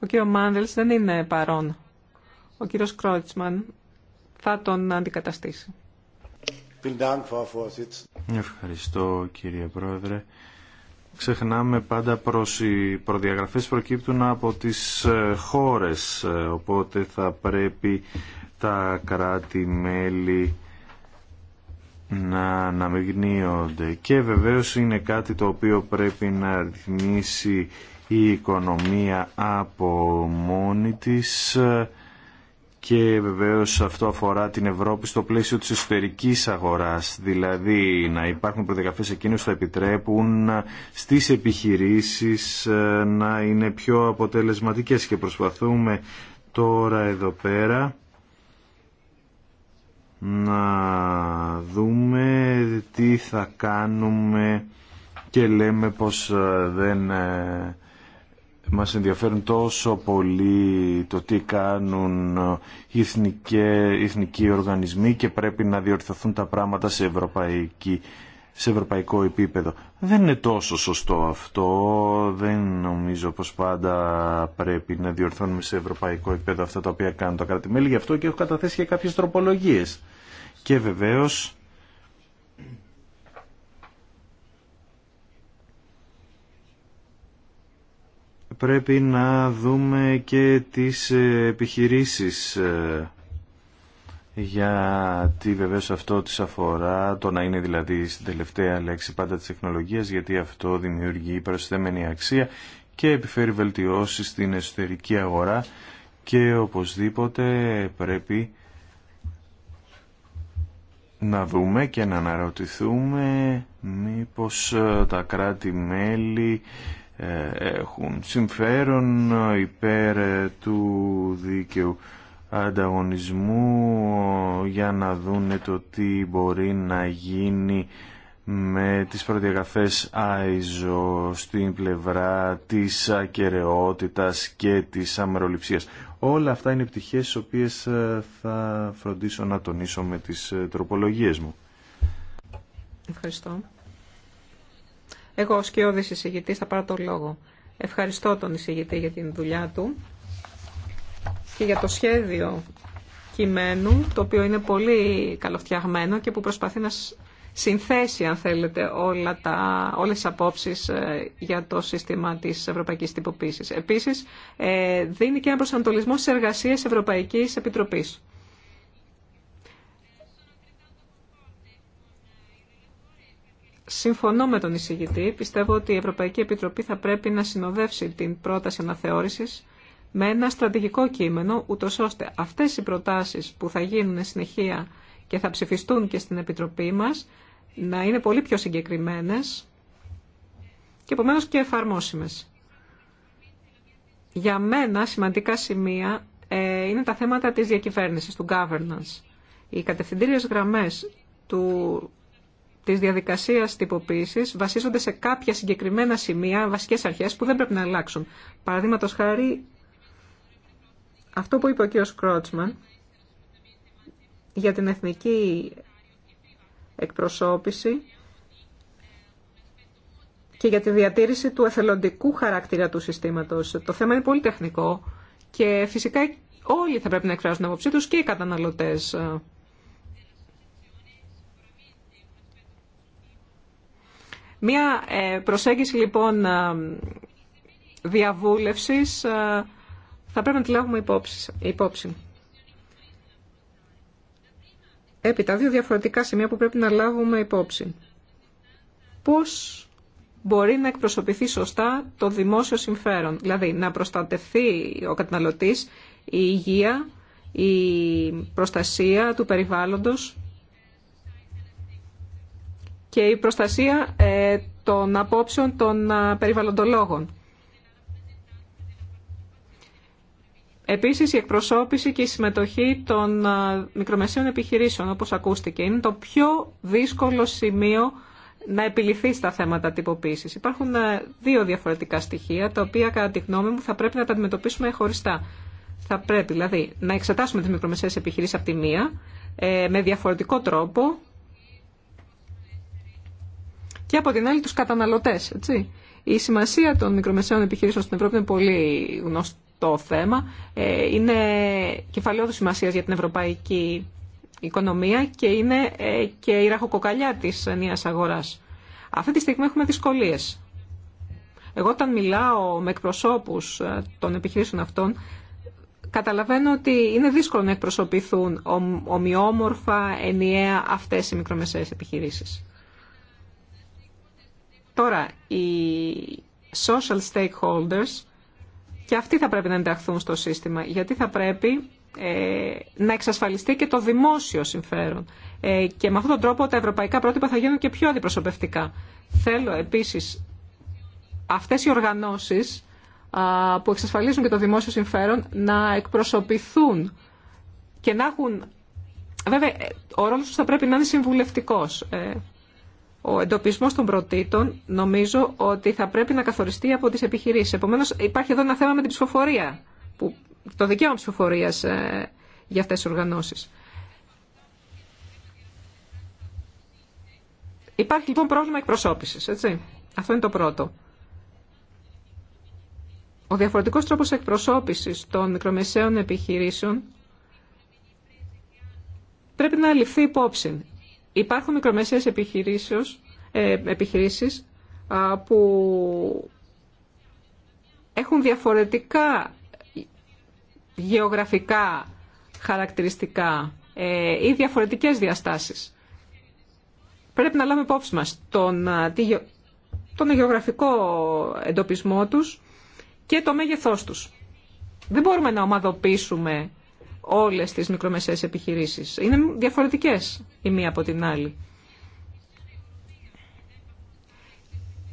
Ο κύριο Μάνδελς δεν είναι παρόν. Ο κύριος Κρότσμαν θα τον αντικαταστήσει. Ευχαριστώ κύριε Πρόεδρε. Ξεχνάμε πάντα προς οι προδιαγραφές προκύπτουν από τις ε, χώρες, ε, οπότε θα πρέπει τα κράτη-μέλη να αναμειγνύονται και βεβαίως είναι κάτι το οποίο πρέπει να ρυθμίσει η οικονομία από μόνη της ε, και βεβαίως αυτό αφορά την Ευρώπη στο πλαίσιο της εσωτερικής αγοράς, δηλαδή να υπάρχουν προδιαγραφές εκείνους που θα επιτρέπουν στις επιχειρήσεις ε, να είναι πιο αποτελεσματικές και προσπαθούμε τώρα εδώ πέρα να δούμε τι θα κάνουμε και λέμε πως ε, δεν ε, μας ενδιαφέρουν τόσο πολύ το τι κάνουν οι εθνικοί οργανισμοί και πρέπει να διορθωθούν τα πράγματα σε, ευρωπαϊκή, σε ευρωπαϊκό επίπεδο. Δεν είναι τόσο σωστό αυτό. Δεν νομίζω πως πάντα πρέπει να διορθώνουμε σε ευρωπαϊκό επίπεδο αυτά τα οποία κάνουν τα κράτη-μέλη. Γι' αυτό και έχω καταθέσει και κάποιες τροπολογίες. Και βεβαίως πρέπει να δούμε και τις ε, επιχειρήσεις ε, γιατί βεβαίως αυτό της αφορά το να είναι δηλαδή στην τελευταία λέξη πάντα της τεχνολογίας γιατί αυτό δημιουργεί προσθέμενη αξία και επιφέρει βελτιώσεις στην εσωτερική αγορά και οπωσδήποτε πρέπει να δούμε και να αναρωτηθούμε μήπως ε, τα κράτη-μέλη ε, έχουν συμφέρον υπέρ του δίκαιου ανταγωνισμού για να δούνε το τι μπορεί να γίνει με τις προδιαγραφές ΆΙΖΟ στην πλευρά της ακεραιότητας και της αμεροληψίας. Όλα αυτά είναι πτυχές τις οποίες ε, θα φροντίσω να τονίσω με τις ε, τροπολογίες μου. Ευχαριστώ. Εγώ ως κοιόδης εισηγητής θα πάρω τον λόγο. Ευχαριστώ τον εισηγητή για την δουλειά του και για το σχέδιο κειμένου, το οποίο είναι πολύ καλοφτιαγμένο και που προσπαθεί να συνθέσει, αν θέλετε, όλα τα, όλες τις απόψεις ε, για το σύστημα της ευρωπαϊκής τυποποίησης. Επίσης, ε, δίνει και ένα προσανατολισμό στις εργασίες Ευρωπαϊκής Επιτροπής. Συμφωνώ με τον εισηγητή. Πιστεύω ότι η Ευρωπαϊκή Επιτροπή θα πρέπει να συνοδεύσει την πρόταση αναθεώρησης με ένα στρατηγικό κείμενο, ούτω ώστε αυτές οι προτάσεις που θα γίνουν συνεχεία και θα ψηφιστούν και στην Επιτροπή μας να είναι πολύ πιο συγκεκριμένες και επομένω και εφαρμόσιμες. Για μένα σημαντικά σημεία ε, είναι τα θέματα της διακυβέρνησης, του governance. Οι κατευθυντήριες γραμμές του Τη διαδικασία τυποποίηση βασίζονται σε κάποια συγκεκριμένα σημεία, βασικές αρχές που δεν πρέπει να αλλάξουν. Παραδείγματο χάρη, αυτό που είπε ο κ. Κρότσμαν για την εθνική εκπροσώπηση και για τη διατήρηση του εθελοντικού χαρακτήρα του συστήματος. Το θέμα είναι πολύ τεχνικό και φυσικά όλοι θα πρέπει να εκφράσουν άποψή τους και οι καταναλωτές Μία ε, προσέγγιση λοιπόν ε, διαβούλευσης ε, θα πρέπει να τη λάβουμε υπόψη. υπόψη. Έπειτα, δύο διαφορετικά σημεία που πρέπει να λάβουμε υπόψη. Πώς μπορεί να εκπροσωπηθεί σωστά το δημόσιο συμφέρον. Δηλαδή να προστατευθεί ο καταναλωτής, η υγεία, η προστασία του περιβάλλοντος και η προστασία ε, των απόψεων των ε, περιβαλλοντολόγων. Επίσης, η εκπροσώπηση και η συμμετοχή των ε, μικρομεσαίων επιχειρήσεων, όπως ακούστηκε, είναι το πιο δύσκολο σημείο να επιληθεί στα θέματα τυποποίησης. Υπάρχουν δύο διαφορετικά στοιχεία, τα οποία, κατά τη γνώμη μου, θα πρέπει να τα αντιμετωπίσουμε χωριστά. Θα πρέπει, δηλαδή, να εξετάσουμε τις μικρομεσαίες επιχειρήσεις από τη μία, με διαφορετικό τρόπο, και από την άλλη τους καταναλωτές. Η σημασία των μικρομεσαίων επιχειρήσεων στην Ευρώπη είναι πολύ γνωστό θέμα. Ε, είναι κεφαλαιόδου σημασία για την ευρωπαϊκή οικονομία και είναι ε, και η ραχοκοκαλιά της νέας αγοράς. Αυτή τη στιγμή έχουμε δυσκολίες. Εγώ όταν μιλάω με εκπροσώπους ε, των επιχειρήσεων αυτών, καταλαβαίνω ότι είναι δύσκολο να εκπροσωπηθούν ομοιόμορφα, ενιαία αυτές οι μικρομεσαίες επιχειρήσεις. Τώρα, οι social stakeholders και αυτοί θα πρέπει να ενταχθούν στο σύστημα, γιατί θα πρέπει ε, να εξασφαλιστεί και το δημόσιο συμφέρον. Ε, και με αυτόν τον τρόπο τα ευρωπαϊκά πρότυπα θα γίνουν και πιο αντιπροσωπευτικά. Θέλω επίσης αυτές οι οργανώσεις που εξασφαλίζουν και το δημόσιο συμφέρον να εκπροσωπηθούν και να έχουν... Βέβαια, ο ρόλος τους θα πρέπει να είναι συμβουλευτικός. Ε, ο εντοπισμός των πρωτήτων νομίζω ότι θα πρέπει να καθοριστεί από τις επιχειρήσεις. Επομένως υπάρχει εδώ ένα θέμα με την ψηφοφορία, που, το δικαίωμα ψηφοφορίας ε, για αυτές τις οργανώσεις. Υπάρχει λοιπόν πρόβλημα εκπροσώπησης, έτσι. Αυτό είναι το πρώτο. Ο διαφορετικός τρόπος εκπροσώπησης των μικρομεσαίων επιχειρήσεων πρέπει να ληφθεί υπόψη Υπάρχουν μικρομεσαίες ε, επιχειρήσεις που έχουν διαφορετικά γεωγραφικά χαρακτηριστικά ε, ή διαφορετικές διαστάσεις. Πρέπει να λάβουμε υπόψη μας τον, τον γεωγραφικό εντοπισμό τους και το μέγεθός τους. Δεν μπορούμε να ομαδοποιήσουμε όλες τις μικρομεσαίες επιχειρήσεις. Είναι διαφορετικές η μία από την άλλη.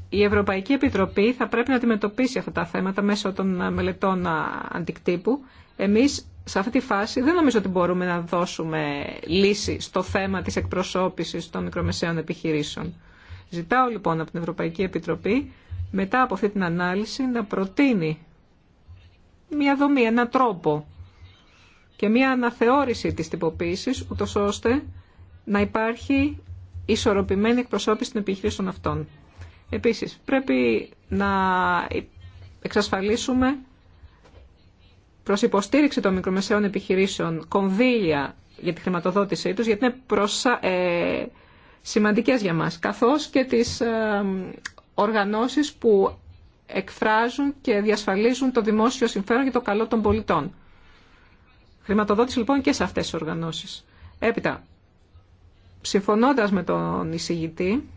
Η Ευρωπαϊκή Επιτροπή θα πρέπει να αντιμετωπίσει αυτά τα θέματα μέσω των μελετών αντικτύπου. Εμείς σε αυτή τη φάση δεν νομίζω ότι μπορούμε να δώσουμε λύση στο θέμα της εκπροσώπησης των μικρομεσαίων επιχειρήσεων. Ζητάω λοιπόν από την Ευρωπαϊκή Επιτροπή μετά από αυτή την ανάλυση να προτείνει μια δομή, ένα τρόπο και μια αναθεώρηση της τυποποίησης, ούτω ώστε να υπάρχει ισορροπημένη εκπροσώπηση των επιχειρήσεων αυτών. Επίσης, πρέπει να εξασφαλίσουμε προς υποστήριξη των μικρομεσαίων επιχειρήσεων κονδύλια για τη χρηματοδότησή τους, γιατί είναι προσα... Ε, σημαντικές για μας, καθώς και τις ε... οργανώσεις που εκφράζουν και διασφαλίζουν το δημόσιο συμφέρον για το καλό των πολιτών. Χρηματοδότηση λοιπόν και σε αυτές τις οργανώσεις. Έπειτα, συμφωνώντας με τον εισηγητή,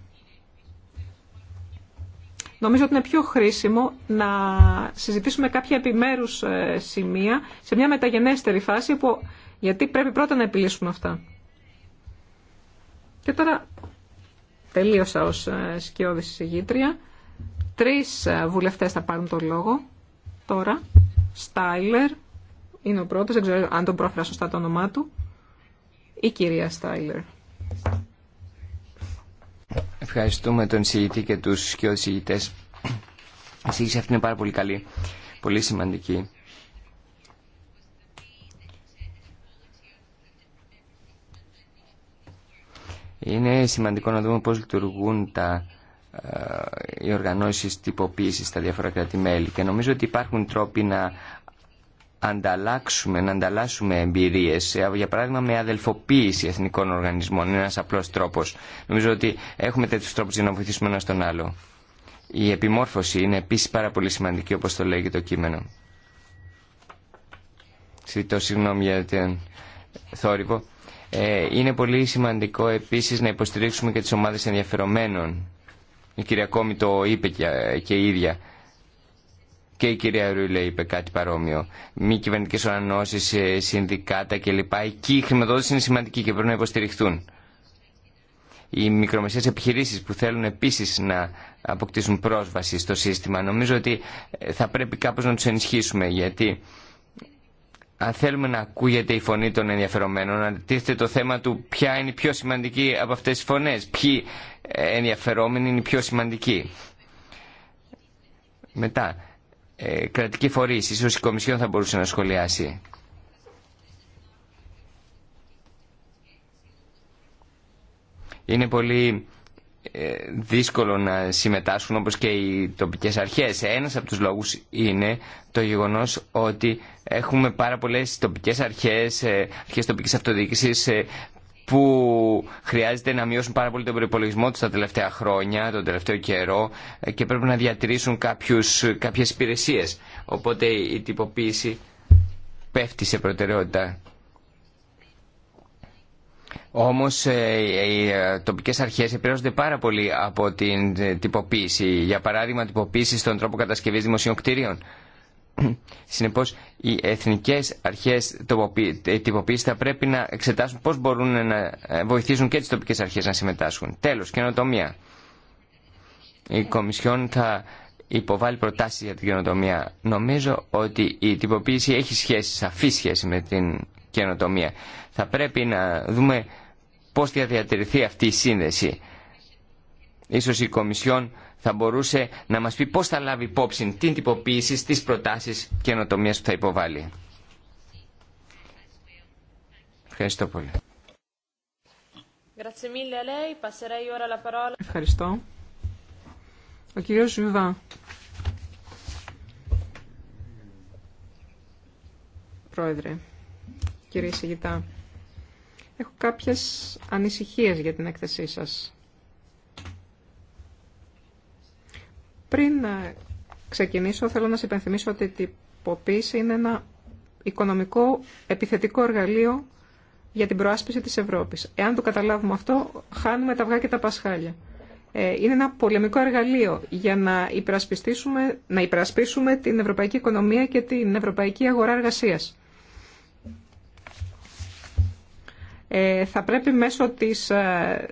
νομίζω ότι είναι πιο χρήσιμο να συζητήσουμε κάποια επιμέρους ε, σημεία σε μια μεταγενέστερη φάση, που, γιατί πρέπει πρώτα να επιλύσουμε αυτά. Και τώρα τελείωσα ως ε, σκιώδης εισηγήτρια. Τρεις ε, βουλευτές θα πάρουν το λόγο τώρα. Στάιλερ, είναι ο πρώτος, δεν ξέρω αν τον πρόφερα σωστά το όνομά του, η κυρία Στάιλερ. Ευχαριστούμε τον συγητή και τους και τους συγητές. Η συγητή αυτή είναι πάρα πολύ καλή, πολύ σημαντική. Είναι σημαντικό να δούμε πώς λειτουργούν τα, ε, οι οργανώσεις τυποποίησης στα διάφορα κράτη-μέλη και νομίζω ότι υπάρχουν τρόποι να ανταλλάξουμε, να ανταλλάσσουμε εμπειρίες, ε, για παράδειγμα με αδελφοποίηση εθνικών οργανισμών, είναι ένας απλός τρόπος. Νομίζω ότι έχουμε τέτοιους τρόπους για να βοηθήσουμε ένα τον άλλο. Η επιμόρφωση είναι επίσης πάρα πολύ σημαντική όπως το λέει και το κείμενο. Συζητώ συγγνώμη για την θόρυβο. Ε, είναι πολύ σημαντικό επίσης να υποστηρίξουμε και τις ομάδες ενδιαφερομένων. Η κυρία Κόμη το είπε και η ίδια. Και η κυρία Ρούλε είπε κάτι παρόμοιο. Μη κυβερνητικέ οργανώσει, ε, συνδικάτα κλπ. Εκεί η χρηματοδότηση είναι σημαντική και πρέπει να υποστηριχθούν. Οι μικρομεσαίες επιχειρήσει που θέλουν επίση να αποκτήσουν πρόσβαση στο σύστημα νομίζω ότι ε, θα πρέπει κάπω να του ενισχύσουμε γιατί αν θέλουμε να ακούγεται η φωνή των ενδιαφερομένων, να τίθεται το θέμα του ποια είναι η πιο σημαντική από αυτέ τι φωνέ, ποιοι ε, ενδιαφερόμενοι είναι οι πιο σημαντικοί. Μετά, ε, κρατικοί φορείς. Ίσως η Κομισιόν θα μπορούσε να σχολιάσει. Είναι πολύ ε, δύσκολο να συμμετάσχουν όπως και οι τοπικές αρχές. Ένας από τους λόγους είναι το γεγονός ότι έχουμε πάρα πολλές τοπικές αρχές, ε, αρχές τοπικής αυτοδιοίκησης ε, που χρειάζεται να μειώσουν πάρα πολύ τον προπολογισμό τους τα τελευταία χρόνια, τον τελευταίο καιρό ε, και πρέπει να διατηρήσουν κάποιους, κάποιες υπηρεσίες. Οπότε η τυποποίηση πέφτει σε προτεραιότητα. Όμως ε, ε, οι τοπικές αρχές επηρεάζονται πάρα πολύ από την τυποποίηση. Για παράδειγμα, τυποποίηση στον τρόπο κατασκευής δημοσίων κτίριων. Συνεπώ οι εθνικές αρχές ε, τυποποίησης θα πρέπει να εξετάσουν πώ μπορούν να ε, βοηθήσουν και τι τοπικέ αρχέ να συμμετάσχουν. Τέλο, καινοτομία. Η Κομισιόν θα υποβάλει προτάσει για την καινοτομία. Νομίζω ότι η τυποποίηση έχει σχέση, σαφή σχέση με την καινοτομία. Θα πρέπει να δούμε πώ θα διατηρηθεί αυτή η σύνδεση. Ίσως η Κομισιόν θα μπορούσε να μας πει πώς θα λάβει υπόψη την τυποποίηση στις προτάσεις καινοτομία που θα υποβάλει. Ευχαριστώ πολύ. Ευχαριστώ. Ο κύριος Ζουβά. Πρόεδρε, κύριε Σιγητά, έχω κάποιες ανησυχίες για την έκθεσή σας. Πριν ε, ξεκινήσω, θέλω να σας υπενθυμίσω ότι η τυποποίηση είναι ένα οικονομικό επιθετικό εργαλείο για την προάσπιση της Ευρώπης. Εάν το καταλάβουμε αυτό, χάνουμε τα αυγά και τα πασχάλια. Ε, είναι ένα πολεμικό εργαλείο για να υπερασπιστήσουμε, να υπερασπίσουμε την ευρωπαϊκή οικονομία και την ευρωπαϊκή αγορά εργασίας. Ε, θα πρέπει μέσω της ε,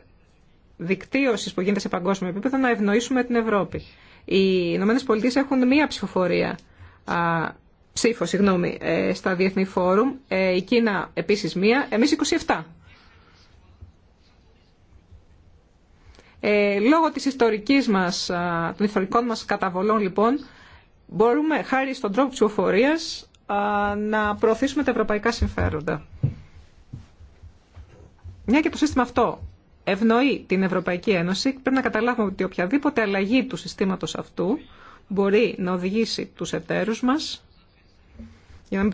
δικτύωσης που γίνεται σε παγκόσμιο επίπεδο να ευνοήσουμε την Ευρώπη. Οι Ηνωμένε Πολιτείε έχουν μία ψηφοφορία, α, ψήφο, συγγνώμη, ε, στα διεθνή φόρουμ, ε, η Κίνα επίσης μία, εμείς 27. Ε, λόγω της ιστορικής μας, των ιστορικών μας καταβολών λοιπόν, μπορούμε χάρη στον τρόπο ψηφοφορίας να προωθήσουμε τα ευρωπαϊκά συμφέροντα. Μια και το σύστημα αυτό ευνοεί την Ευρωπαϊκή Ένωση, πρέπει να καταλάβουμε ότι οποιαδήποτε αλλαγή του συστήματος αυτού μπορεί να οδηγήσει τους εταίρους μας για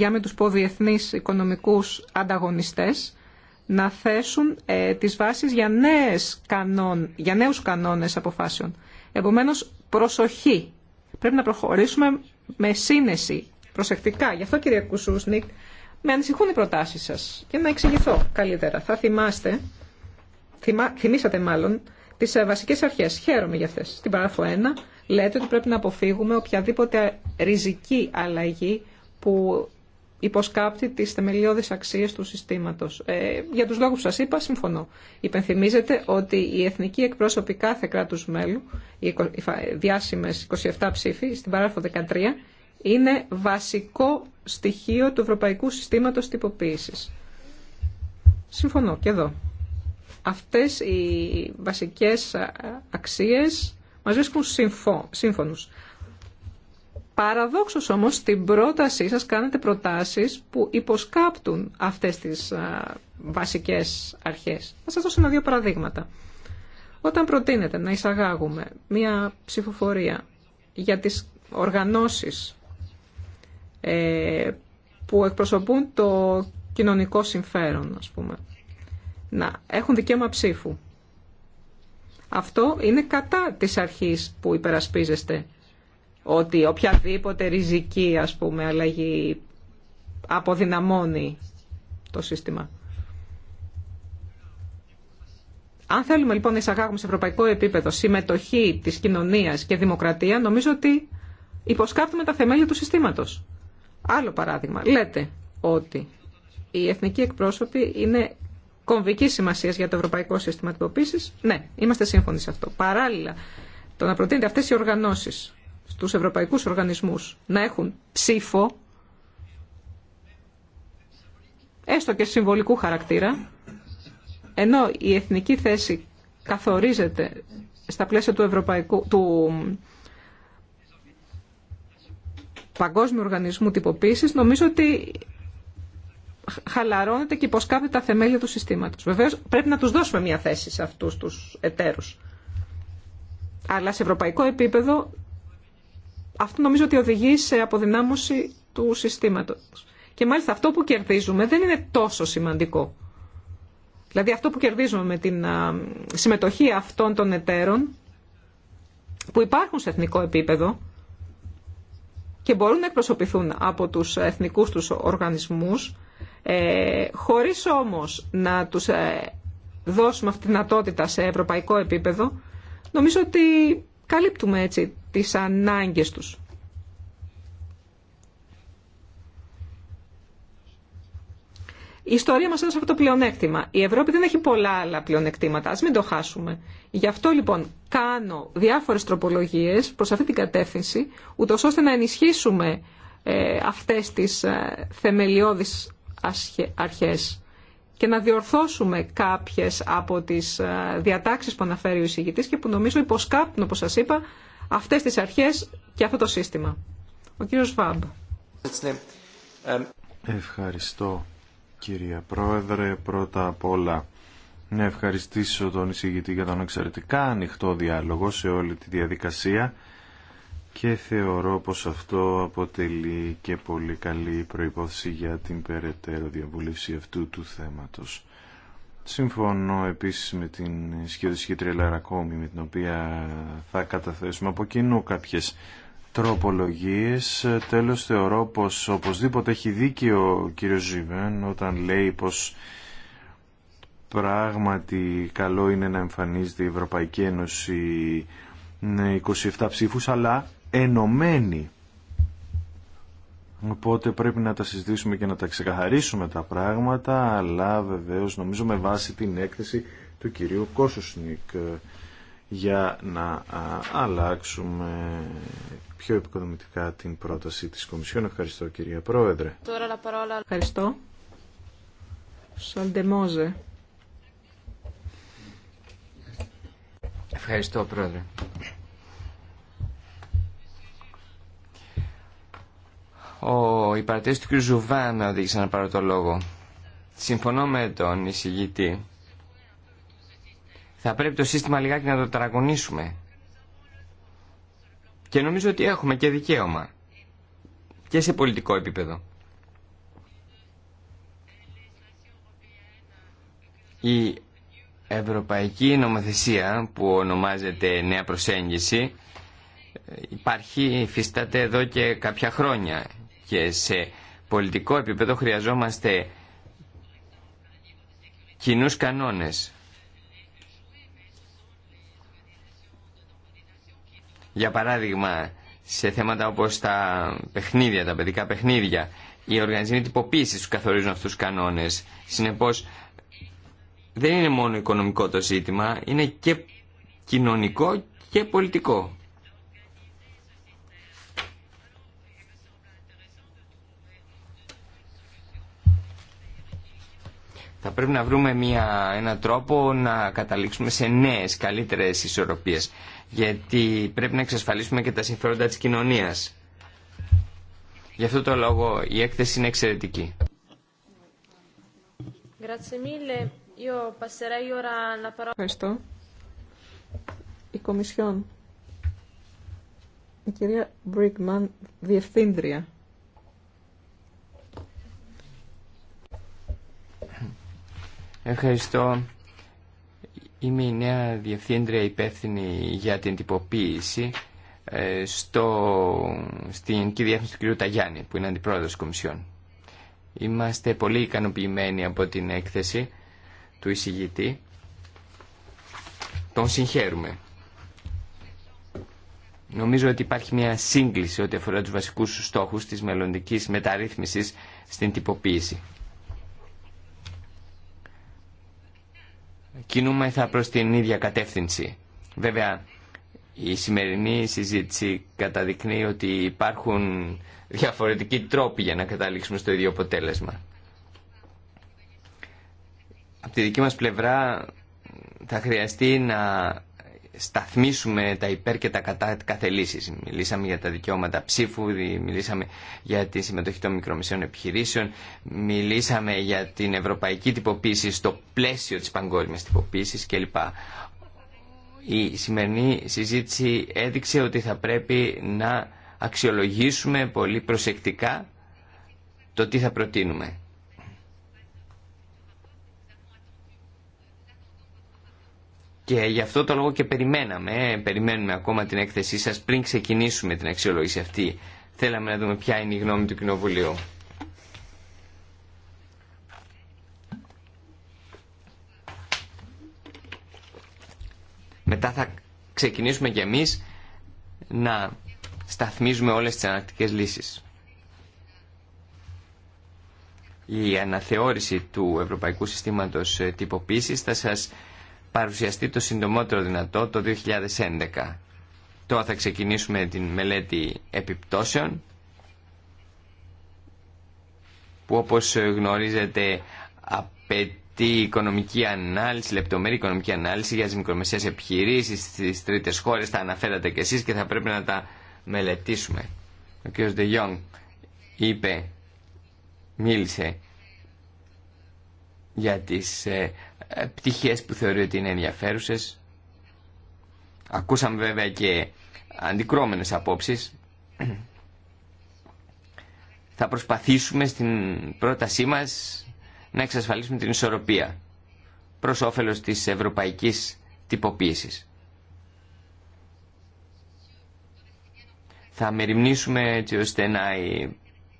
με μην τους πω διεθνείς οικονομικούς ανταγωνιστές, να θέσουν ε, τις βάσεις για, νέες κανόν, για νέους κανόνες αποφάσεων. Επομένως, προσοχή. Πρέπει να προχωρήσουμε με σύνεση, προσεκτικά. Γι' αυτό, κύριε Κουσούσνικ, με ανησυχούν οι προτάσεις σας. Και να εξηγηθώ καλύτερα. Θα θυμάστε θυμήσατε μάλλον τις ε, βασικές αρχές. Χαίρομαι για αυτές. Στην παράγραφο 1 λέτε ότι πρέπει να αποφύγουμε οποιαδήποτε ριζική αλλαγή που υποσκάπτει τις θεμελιώδεις αξίες του συστήματος. Ε, για τους λόγους που σας είπα, συμφωνώ. Υπενθυμίζετε ότι οι εθνικοί εκπρόσωποι κάθε κράτους μέλου, οι διάσημες 27 ψήφοι, στην παράγραφο 13, είναι βασικό στοιχείο του Ευρωπαϊκού Συστήματος Τυποποίησης. Συμφωνώ και εδώ. Αυτές οι βασικές αξίες μας βρίσκουν σύμφωνους. Παραδόξως όμως, στην πρότασή σας κάνετε προτάσεις που υποσκάπτουν αυτές τις βασικές αρχές. Θα σας δώσω ένα-δύο παραδείγματα. Όταν προτείνετε να εισαγάγουμε μία ψηφοφορία για τις οργανώσεις ε, που εκπροσωπούν το κοινωνικό συμφέρον, ας πούμε, να έχουν δικαίωμα ψήφου. Αυτό είναι κατά της αρχής που υπερασπίζεστε ότι οποιαδήποτε ριζική ας πούμε αλλαγή αποδυναμώνει το σύστημα. Αν θέλουμε λοιπόν να εισαγάγουμε σε ευρωπαϊκό επίπεδο συμμετοχή της κοινωνίας και δημοκρατία, νομίζω ότι υποσκάπτουμε τα θεμέλια του συστήματος. Άλλο παράδειγμα, λέτε ότι οι εθνικοί εκπρόσωποι είναι κομβική σημασία για το ευρωπαϊκό σύστημα τυποποίηση. Ναι, είμαστε σύμφωνοι σε αυτό. Παράλληλα, το να προτείνετε αυτέ οι οργανώσει στου ευρωπαϊκού οργανισμού να έχουν ψήφο, έστω και συμβολικού χαρακτήρα, ενώ η εθνική θέση καθορίζεται στα πλαίσια του ευρωπαϊκού. Του, Παγκόσμιου Οργανισμού Τυποποίησης, νομίζω ότι χαλαρώνεται και υποσκάπτει τα θεμέλια του συστήματος. Βεβαίω, πρέπει να του δώσουμε μια θέση σε αυτούς τους εταίρου. Αλλά σε ευρωπαϊκό επίπεδο αυτό νομίζω ότι οδηγεί σε αποδυνάμωση του συστήματος. Και μάλιστα αυτό που κερδίζουμε δεν είναι τόσο σημαντικό. Δηλαδή αυτό που κερδίζουμε με την συμμετοχή αυτών των εταίρων που υπάρχουν σε εθνικό επίπεδο και μπορούν να εκπροσωπηθούν από τους εθνικούς τους οργανισμούς ε, χωρίς όμως να τους ε, δώσουμε αυτή τη δυνατότητα σε ευρωπαϊκό επίπεδο, νομίζω ότι καλύπτουμε έτσι τις ανάγκες τους. Η ιστορία μας έδωσε αυτό το πλεονέκτημα. Η Ευρώπη δεν έχει πολλά άλλα πλεονεκτήματα, ας μην το χάσουμε. Γι' αυτό λοιπόν κάνω διάφορες τροπολογίες προς αυτή την κατεύθυνση, ούτως ώστε να ενισχύσουμε ε, αυτές τις ε, θεμελιώδεις αρχές και να διορθώσουμε κάποιες από τις ε, διατάξεις που αναφέρει ο εισηγητής και που νομίζω υποσκάπτουν, όπως σας είπα, αυτές τις αρχές και αυτό το σύστημα. Ο κύριος Βάμπ. Ευχαριστώ κύρια Πρόεδρε. Πρώτα απ' όλα να ευχαριστήσω τον εισηγητή για τον εξαιρετικά ανοιχτό διάλογο σε όλη τη διαδικασία και θεωρώ πως αυτό αποτελεί και πολύ καλή προϋπόθεση για την περαιτέρω διαβούλευση αυτού του θέματος. Συμφωνώ επίσης με την σχέδιση Λαρακόμη με την οποία θα καταθέσουμε από κοινού κάποιες τροπολογίες. Τέλος θεωρώ πως οπωσδήποτε έχει δίκιο ο κ. Ζιβέν όταν λέει πως πράγματι καλό είναι να εμφανίζεται η Ευρωπαϊκή Ένωση 27 ψήφους αλλά ενωμένοι. Οπότε πρέπει να τα συζητήσουμε και να τα ξεκαθαρίσουμε τα πράγματα, αλλά βεβαίως νομίζω με βάση την έκθεση του κυρίου Κόσουσνικ ε, για να αλλάξουμε πιο επικοδομητικά την πρόταση της Κομισιόν. Ευχαριστώ κυρία Πρόεδρε. Τώρα la parola. Ευχαριστώ. Σαντεμόζε Ευχαριστώ Πρόεδρε. Ο, οι του κ. Ζουβάν με οδήγησαν να πάρω το λόγο. Συμφωνώ με τον εισηγητή. Θα πρέπει το σύστημα λιγάκι να το τραγωνίσουμε. Και νομίζω ότι έχουμε και δικαίωμα. Και σε πολιτικό επίπεδο. Η Ευρωπαϊκή Νομοθεσία που ονομάζεται Νέα Προσέγγιση υπάρχει, υφίσταται εδώ και κάποια χρόνια και σε πολιτικό επίπεδο χρειαζόμαστε κοινού κανόνες. Για παράδειγμα, σε θέματα όπως τα παιχνίδια, τα παιδικά παιχνίδια, οι οργανισμοί τυποποίησης τους καθορίζουν αυτούς τους κανόνες. Συνεπώς, δεν είναι μόνο οικονομικό το ζήτημα, είναι και κοινωνικό και πολιτικό. Θα πρέπει να βρούμε μια, έναν τρόπο να καταλήξουμε σε νέες, καλύτερες ισορροπίες. Γιατί πρέπει να εξασφαλίσουμε και τα συμφέροντα της κοινωνίας. Γι' αυτό το λόγο η έκθεση είναι εξαιρετική. Ευχαριστώ. Η Κομισιόν. Η κυρία Μπρίγκμαν, Διευθύντρια Ευχαριστώ. Είμαι η νέα διευθύντρια υπεύθυνη για την τυποποίηση ε, στο, στην Γενική Διεύθυνση του κ. Ταγιάννη, που είναι αντιπρόεδρος της Κομισιόν. Είμαστε πολύ ικανοποιημένοι από την έκθεση του εισηγητή. Τον συγχαίρουμε. Νομίζω ότι υπάρχει μια σύγκληση ό,τι αφορά τους βασικούς στόχους της μελλοντικής μεταρρύθμισης στην τυποποίηση. κινούμεθα προς την ίδια κατεύθυνση. Βέβαια, η σημερινή συζήτηση καταδεικνύει ότι υπάρχουν διαφορετικοί τρόποι για να καταλήξουμε στο ίδιο αποτέλεσμα. Από τη δική μας πλευρά θα χρειαστεί να σταθμίσουμε τα υπέρ και τα κατά κάθε Μιλήσαμε για τα δικαιώματα ψήφου, μιλήσαμε για τη συμμετοχή των μικρομεσαίων επιχειρήσεων, μιλήσαμε για την ευρωπαϊκή τυποποίηση στο πλαίσιο της παγκόσμιας τυποποίησης κλπ. Η σημερινή συζήτηση έδειξε ότι θα πρέπει να αξιολογήσουμε πολύ προσεκτικά το τι θα προτείνουμε. Και γι' αυτό το λόγο και περιμέναμε, ε, περιμένουμε ακόμα την έκθεσή σας πριν ξεκινήσουμε την αξιολόγηση αυτή. Θέλαμε να δούμε ποια είναι η γνώμη του Κοινοβουλίου. Μετά θα ξεκινήσουμε κι εμείς να σταθμίζουμε όλες τις ανακτικές λύσεις. Η αναθεώρηση του Ευρωπαϊκού Συστήματος Τυποποίησης θα σας παρουσιαστεί το συντομότερο δυνατό το 2011. Τώρα θα ξεκινήσουμε την μελέτη επιπτώσεων που όπως γνωρίζετε απαιτεί οικονομική ανάλυση, λεπτομερή οικονομική ανάλυση για τις μικρομεσαίες επιχειρήσεις στις τρίτες χώρες, τα αναφέρατε και εσείς και θα πρέπει να τα μελετήσουμε. Ο κ. De Jong είπε, μίλησε για τις ε, ε, πτυχές που θεωρεί ότι είναι ενδιαφέρουσες. Ακούσαμε βέβαια και αντικρώμενες απόψεις. Θα προσπαθήσουμε στην πρότασή μας να εξασφαλίσουμε την ισορροπία προς όφελος της ευρωπαϊκής τυποποίησης. Θα μεριμνήσουμε έτσι ώστε να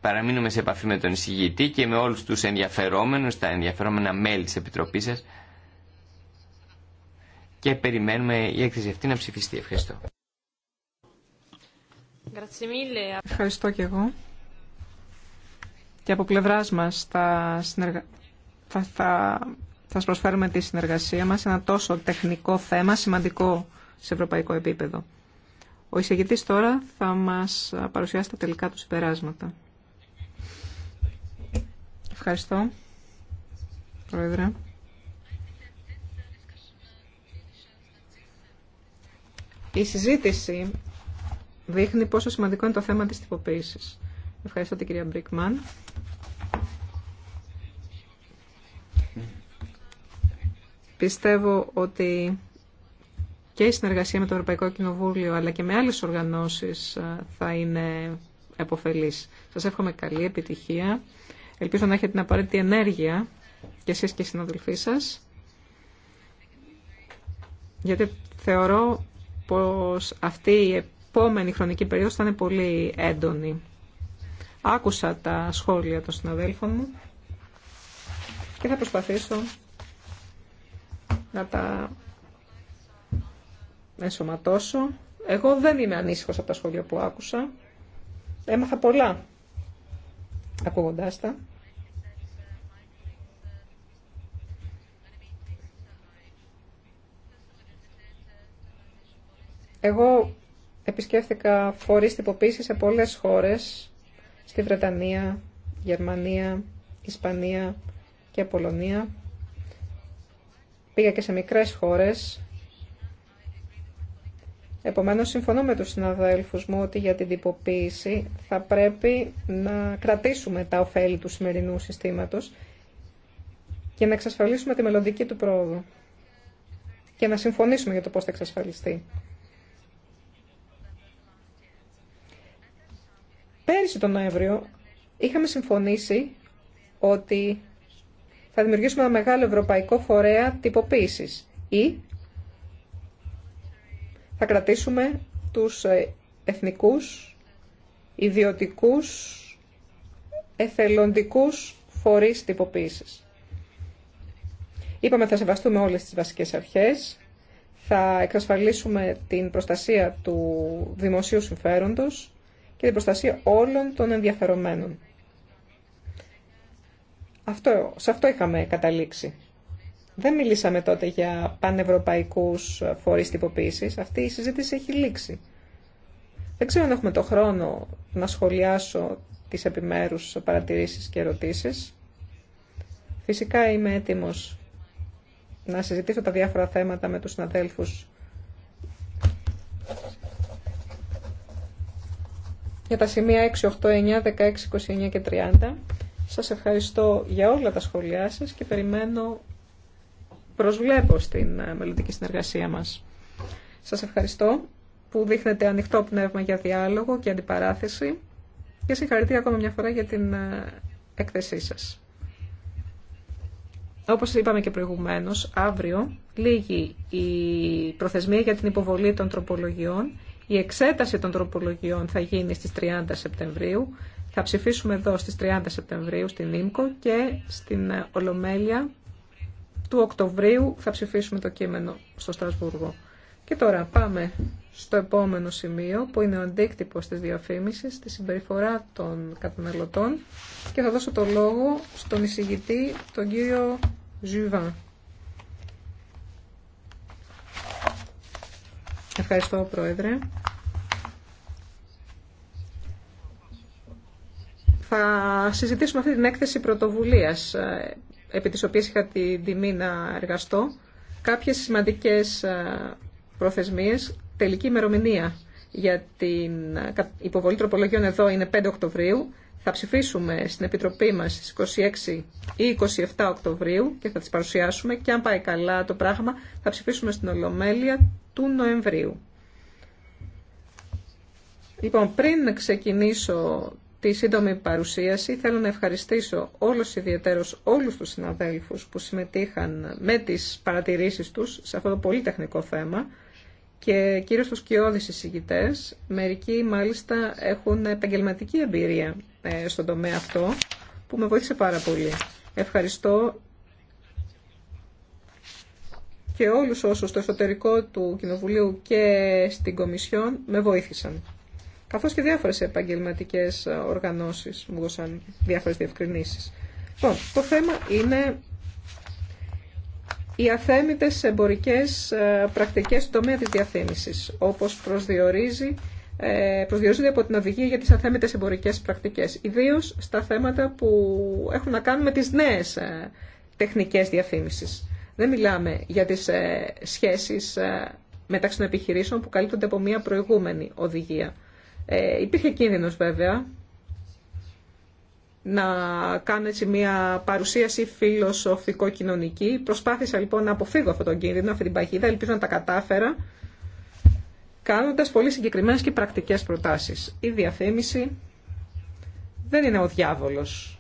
παραμείνουμε σε επαφή με τον εισηγητή και με όλους τους ενδιαφερόμενους, τα ενδιαφερόμενα μέλη της Επιτροπής σας και περιμένουμε η έκθεση αυτή να ψηφιστεί. Ευχαριστώ. Ευχαριστώ και εγώ. Και από πλευρά μα θα, συνεργα... θα, θα, προσφέρουμε τη συνεργασία μας σε ένα τόσο τεχνικό θέμα, σημαντικό σε ευρωπαϊκό επίπεδο. Ο εισηγητής τώρα θα μας παρουσιάσει τα τελικά του συμπεράσματα. Ευχαριστώ, Πρόεδρε. Η συζήτηση δείχνει πόσο σημαντικό είναι το θέμα της τυποποίησης. Ευχαριστώ την κυρία Μπρίκμαν. Πιστεύω ότι και η συνεργασία με το Ευρωπαϊκό Κοινοβούλιο αλλά και με άλλες οργανώσεις θα είναι εποφελής. Σας εύχομαι καλή επιτυχία Ελπίζω να έχετε την απαραίτητη ενέργεια και εσείς και οι συναδελφοί σας, γιατί θεωρώ πως αυτή η επόμενη χρονική περίοδος θα είναι πολύ έντονη. Άκουσα τα σχόλια των συναδέλφων μου και θα προσπαθήσω να τα ενσωματώσω. Εγώ δεν είμαι ανήσυχος από τα σχόλια που άκουσα. Έμαθα πολλά ακούγοντάς τα. Εγώ επισκέφθηκα φορείς τυποποίηση σε πολλές χώρες, στη Βρετανία, Γερμανία, Ισπανία και Πολωνία. Πήγα και σε μικρές χώρες. Επομένως, συμφωνώ με τους συναδέλφους μου ότι για την τυποποίηση θα πρέπει να κρατήσουμε τα ωφέλη του σημερινού συστήματος και να εξασφαλίσουμε τη μελλοντική του πρόοδο και να συμφωνήσουμε για το πώς θα εξασφαλιστεί. Πέρυσι τον Νοέμβριο είχαμε συμφωνήσει ότι θα δημιουργήσουμε ένα μεγάλο ευρωπαϊκό φορέα τυποποίησης ή θα κρατήσουμε τους εθνικούς, ιδιωτικούς, εθελοντικούς φορείς τυποποίησης. Είπαμε θα σεβαστούμε όλες τις βασικές αρχές, θα εξασφαλίσουμε την προστασία του δημοσίου συμφέροντος, και την προστασία όλων των ενδιαφερομένων. Αυτό, σε αυτό είχαμε καταλήξει. Δεν μιλήσαμε τότε για πανευρωπαϊκούς φορείς τυποποίησης. Αυτή η συζήτηση έχει λήξει. Δεν ξέρω αν έχουμε το χρόνο να σχολιάσω τις επιμέρους παρατηρήσεις και ερωτήσεις. Φυσικά είμαι έτοιμος να συζητήσω τα διάφορα θέματα με τους συναδέλφους για τα σημεία 6, 8, 9, 16, 29 και 30. Σας ευχαριστώ για όλα τα σχόλιά σας και περιμένω, προσβλέπω στην ε, μελλοντική συνεργασία μας. Σας ευχαριστώ που δείχνετε ανοιχτό πνεύμα για διάλογο και αντιπαράθεση και συγχαρητήρια ακόμα μια φορά για την ε, έκθεσή σας. Όπως είπαμε και προηγουμένως, αύριο λύγει η προθεσμία για την υποβολή των τροπολογιών η εξέταση των τροπολογιών θα γίνει στις 30 Σεπτεμβρίου. Θα ψηφίσουμε εδώ στις 30 Σεπτεμβρίου στην ΙΜΚΟ και στην ε, Ολομέλεια του Οκτωβρίου θα ψηφίσουμε το κείμενο στο Στρασβούργο. Και τώρα πάμε στο επόμενο σημείο που είναι ο αντίκτυπο της διαφήμισης, τη συμπεριφορά των καταναλωτών και θα δώσω το λόγο στον εισηγητή, τον κύριο Ζουβάν. Ευχαριστώ, Πρόεδρε. Θα συζητήσουμε αυτή την έκθεση πρωτοβουλίας, ε, επί της οποίας είχα την τιμή να εργαστώ. Κάποιες σημαντικές ε, προθεσμίες, τελική ημερομηνία για την ε, υποβολή τροπολογιών εδώ είναι 5 Οκτωβρίου. Θα ψηφίσουμε στην Επιτροπή μας στις 26 ή 27 Οκτωβρίου και θα τις παρουσιάσουμε και αν πάει καλά το πράγμα θα ψηφίσουμε στην Ολομέλεια του Νοεμβρίου. Λοιπόν, πριν ξεκινήσω τη σύντομη παρουσίαση, θέλω να ευχαριστήσω όλους ιδιαίτερος όλους τους συναδέλφους που συμμετείχαν με τις παρατηρήσεις τους σε αυτό το πολύ τεχνικό θέμα και κυρίως τους κοιόδης εισηγητές. Μερικοί μάλιστα έχουν επαγγελματική εμπειρία ε, στον τομέα αυτό που με βοήθησε πάρα πολύ. Ευχαριστώ και όλους όσους στο εσωτερικό του Κοινοβουλίου και στην Κομισιόν με βοήθησαν. Καθώς και διάφορες επαγγελματικές οργανώσεις μου δώσαν διάφορες διευκρινήσεις. Λοιπόν, το θέμα είναι οι αθέμητες εμπορικές ε, πρακτικές τομέα της διαφήμισης, όπως προσδιορίζει, ε, προσδιορίζονται από την οδηγία για τις αθέμητες εμπορικές πρακτικές, ιδίως στα θέματα που έχουν να κάνουν με τις νέες ε, τεχνικές διαφήμισης. Δεν μιλάμε για τις σχέσεις μεταξύ των επιχειρήσεων που καλύπτονται από μια προηγούμενη οδηγία. υπήρχε κίνδυνος βέβαια να κάνω έτσι μια παρουσίαση φιλοσοφικό-κοινωνική. Προσπάθησα λοιπόν να αποφύγω αυτόν τον κίνδυνο, αυτή την παγίδα, ελπίζω να τα κατάφερα, κάνοντας πολύ συγκεκριμένες και πρακτικές προτάσεις. Η διαφήμιση δεν είναι ο διάβολος.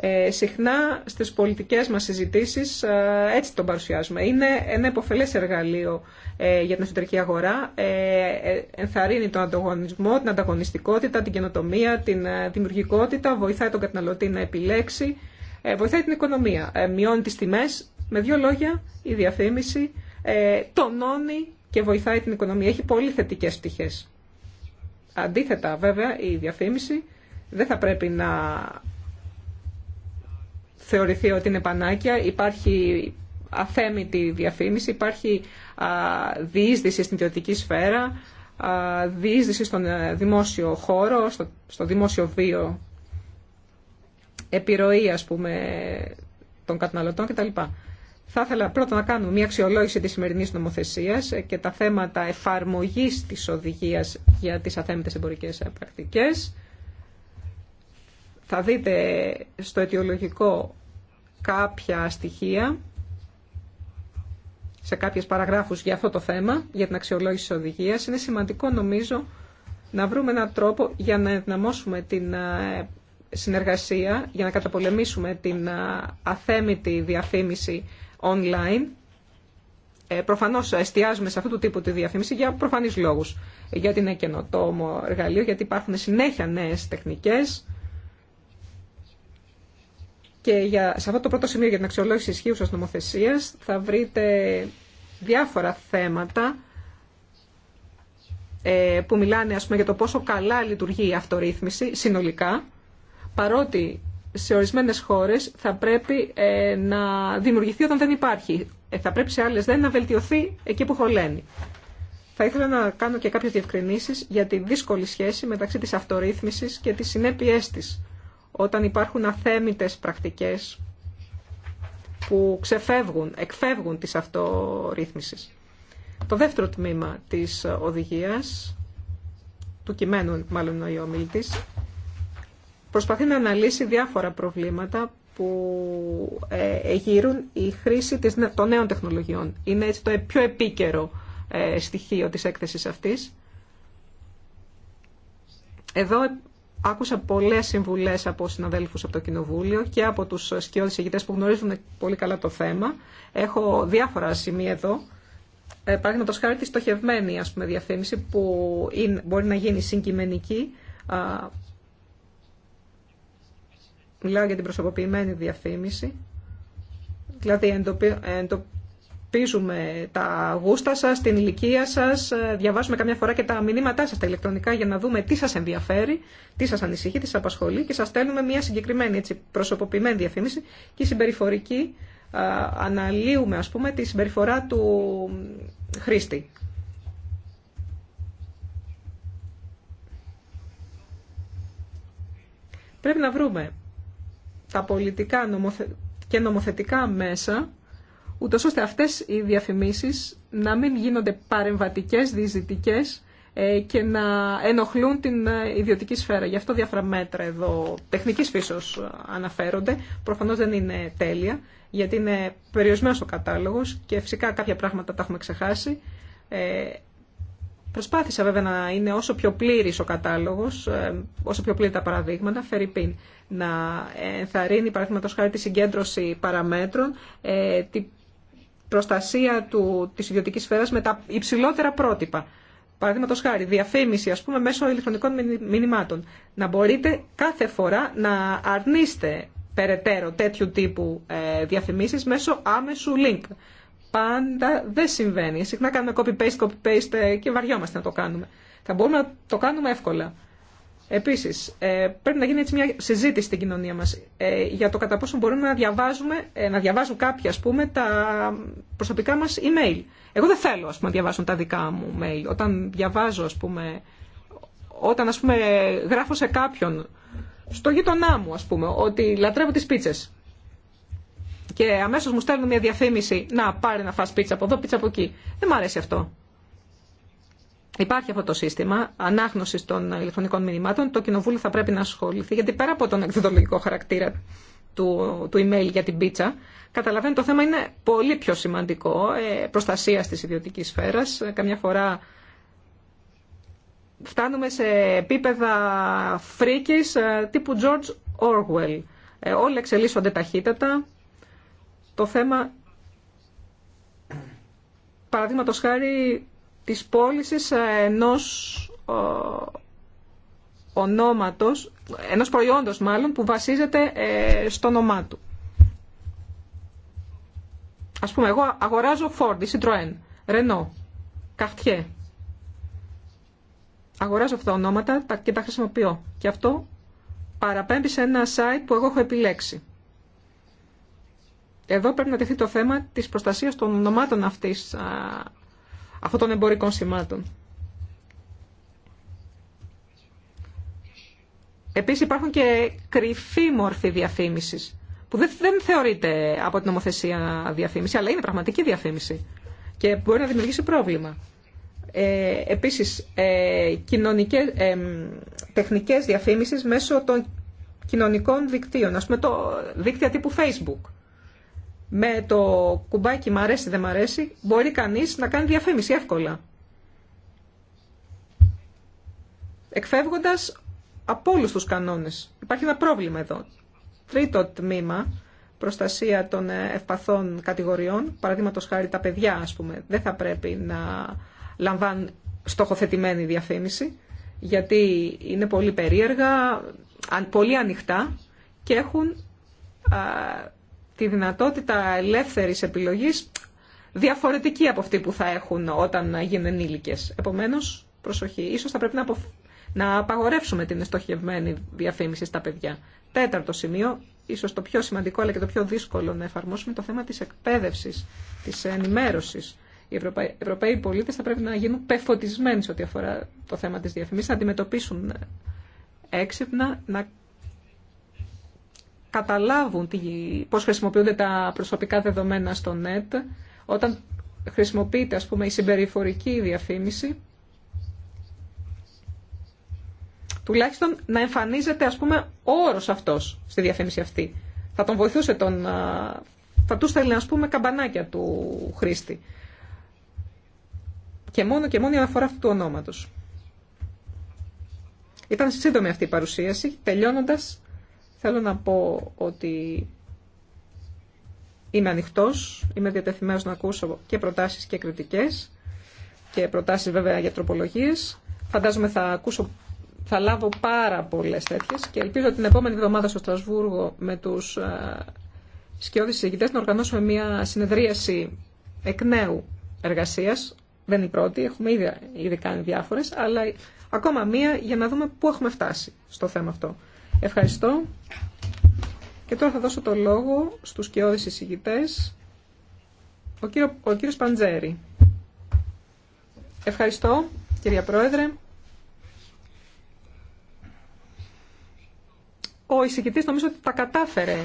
Ε, συχνά στις πολιτικές μας συζητήσεις ε, έτσι τον παρουσιάζουμε. Είναι ένα υποφελές εργαλείο ε, για την εσωτερική αγορά. Ε, ενθαρρύνει τον ανταγωνισμό, την ανταγωνιστικότητα, την καινοτομία, την δημιουργικότητα, βοηθάει τον καταναλωτή να επιλέξει, βοηθάει την οικονομία, μειώνει τις τιμές. Με δύο λόγια, η διαφήμιση τονώνει και βοηθάει την οικονομία. Έχει πολύ θετικές πτυχές. Αντίθετα, βέβαια, η διαφήμιση δεν θα πρέπει να θεωρηθεί ότι είναι πανάκια, υπάρχει αθέμητη διαφήμιση, υπάρχει διείσδυση στην ιδιωτική σφαίρα, διείσδυση στον ε, δημόσιο χώρο, στο, στο δημόσιο βίο, επιρροή ας πούμε των καταναλωτών κτλ. Θα ήθελα πρώτα να κάνουμε μια αξιολόγηση της σημερινής νομοθεσίας ε, και τα θέματα εφαρμογής της οδηγίας για τις αθέμητες εμπορικές ε, πρακτικές. Θα δείτε στο αιτιολογικό κάποια στοιχεία σε κάποιες παραγράφους για αυτό το θέμα, για την αξιολόγηση της οδηγίας. Είναι σημαντικό νομίζω να βρούμε έναν τρόπο για να ενδυναμώσουμε την ε, συνεργασία, για να καταπολεμήσουμε την ε, αθέμητη διαφήμιση online. Ε, προφανώς εστιάζουμε σε αυτού του τύπου τη διαφήμιση για προφανείς λόγους. Γιατί είναι καινοτόμο εργαλείο, γιατί υπάρχουν συνέχεια νέες τεχνικές, και για, σε αυτό το πρώτο σημείο για την αξιολόγηση ισχύουσα νομοθεσία θα βρείτε διάφορα θέματα ε, που μιλάνε ας πούμε, για το πόσο καλά λειτουργεί η αυτορύθμιση συνολικά, παρότι σε ορισμένες χώρες θα πρέπει ε, να δημιουργηθεί όταν δεν υπάρχει. Ε, θα πρέπει σε άλλες δεν να βελτιωθεί εκεί που χωλαίνει. Θα ήθελα να κάνω και κάποιες διευκρινήσεις για τη δύσκολη σχέση μεταξύ της αυτορύθμισης και της συνέπειές της όταν υπάρχουν αθέμητες πρακτικές που ξεφεύγουν, εκφεύγουν της αυτορύθμισης. Το δεύτερο τμήμα της οδηγίας, του κειμένου μάλλον ο ομιλητής, προσπαθεί να αναλύσει διάφορα προβλήματα που ε, εγείρουν η χρήση των νέων τεχνολογιών. Είναι έτσι το πιο επίκαιρο ε, στοιχείο της έκθεσης αυτής. Εδώ Άκουσα πολλές συμβουλές από συναδέλφους από το Κοινοβούλιο και από τους σκιώδεις ηγητές που γνωρίζουν πολύ καλά το θέμα. Έχω διάφορα σημεία εδώ. Ε, Παραδείγματο χάρη τη στοχευμένη ας πούμε, διαφήμιση που είναι, μπορεί να γίνει συγκειμενική. Α, μιλάω για την προσωποποιημένη διαφήμιση. Δηλαδή εντοπι, πίζουμε τα γούστα σας, την ηλικία σας, ε, διαβάζουμε καμιά φορά και τα μηνύματά σας τα ηλεκτρονικά για να δούμε τι σας ενδιαφέρει, τι σας ανησυχεί, τι σας απασχολεί και σας στέλνουμε μια συγκεκριμένη έτσι, προσωποποιημένη διαφήμιση και συμπεριφορική αναλύουμε ας πούμε τη συμπεριφορά του χρήστη. Πρέπει να βρούμε τα πολιτικά και νομοθετικά μέσα ούτως ώστε αυτές οι διαφημίσεις να μην γίνονται παρεμβατικές, ε, και να ενοχλούν την ε, ιδιωτική σφαίρα. Γι' αυτό διάφορα μέτρα εδώ τεχνικής φύσεως ε, αναφέρονται. Προφανώς δεν είναι τέλεια, γιατί είναι περιορισμένος ο κατάλογος και φυσικά κάποια πράγματα τα έχουμε ξεχάσει. Ε, προσπάθησα βέβαια να είναι όσο πιο πλήρης ο κατάλογο, όσο πιο πλήρη τα παραδείγματα. Φερρυπίν να ενθαρρύνει παραδείγματο χάρη τη συγκέντρωση παραμέτρων, προστασία του, της ιδιωτικής σφαίρας με τα υψηλότερα πρότυπα. Παραδείγματο χάρη, διαφήμιση ας πούμε μέσω ηλεκτρονικών μηνυμάτων. Να μπορείτε κάθε φορά να αρνείστε περαιτέρω τέτοιου τύπου ε, διαφημίσεις μέσω άμεσου link. Πάντα δεν συμβαίνει. Συχνά κάνουμε copy-paste, copy-paste και βαριόμαστε να το κάνουμε. Θα μπορούμε να το κάνουμε εύκολα. Επίσης, ε, πρέπει να γίνει έτσι μια συζήτηση στην κοινωνία μας ε, για το κατά πόσο μπορούμε να, διαβάζουμε, ε, να διαβάζουν κάποιοι, πούμε, τα προσωπικά μα email. Εγώ δεν θέλω, ας πούμε, να διαβάσουν τα δικά μου email. Όταν διαβάζω, ας πούμε, όταν, ας πούμε, γράφω σε κάποιον, στο γείτονά μου, ας πούμε, ότι λατρεύω τις πίτσες και αμέσως μου στέλνουν μια διαφήμιση, να πάρει να φας πίτσα από εδώ, πίτσα από εκεί. Δεν μου αρέσει αυτό. Υπάρχει αυτό το σύστημα ανάγνωση των ηλεκτρονικών μηνυμάτων. Το Κοινοβούλιο θα πρέπει να ασχοληθεί, γιατί πέρα από τον εκδοτολογικό χαρακτήρα του, του email για την πίτσα, καταλαβαίνω το θέμα είναι πολύ πιο σημαντικό. Ε, προστασία τη ιδιωτική σφαίρα. Ε, καμιά φορά φτάνουμε σε επίπεδα φρίκης ε, τύπου George Orwell. Ε, εξελίσσονται ταχύτατα. Το θέμα, παραδείγματο χάρη, της πώληση ε, ενός ονόματος, ενός προϊόντος μάλλον, που βασίζεται ε, στο όνομά του. Ας πούμε, εγώ αγοράζω Ford, Citroën, Renault, Cartier. Αγοράζω αυτά τα ονόματα και τα χρησιμοποιώ. Και αυτό παραπέμπει σε ένα site που εγώ έχω επιλέξει. Εδώ πρέπει να τεθεί το θέμα της προστασίας των ονομάτων αυτής, αυτών των εμπορικών σημάτων. Επίσης υπάρχουν και κρυφή μορφή διαφήμισης, που δεν θεωρείται από την νομοθεσία διαφήμιση, αλλά είναι πραγματική διαφήμιση και μπορεί να δημιουργήσει πρόβλημα. Ε, επίσης, ε, ε τεχνικές διαφήμισης μέσω των κοινωνικών δικτύων, ας πούμε το δίκτυα τύπου Facebook με το κουμπάκι μ' αρέσει δεν μ' αρέσει μπορεί κανείς να κάνει διαφήμιση εύκολα. Εκφεύγοντας από όλους τους κανόνες. Υπάρχει ένα πρόβλημα εδώ. Τρίτο τμήμα, προστασία των ευπαθών κατηγοριών, παραδείγματος χάρη τα παιδιά ας πούμε, δεν θα πρέπει να λαμβάνουν στοχοθετημένη διαφήμιση, γιατί είναι πολύ περίεργα, πολύ ανοιχτά και έχουν τη δυνατότητα ελεύθερης επιλογής διαφορετική από αυτή που θα έχουν όταν γίνουν ενήλικες. Επομένως, προσοχή, ίσως θα πρέπει να, να απαγορεύσουμε την στοχευμένη διαφήμιση στα παιδιά. Τέταρτο σημείο, ίσως το πιο σημαντικό αλλά και το πιο δύσκολο να εφαρμόσουμε το θέμα της εκπαίδευσης, της ενημέρωσης. Οι Ευρωπαίοι πολίτες θα πρέπει να γίνουν πεφωτισμένοι σε ό,τι αφορά το θέμα της διαφημίσης, να αντιμετωπίσουν έξυπνα, να καταλάβουν τι, πώς χρησιμοποιούνται τα προσωπικά δεδομένα στο net, όταν χρησιμοποιείται ας πούμε η συμπεριφορική διαφήμιση, τουλάχιστον να εμφανίζεται ας πούμε όρος αυτός στη διαφήμιση αυτή. Θα τον βοηθούσε τον, θα του στέλνει πούμε καμπανάκια του χρήστη. Και μόνο και μόνο η αναφορά αυτού του ονόματος. Ήταν σύντομη αυτή η παρουσίαση, τελειώνοντας Θέλω να πω ότι είμαι ανοιχτό, είμαι διατεθειμένος να ακούσω και προτάσεις και κριτικές και προτάσεις βέβαια για τροπολογίες. Φαντάζομαι θα ακούσω θα λάβω πάρα πολλές τέτοιες και ελπίζω την επόμενη εβδομάδα στο Στρασβούργο με τους ε, σκιώδεις συζητητές να οργανώσουμε μια συνεδρίαση εκ νέου εργασίας. Δεν είναι η πρώτη, έχουμε ήδη, ήδη κάνει διάφορες, αλλά ακόμα μία για να δούμε πού έχουμε φτάσει στο θέμα αυτό. Ευχαριστώ. Και τώρα θα δώσω το λόγο στους κοιόδης εισηγητές, ο, κύριο, ο κύριος Παντζέρη. Ευχαριστώ, κυρία Πρόεδρε. Ο εισηγητής νομίζω ότι τα κατάφερε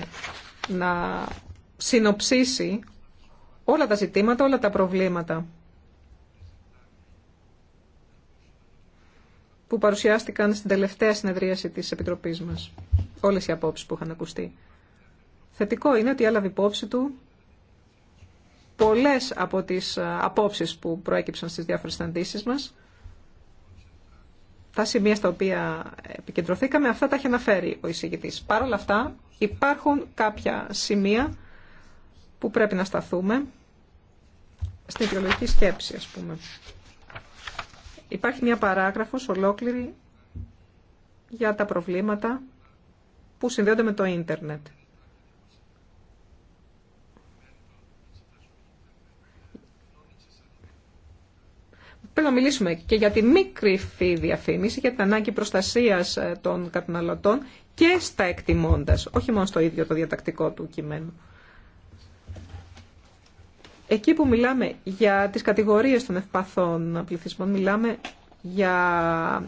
να συνοψίσει όλα τα ζητήματα, όλα τα προβλήματα που παρουσιάστηκαν στην τελευταία συνεδρίαση της Επιτροπής μας. Όλες οι απόψεις που είχαν ακουστεί. Θετικό είναι ότι έλαβε υπόψη του πολλές από τις ε, απόψεις που προέκυψαν στις διάφορες συναντήσεις μας. Τα σημεία στα οποία επικεντρωθήκαμε, αυτά τα έχει αναφέρει ο εισηγητής. Παρ' όλα αυτά υπάρχουν κάποια σημεία που πρέπει να σταθούμε στην ιδεολογική σκέψη, ας πούμε. Υπάρχει μια παράγραφος ολόκληρη για τα προβλήματα που συνδέονται με το ίντερνετ. Πρέπει να μιλήσουμε και για τη μικρή κρυφή διαφήμιση, για την ανάγκη προστασίας ε, των καταναλωτών και στα εκτιμώντας, όχι μόνο στο ίδιο το διατακτικό του κειμένου. Εκεί που μιλάμε για τις κατηγορίες των ευπαθών πληθυσμών, μιλάμε για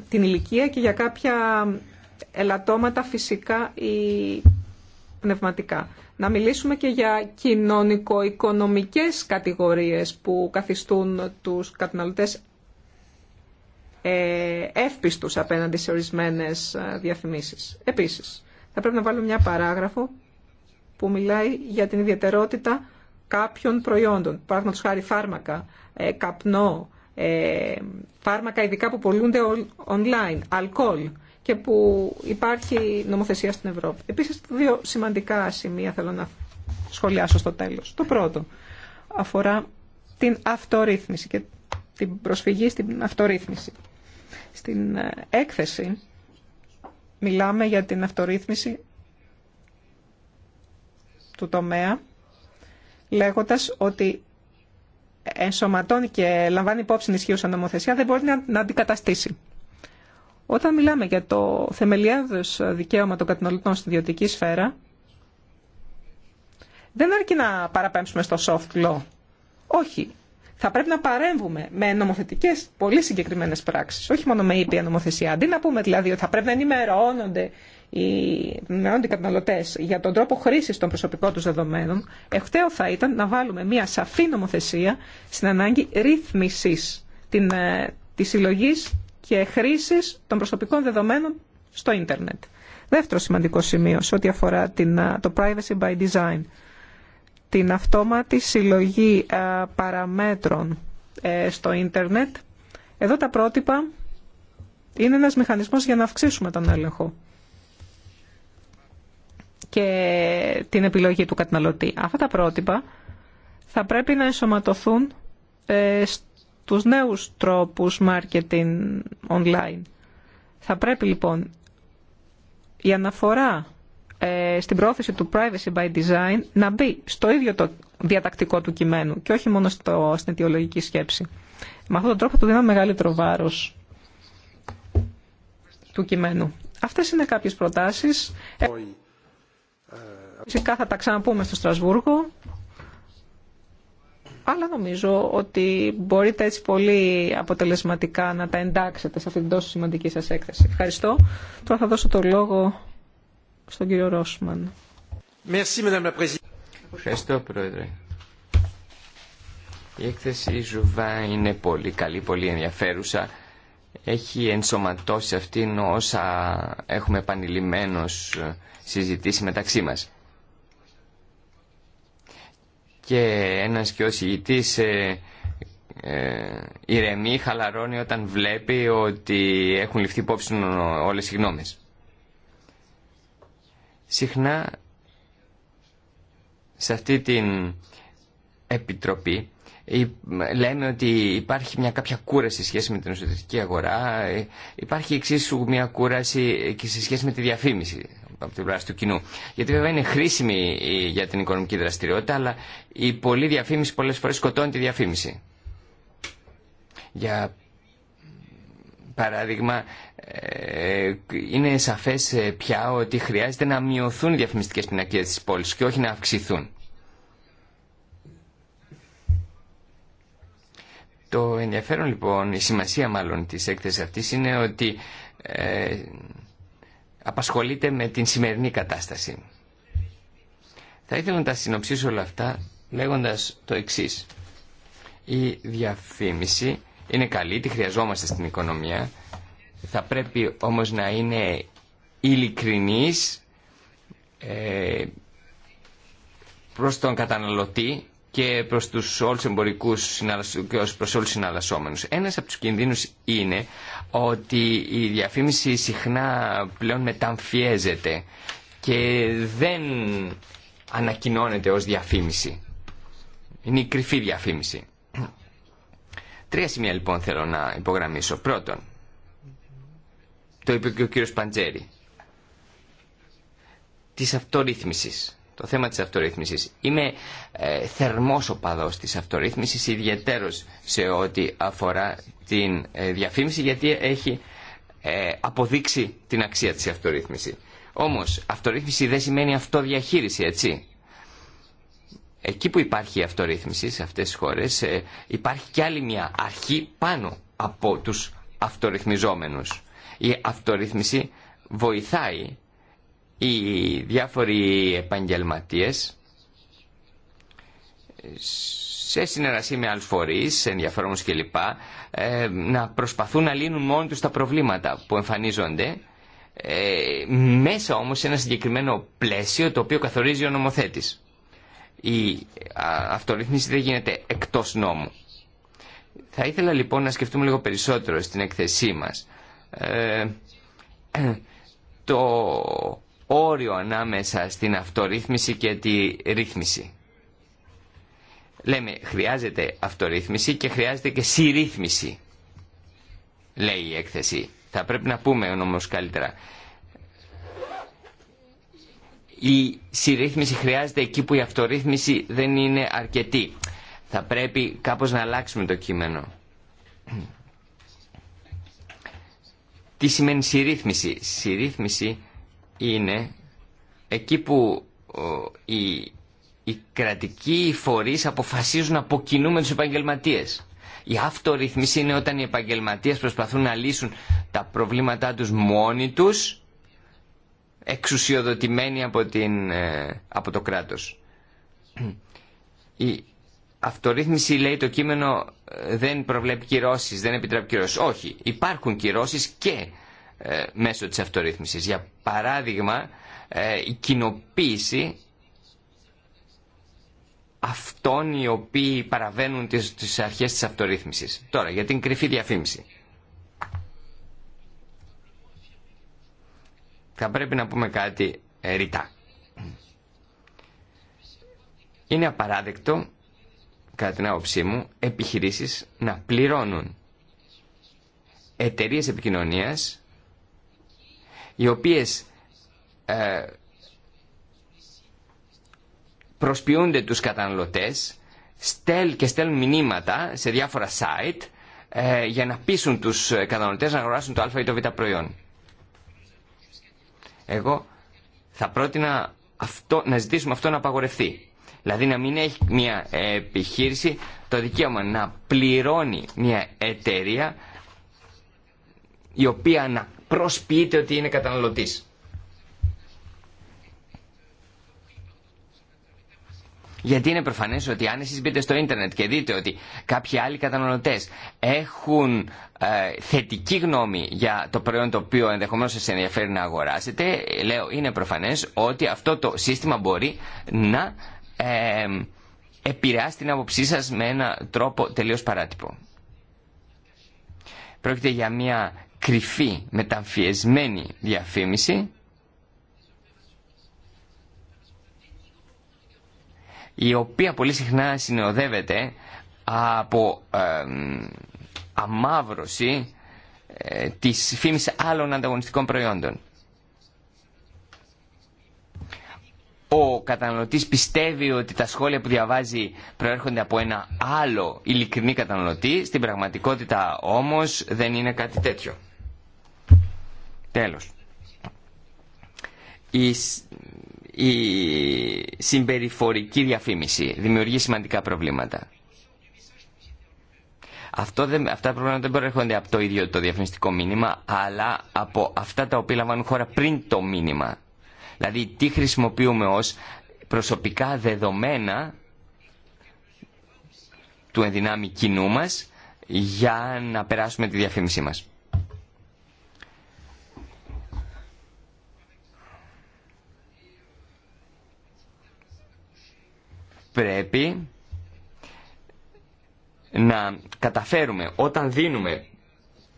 την ηλικία και για κάποια ελαττώματα φυσικά ή πνευματικά. Να μιλήσουμε και για κοινωνικο-οικονομικές κατηγορίες που καθιστούν τους καταναλωτές ε, εύπιστους απέναντι σε ορισμένες ε, διαφημίσεις. Επίσης, θα πρέπει να βάλουμε μια παράγραφο που μιλάει για την ιδιαιτερότητα κάποιων προϊόντων, παράδειγμα χάρη φάρμακα, ε, καπνό, ε, φάρμακα ειδικά που πολλούνται online, αλκοόλ και που υπάρχει νομοθεσία στην Ευρώπη. Επίσης, δύο σημαντικά σημεία θέλω να σχολιάσω στο τέλος. Το πρώτο αφορά την αυτορύθμιση και την προσφυγή στην αυτορύθμιση. Στην ε, έκθεση μιλάμε για την αυτορύθμιση του τομέα λέγοντας ότι ενσωματώνει και λαμβάνει υπόψη ισχύουσα νομοθεσία, δεν μπορεί να αντικαταστήσει. Όταν μιλάμε για το θεμελιώδες δικαίωμα των καταναλωτών στην ιδιωτική σφαίρα, δεν αρκεί να παραπέμψουμε στο soft law. Όχι. Θα πρέπει να παρέμβουμε με νομοθετικέ πολύ συγκεκριμένε πράξει, όχι μόνο με ήπια νομοθεσία. Αντί να πούμε δηλαδή ότι θα πρέπει να ενημερώνονται οι μειώνονται καταναλωτέ για τον τρόπο χρήση των προσωπικών του δεδομένων, εχθέω θα ήταν να βάλουμε μια σαφή νομοθεσία στην ανάγκη ρύθμιση τη ε, συλλογή και χρήση των προσωπικών δεδομένων στο ίντερνετ. Δεύτερο σημαντικό σημείο σε ό,τι αφορά την, ε, το privacy by design, την αυτόματη συλλογή ε, παραμέτρων στο ίντερνετ. Εδώ τα πρότυπα είναι ένας μηχανισμός για να αυξήσουμε τον έλεγχο και την επιλογή του καταναλωτή. Αυτά τα πρότυπα θα πρέπει να ενσωματωθούν ε, στους νέους τρόπους marketing online. Θα πρέπει λοιπόν η αναφορά ε, στην πρόθεση του privacy by design να μπει στο ίδιο το διατακτικό του κειμένου και όχι μόνο στο, στην αιτιολογική σκέψη. Με αυτόν τον τρόπο του δίνουμε μεγαλύτερο βάρος του κειμένου. Αυτές είναι κάποιες προτάσεις. Ε, Φυσικά θα τα ξαναπούμε στο Στρασβούργο. Αλλά νομίζω ότι μπορείτε έτσι πολύ αποτελεσματικά να τα εντάξετε σε αυτήν την τόσο σημαντική σας έκθεση. Ευχαριστώ. Τώρα θα δώσω το λόγο στον κύριο Ρόσμαν. Ευχαριστώ, Πρόεδρε. Η έκθεση Ζουβά είναι πολύ καλή, πολύ ενδιαφέρουσα. Έχει ενσωματώσει αυτήν όσα έχουμε επανειλημμένως συζητήσει μεταξύ μας και ένας και ο συγητής ε, ε, ηρεμεί, χαλαρώνει όταν βλέπει ότι έχουν ληφθεί υπόψη όλες οι γνώμες. Συχνά σε αυτή την επιτροπή λέμε ότι υπάρχει μια κάποια κούραση σε σχέση με την εσωτερική αγορά, ε, υπάρχει εξίσου μια κούραση και σε σχέση με τη διαφήμιση από την πλευρά του κοινού. Γιατί βέβαια είναι χρήσιμη για την οικονομική δραστηριότητα, αλλά η πολλή διαφήμιση πολλέ φορέ σκοτώνει τη διαφήμιση. Για παράδειγμα, ε, είναι σαφέ ε, πια ότι χρειάζεται να μειωθούν οι διαφημιστικέ πινακίε τη πόλη και όχι να αυξηθούν. Το ενδιαφέρον λοιπόν, η σημασία μάλλον της έκθεσης αυτής είναι ότι ε, απασχολείται με την σημερινή κατάσταση. Θα ήθελα να τα συνοψίσω όλα αυτά λέγοντας το εξής. Η διαφήμιση είναι καλή, τη χρειαζόμαστε στην οικονομία. Θα πρέπει όμως να είναι ειλικρινής ε, προς τον καταναλωτή και προς τους όλους εμπορικούς και προς όλους συναλλασσόμενους. Ένας από του κινδύνου είναι ότι η διαφήμιση συχνά πλέον μεταμφιέζεται και δεν ανακοινώνεται ως διαφήμιση. Είναι η κρυφή διαφήμιση. Τρία σημεία λοιπόν θέλω να υπογραμμίσω. Πρώτον, το είπε και ο κύριος Παντζέρη, της αυτορύθμισης το θέμα της αυτορύθμισης. Είμαι ε, θερμός οπαδός της αυτορύθμισης, ιδιαίτερος σε ό,τι αφορά την ε, διαφήμιση, γιατί έχει ε, αποδείξει την αξία της αυτορύθμισης. Όμως, αυτορύθμιση δεν σημαίνει αυτοδιαχείριση, έτσι. Εκεί που υπάρχει η αυτορύθμιση σε αυτές τις χώρες, ε, υπάρχει κι άλλη μια αρχή πάνω από τους αυτορυθμιζόμενους. Η αυτορύθμιση βοηθάει οι διάφοροι επαγγελματίες σε συνεργασία με άλλους φορείς, ενδιαφέρονους κλπ, ε, να προσπαθούν να λύνουν μόνοι τους τα προβλήματα που εμφανίζονται, ε, μέσα όμως σε ένα συγκεκριμένο πλαίσιο το οποίο καθορίζει ο νομοθέτης. Η αυτορύθμιση δεν γίνεται εκτός νόμου. Θα ήθελα λοιπόν να σκεφτούμε λίγο περισσότερο στην εκθεσή μας ε, το όριο ανάμεσα στην αυτορύθμιση και τη ρύθμιση. Λέμε χρειάζεται αυτορύθμιση και χρειάζεται και συρρύθμιση, λέει η έκθεση. Θα πρέπει να πούμε όμω καλύτερα. Η συρρύθμιση χρειάζεται εκεί που η αυτορύθμιση δεν είναι αρκετή. Θα πρέπει κάπως να αλλάξουμε το κείμενο. Τι σημαίνει συρρύθμιση. Συρρύθμιση είναι εκεί που οι, οι κρατικοί φορείς αποφασίζουν από κοινού με τους επαγγελματίες. Η αυτορυθμίση είναι όταν οι επαγγελματίες προσπαθούν να λύσουν τα προβλήματά τους μόνοι τους, εξουσιοδοτημένοι από, την, ε, από το κράτος. Η αυτορύθμιση, λέει το κείμενο, ε, δεν προβλέπει κυρώσεις, δεν επιτρέπει κυρώσεις. Όχι, υπάρχουν κυρώσεις και ε, μέσω της αυτορύθμισης. Για παράδειγμα, ε, η κοινοποίηση αυτών οι οποίοι παραβαίνουν τις, τις αρχές της αυτορύθμισης. Τώρα, για την κρυφή διαφήμιση. Θα πρέπει να πούμε κάτι ε, ρητά. Είναι απαράδεκτο, κατά την άποψή μου, επιχειρήσεις να πληρώνουν εταιρείε επικοινωνίας οι οποίες ε, προσποιούνται τους καταναλωτές στέλ και στέλνουν μηνύματα σε διάφορα site ε, για να πείσουν τους καταναλωτές να αγοράσουν το α ή το β προϊόν. Εγώ θα πρότεινα αυτό, να ζητήσουμε αυτό να απαγορευτεί. Δηλαδή να μην έχει μια επιχείρηση το δικαίωμα να πληρώνει μια εταιρεία η οποία να προσποιείται ότι είναι καταναλωτής. Γιατί είναι προφανέ ότι αν εσεί μπείτε στο ίντερνετ και δείτε ότι κάποιοι άλλοι καταναλωτέ έχουν ε, θετική γνώμη για το προϊόν το οποίο ενδεχομένω σα ενδιαφέρει να αγοράσετε, λέω είναι προφανέ ότι αυτό το σύστημα μπορεί να ε, επηρεάσει την άποψή σα με ένα τρόπο τελείω παράτυπο. Πρόκειται για μια κρυφή, μεταμφιεσμένη διαφήμιση η οποία πολύ συχνά συνοδεύεται από ε, αμάβρωση ε, της φήμης άλλων ανταγωνιστικών προϊόντων. Ο καταναλωτής πιστεύει ότι τα σχόλια που διαβάζει προέρχονται από ένα άλλο ειλικρινή καταναλωτή, στην πραγματικότητα όμως δεν είναι κάτι τέτοιο. Τέλος. Η, συμπεριφορική διαφήμιση δημιουργεί σημαντικά προβλήματα. Αυτό δεν, αυτά τα προβλήματα δεν προέρχονται από το ίδιο το διαφημιστικό μήνυμα, αλλά από αυτά τα οποία λαμβάνουν χώρα πριν το μήνυμα. Δηλαδή, τι χρησιμοποιούμε ως προσωπικά δεδομένα του ενδυνάμει κοινού μας για να περάσουμε τη διαφήμισή μας. πρέπει να καταφέρουμε όταν δίνουμε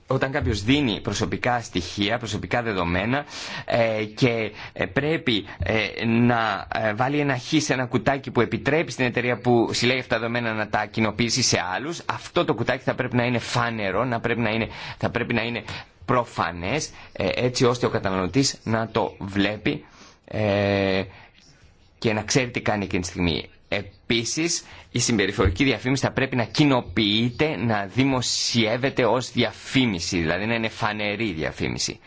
όταν κάποιος δίνει προσωπικά στοιχεία, προσωπικά δεδομένα ε, και ε, πρέπει ε, να βάλει ένα χ σε ένα κουτάκι που επιτρέπει στην εταιρεία που συλλέγει αυτά τα δεδομένα να τα κοινοποιήσει σε άλλους, αυτό το κουτάκι θα πρέπει να είναι φάνερο, να πρέπει να είναι, θα πρέπει να είναι προφανές έτσι ώστε ο καταναλωτής να το βλέπει και να ξέρει τι κάνει εκείνη τη στιγμή. Επίση, η συμπεριφορική διαφήμιση θα πρέπει να κοινοποιείται, να δημοσιεύεται ως διαφήμιση, δηλαδή να είναι φανερή διαφήμιση.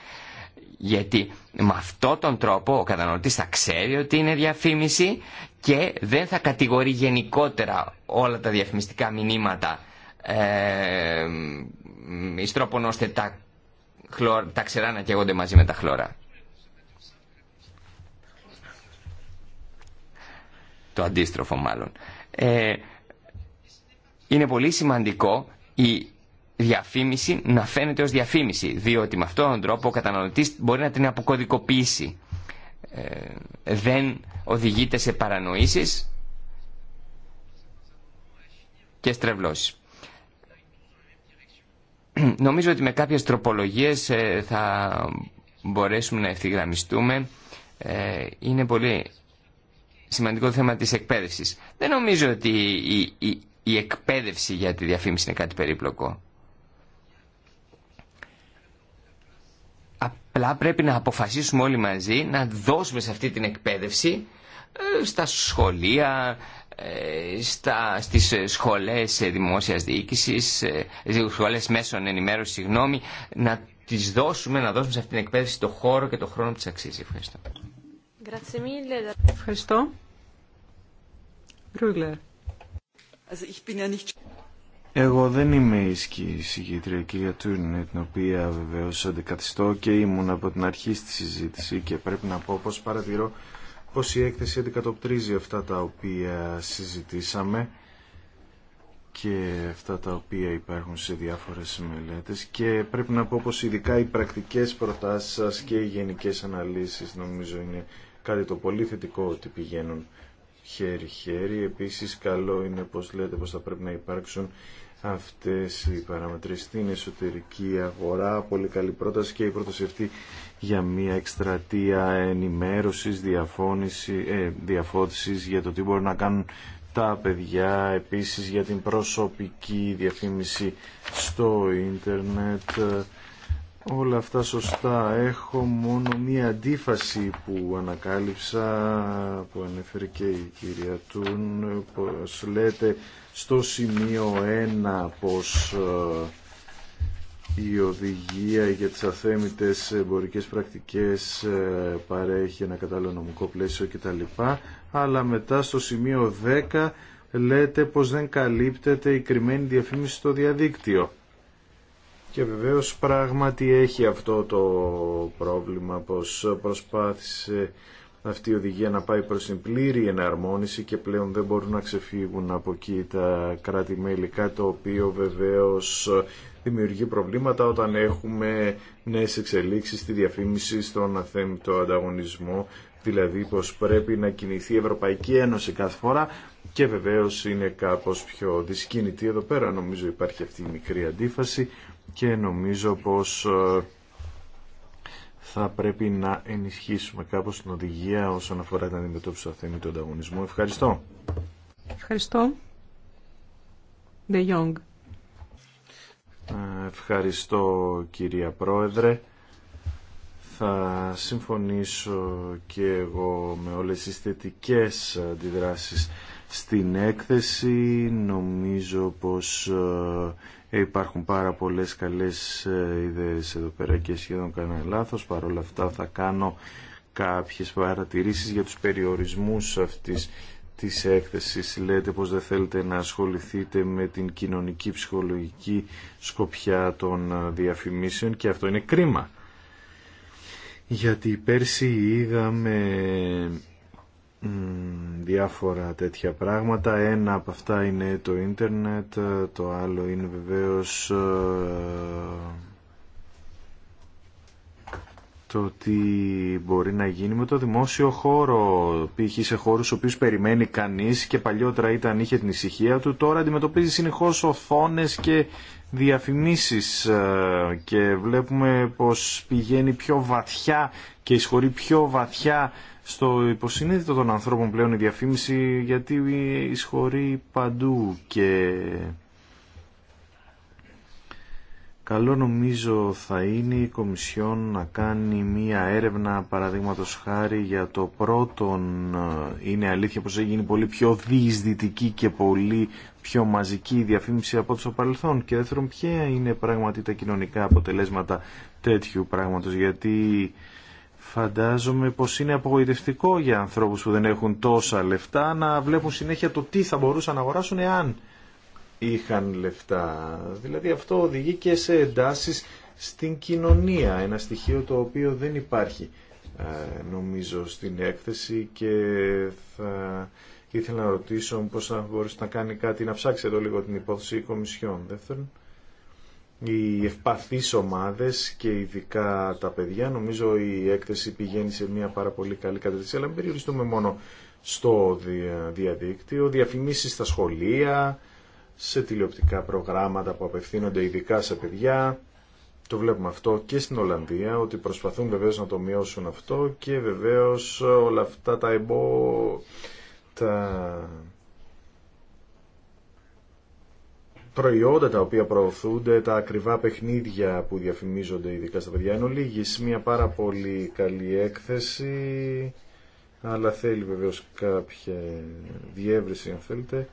Γιατί με αυτόν τον τρόπο ο καταναλωτής θα ξέρει ότι είναι διαφήμιση και δεν θα κατηγορεί γενικότερα όλα τα διαφημιστικά μηνύματα ε, τρόπον ώστε τα, τα ξερά να καίγονται μαζί με τα χλώρα. το αντίστροφο μάλλον. Ε, είναι πολύ σημαντικό η διαφήμιση να φαίνεται ως διαφήμιση, διότι με αυτόν τον τρόπο ο καταναλωτής μπορεί να την αποκωδικοποιήσει. Ε, δεν οδηγείται σε παρανοήσεις και στρεβλώσεις. Νομίζω ότι με κάποιες τροπολογίες ε, θα μπορέσουμε να ευθυγραμμιστούμε. Είναι πολύ σημαντικό θέμα της εκπαίδευσης. Δεν νομίζω ότι η, η, η εκπαίδευση για τη διαφήμιση είναι κάτι περίπλοκο. Απλά πρέπει να αποφασίσουμε όλοι μαζί να δώσουμε σε αυτή την εκπαίδευση ε, στα σχολεία, ε, στα, στις σχολές δημόσιας διοίκησης, ε, σχολές μέσων ενημέρωσης, συγγνώμη, να τις δώσουμε, να δώσουμε σε αυτή την εκπαίδευση το χώρο και το χρόνο που της αξίζει. Ευχαριστώ. Ευχαριστώ. Εγώ δεν είμαι ισχυρή η κυρία Τούρνε, την οποία βεβαίω αντικαθιστώ και ήμουν από την αρχή στη συζήτηση και πρέπει να πω πως παρατηρώ πως η έκθεση αντικατοπτρίζει αυτά τα οποία συζητήσαμε και αυτά τα οποία υπάρχουν σε διάφορες μελέτες και πρέπει να πω πως ειδικά οι πρακτικές προτάσεις σας και οι γενικές αναλύσεις νομίζω είναι κάτι το πολύ θετικό ότι πηγαίνουν χέρι-χέρι. Επίσης καλό είναι πως λέτε πως θα πρέπει να υπάρξουν αυτές οι παραμετρήσεις στην εσωτερική αγορά. Πολύ καλή πρόταση και η πρόταση αυτή για μια εκστρατεία ενημέρωσης, ε, διαφώτισης για το τι μπορούν να κάνουν τα παιδιά, επίσης για την προσωπική διαφήμιση στο ίντερνετ όλα αυτά σωστά. Έχω μόνο μία αντίφαση που ανακάλυψα, που ανέφερε και η κυρία Τούν, πως λέτε στο σημείο 1 πως ε, η οδηγία για τις αθέμητες εμπορικές πρακτικές ε, παρέχει ένα κατάλληλο νομικό πλαίσιο κτλ. Αλλά μετά στο σημείο 10 λέτε πως δεν καλύπτεται η κρυμμένη διαφήμιση στο διαδίκτυο. Και βεβαίως πράγματι έχει αυτό το πρόβλημα πως προσπάθησε αυτή η οδηγία να πάει προς την πλήρη εναρμόνιση και πλέον δεν μπορούν να ξεφύγουν από εκεί τα κράτη-μέλη, το οποίο βεβαίως δημιουργεί προβλήματα όταν έχουμε νέες εξελίξεις στη διαφήμιση, στον αθέμητο ανταγωνισμό, δηλαδή πως πρέπει να κινηθεί η Ευρωπαϊκή Ένωση κάθε φορά και βεβαίως είναι κάπως πιο δυσκίνητη εδώ πέρα, νομίζω υπάρχει αυτή η μικρή αντίφαση και νομίζω πως ε, θα πρέπει να ενισχύσουμε κάπως την οδηγία όσον αφορά την αντιμετώπιση του αθέμη του ανταγωνισμού. Ευχαριστώ. Ευχαριστώ. De ε, Ευχαριστώ κυρία Πρόεδρε. Θα συμφωνήσω και εγώ με όλες τις θετικές αντιδράσεις στην έκθεση. Νομίζω πως ε, Υπάρχουν πάρα πολλές καλές ε, ιδέες εδώ πέρα και σχεδόν κανένα λάθος. Παρ' όλα αυτά θα κάνω κάποιες παρατηρήσεις για τους περιορισμούς αυτής της έκθεσης. Λέτε πως δεν θέλετε να ασχοληθείτε με την κοινωνική ψυχολογική σκοπιά των ε, διαφημίσεων και αυτό είναι κρίμα. Γιατί πέρσι είδαμε διάφορα τέτοια πράγματα. Ένα από αυτά είναι το ίντερνετ, το άλλο είναι βεβαίως ε, το τι μπορεί να γίνει με το δημόσιο χώρο. Π.χ. σε χώρους οποίους περιμένει κανείς και παλιότερα ήταν είχε την ησυχία του, τώρα αντιμετωπίζει συνεχώς οθόνες και διαφημίσεις ε, και βλέπουμε πως πηγαίνει πιο βαθιά και εισχωρεί πιο βαθιά στο υποσυνείδητο των ανθρώπων πλέον η διαφήμιση γιατί ισχωρεί παντού και καλό νομίζω θα είναι η Κομισιόν να κάνει μία έρευνα παραδείγματο χάρη για το πρώτον ε, είναι αλήθεια πως έγινε πολύ πιο διεισδυτική και πολύ πιο μαζική η διαφήμιση από το παρελθόν και δεύτερον ποια είναι πραγματικά τα κοινωνικά αποτελέσματα τέτοιου πράγματος γιατί Φαντάζομαι πως είναι απογοητευτικό για ανθρώπους που δεν έχουν τόσα λεφτά να βλέπουν συνέχεια το τι θα μπορούσαν να αγοράσουν εάν είχαν λεφτά. Δηλαδή αυτό οδηγεί και σε εντάσεις στην κοινωνία, ένα στοιχείο το οποίο δεν υπάρχει ε, νομίζω στην έκθεση και θα ήθελα να ρωτήσω πώς θα μπορούσε να κάνει κάτι να ψάξει εδώ λίγο την υπόθεση η Κομισιόν οι ευπαθείς ομάδες και ειδικά τα παιδιά. Νομίζω η έκθεση πηγαίνει σε μια πάρα πολύ καλή κατεύθυνση, αλλά μην περιοριστούμε μόνο στο διαδίκτυο, διαφημίσεις στα σχολεία, σε τηλεοπτικά προγράμματα που απευθύνονται ειδικά σε παιδιά. Το βλέπουμε αυτό και στην Ολλανδία, ότι προσπαθούν βεβαίως να το μειώσουν αυτό και βεβαίως όλα αυτά τα εμπό... τα προϊόντα τα οποία προωθούνται, τα ακριβά παιχνίδια που διαφημίζονται ειδικά στα παιδιά. Εν ολίγη. μια πάρα πολύ καλή έκθεση, αλλά θέλει βεβαίω κάποια διεύρυνση αν θέλετε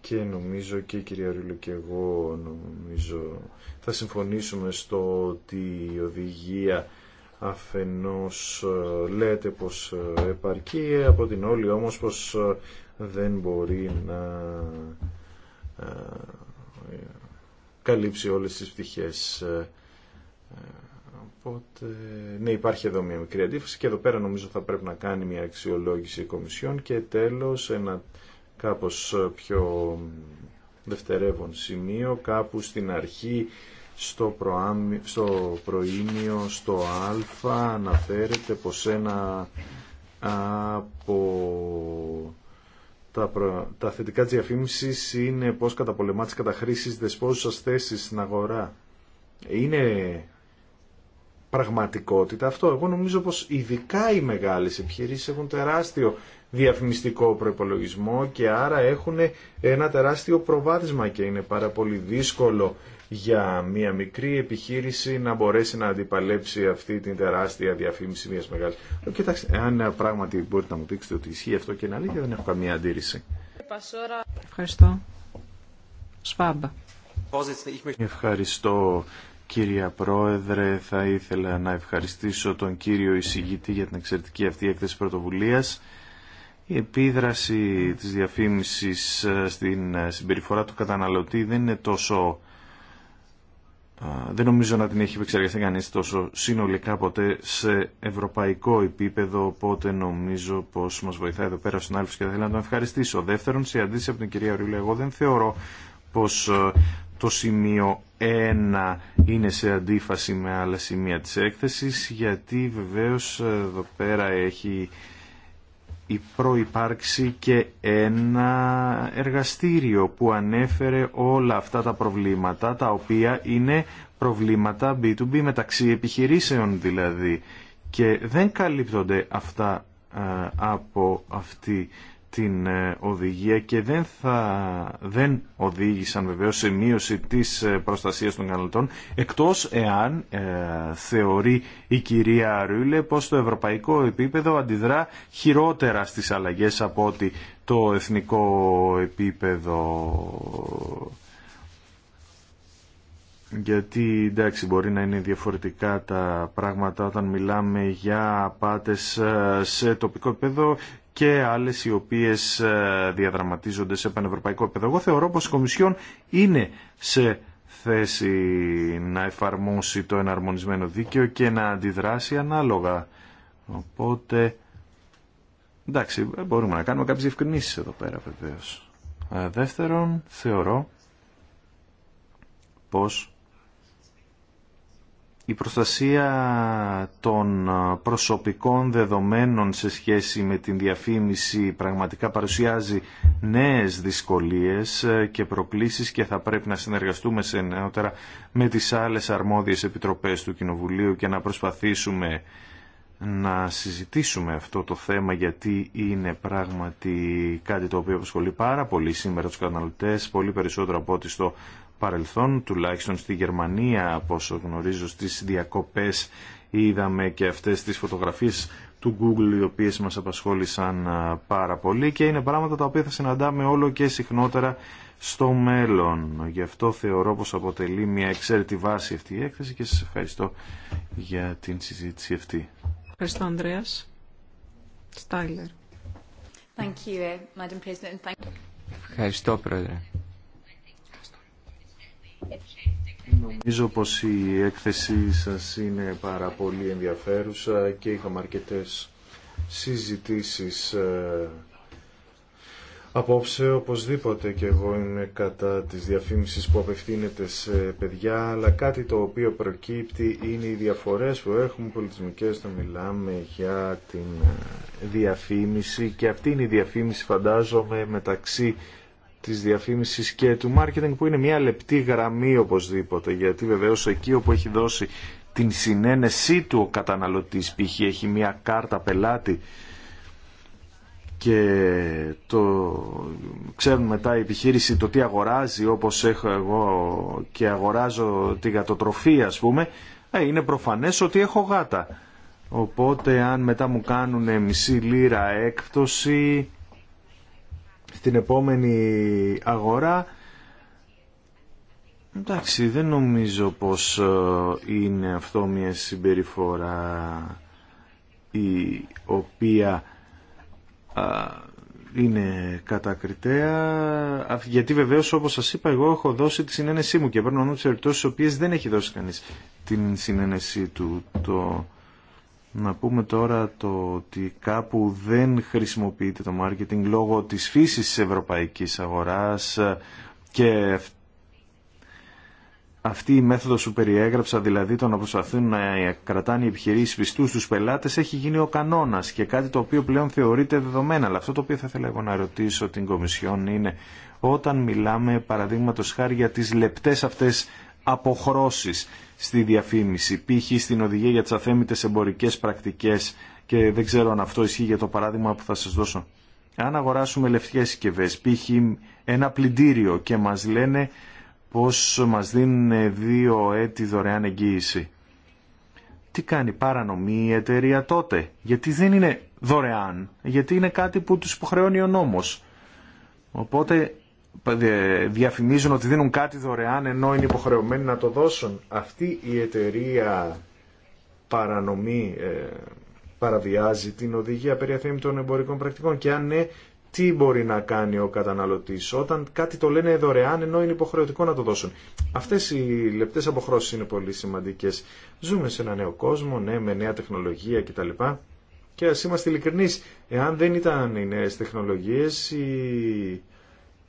και νομίζω και η κυρία Ρίλου και εγώ νομίζω θα συμφωνήσουμε στο ότι η οδηγία αφενός ε, λέτε πως ε, επαρκεί, από την όλη όμως πως ε, δεν μπορεί να καλύψει όλες τις πτυχές. Ε, οπότε, ναι, υπάρχει εδώ μια μικρή αντίφαση και εδώ πέρα νομίζω θα πρέπει να κάνει μια αξιολόγηση κομισιών και τέλος ένα κάπως πιο δευτερεύον σημείο, κάπου στην αρχή, στο, προάμι, στο προήμιο, στο α, αναφέρεται πως ένα από τα, προ... τα θετικά της διαφήμισης είναι πώς καταπολεμά τις καταχρήσεις δεσπόζουσας θέσης στην αγορά. Είναι πραγματικότητα αυτό. Εγώ νομίζω πως καταπολεμα τις καταχρησεις δεσποζουσα θεσεις στην αγορα ειναι πραγματικοτητα αυτο εγω νομιζω πως ειδικα οι μεγάλες επιχειρήσεις έχουν τεράστιο διαφημιστικό προϋπολογισμό και άρα έχουν ένα τεράστιο προβάδισμα και είναι πάρα πολύ δύσκολο για μια μικρή επιχείρηση να μπορέσει να αντιπαλέψει αυτή την τεράστια διαφήμιση μια μεγάλη. Ε, κοιτάξτε, αν πράγματι μπορείτε να μου δείξετε ότι ισχύει αυτό και είναι αλήθεια, δεν έχω καμία αντίρρηση. Ευχαριστώ. Σφάμπα. Ευχαριστώ κύριε Πρόεδρε. Θα ήθελα να ευχαριστήσω τον κύριο εισηγητή για την εξαιρετική αυτή έκθεση πρωτοβουλίας. Η επίδραση της διαφήμισης ε, στην ε, συμπεριφορά του καταναλωτή δεν είναι τόσο δεν νομίζω να την έχει επεξεργαστεί κανείς τόσο συνολικά ποτέ σε ευρωπαϊκό επίπεδο, οπότε νομίζω πως μας βοηθάει εδώ πέρα ο συνάδελφος και θα ήθελα να τον ευχαριστήσω. Δεύτερον, σε αντίθεση από την κυρία Ρούλα, εγώ δεν θεωρώ πως ε, το σημείο 1 είναι σε αντίφαση με άλλα σημεία της έκθεσης, γιατί βεβαίως ε, εδώ πέρα έχει η προϋπάρξη και ένα εργαστήριο που ανέφερε όλα αυτά τα προβλήματα, τα οποία είναι προβλήματα B2B μεταξύ επιχειρήσεων δηλαδή. Και δεν καλύπτονται αυτά ε, από αυτή την ε, οδηγία και δεν, θα, δεν οδήγησαν βεβαίως σε μείωση της ε, προστασίας των κανονιτών, εκτός εάν ε, θεωρεί η κυρία Ρούλε πως το ευρωπαϊκό επίπεδο αντιδρά χειρότερα στις αλλαγές από ότι το εθνικό επίπεδο γιατί εντάξει μπορεί να είναι διαφορετικά τα πράγματα όταν μιλάμε για απάτες σε τοπικό επίπεδο και άλλες οι οποίες ε, διαδραματίζονται σε πανευρωπαϊκό επίπεδο. Εγώ θεωρώ πως η Κομισιόν είναι σε θέση να εφαρμόσει το εναρμονισμένο δίκαιο και να αντιδράσει ανάλογα. Οπότε, εντάξει, μπορούμε να κάνουμε κάποιες διευκρινήσεις εδώ πέρα βεβαίως. Ε, δεύτερον, θεωρώ πως η προστασία των ε, προσωπικών δεδομένων σε σχέση με την διαφήμιση πραγματικά παρουσιάζει νέες δυσκολίες ε, και προκλήσεις και θα πρέπει να συνεργαστούμε σε νεότερα με τις άλλες αρμόδιες επιτροπές του Κοινοβουλίου και να προσπαθήσουμε να συζητήσουμε αυτό το θέμα γιατί είναι πράγματι κάτι το οποίο απασχολεί πάρα πολύ σήμερα τους καταναλωτές, πολύ περισσότερο από ό,τι στο παρελθόν, τουλάχιστον στη Γερμανία, από όσο γνωρίζω στις διακοπές, είδαμε και αυτές τις φωτογραφίες του Google, οι οποίες μας απασχόλησαν πάρα πολύ και είναι πράγματα τα οποία θα συναντάμε όλο και συχνότερα στο μέλλον. Γι' αυτό θεωρώ πως αποτελεί μια εξαίρετη βάση αυτή η έκθεση και σας ευχαριστώ για την συζήτηση αυτή. Ευχαριστώ, Ανδρέας. Στάιλερ. Ευχαριστώ, Πρόεδρε. Νομίζω πως η έκθεσή σας είναι πάρα πολύ ενδιαφέρουσα και είχαμε αρκετέ συζητήσεις ε, Απόψε οπωσδήποτε και εγώ είμαι κατά της διαφήμισης που απευθύνεται σε παιδιά, αλλά κάτι το οποίο προκύπτει είναι οι διαφορές που έχουμε πολιτισμικές, να μιλάμε για την ε, διαφήμιση και αυτή είναι η διαφήμιση φαντάζομαι μεταξύ της διαφήμισης και του μάρκετινγκ που είναι μια λεπτή γραμμή οπωσδήποτε γιατί βεβαίως εκεί όπου έχει δώσει την συνένεσή του ο καταναλωτής π.χ. έχει μια κάρτα πελάτη και το ξέρουν μετά η επιχείρηση το τι αγοράζει όπως έχω εγώ και αγοράζω τη γατοτροφή ας πούμε ε, είναι προφανές ότι έχω γάτα οπότε αν μετά μου κάνουν μισή λίρα έκπτωση στην επόμενη αγορά. Εντάξει, δεν νομίζω πως ε, είναι αυτό μια συμπεριφορά η οποία ε, είναι κατακριτέα, γιατί βεβαίως όπως σας είπα εγώ έχω δώσει τη συνένεσή μου και παίρνω νου τις ερωτήσεις οποίες δεν έχει δώσει κανείς την συνένεσή του το να πούμε τώρα το ότι κάπου δεν χρησιμοποιείται το μάρκετινγκ λόγω της φύσης της ευρωπαϊκής αγοράς και αυτή η μέθοδος που περιέγραψα, δηλαδή το να προσπαθούν να κρατάνε οι επιχειρήσει πιστούς στους πελάτες, έχει γίνει ο κανόνας και κάτι το οποίο πλέον θεωρείται δεδομένο. Αλλά αυτό το οποίο θα ήθελα εγώ να ρωτήσω την Κομισιόν είναι όταν μιλάμε παραδείγματο χάρη για τι λεπτέ αυτέ αποχρώσεις στη διαφήμιση, π.χ. στην οδηγία για τις αθέμητες εμπορικές πρακτικές και δεν ξέρω αν αυτό ισχύει για το παράδειγμα που θα σας δώσω. Αν αγοράσουμε λευκές συσκευέ, π.χ. ένα πλυντήριο και μας λένε πως μας δίνουν δύο έτη δωρεάν εγγύηση. Τι κάνει παρανομή η εταιρεία τότε, γιατί δεν είναι δωρεάν, γιατί είναι κάτι που τους υποχρεώνει ο νόμος. Οπότε διαφημίζουν ότι δίνουν κάτι δωρεάν ενώ είναι υποχρεωμένοι να το δώσουν. Αυτή η εταιρεία παρανομή ε, παραβιάζει την οδηγία περί των εμπορικών πρακτικών και αν ναι, τι μπορεί να κάνει ο καταναλωτής όταν κάτι το λένε δωρεάν ενώ είναι υποχρεωτικό να το δώσουν. Αυτές οι λεπτές αποχρώσεις είναι πολύ σημαντικές. Ζούμε σε ένα νέο κόσμο, ναι, με νέα τεχνολογία κτλ. Και ας είμαστε ειλικρινείς, εάν δεν ήταν οι νέες τεχνολογίες,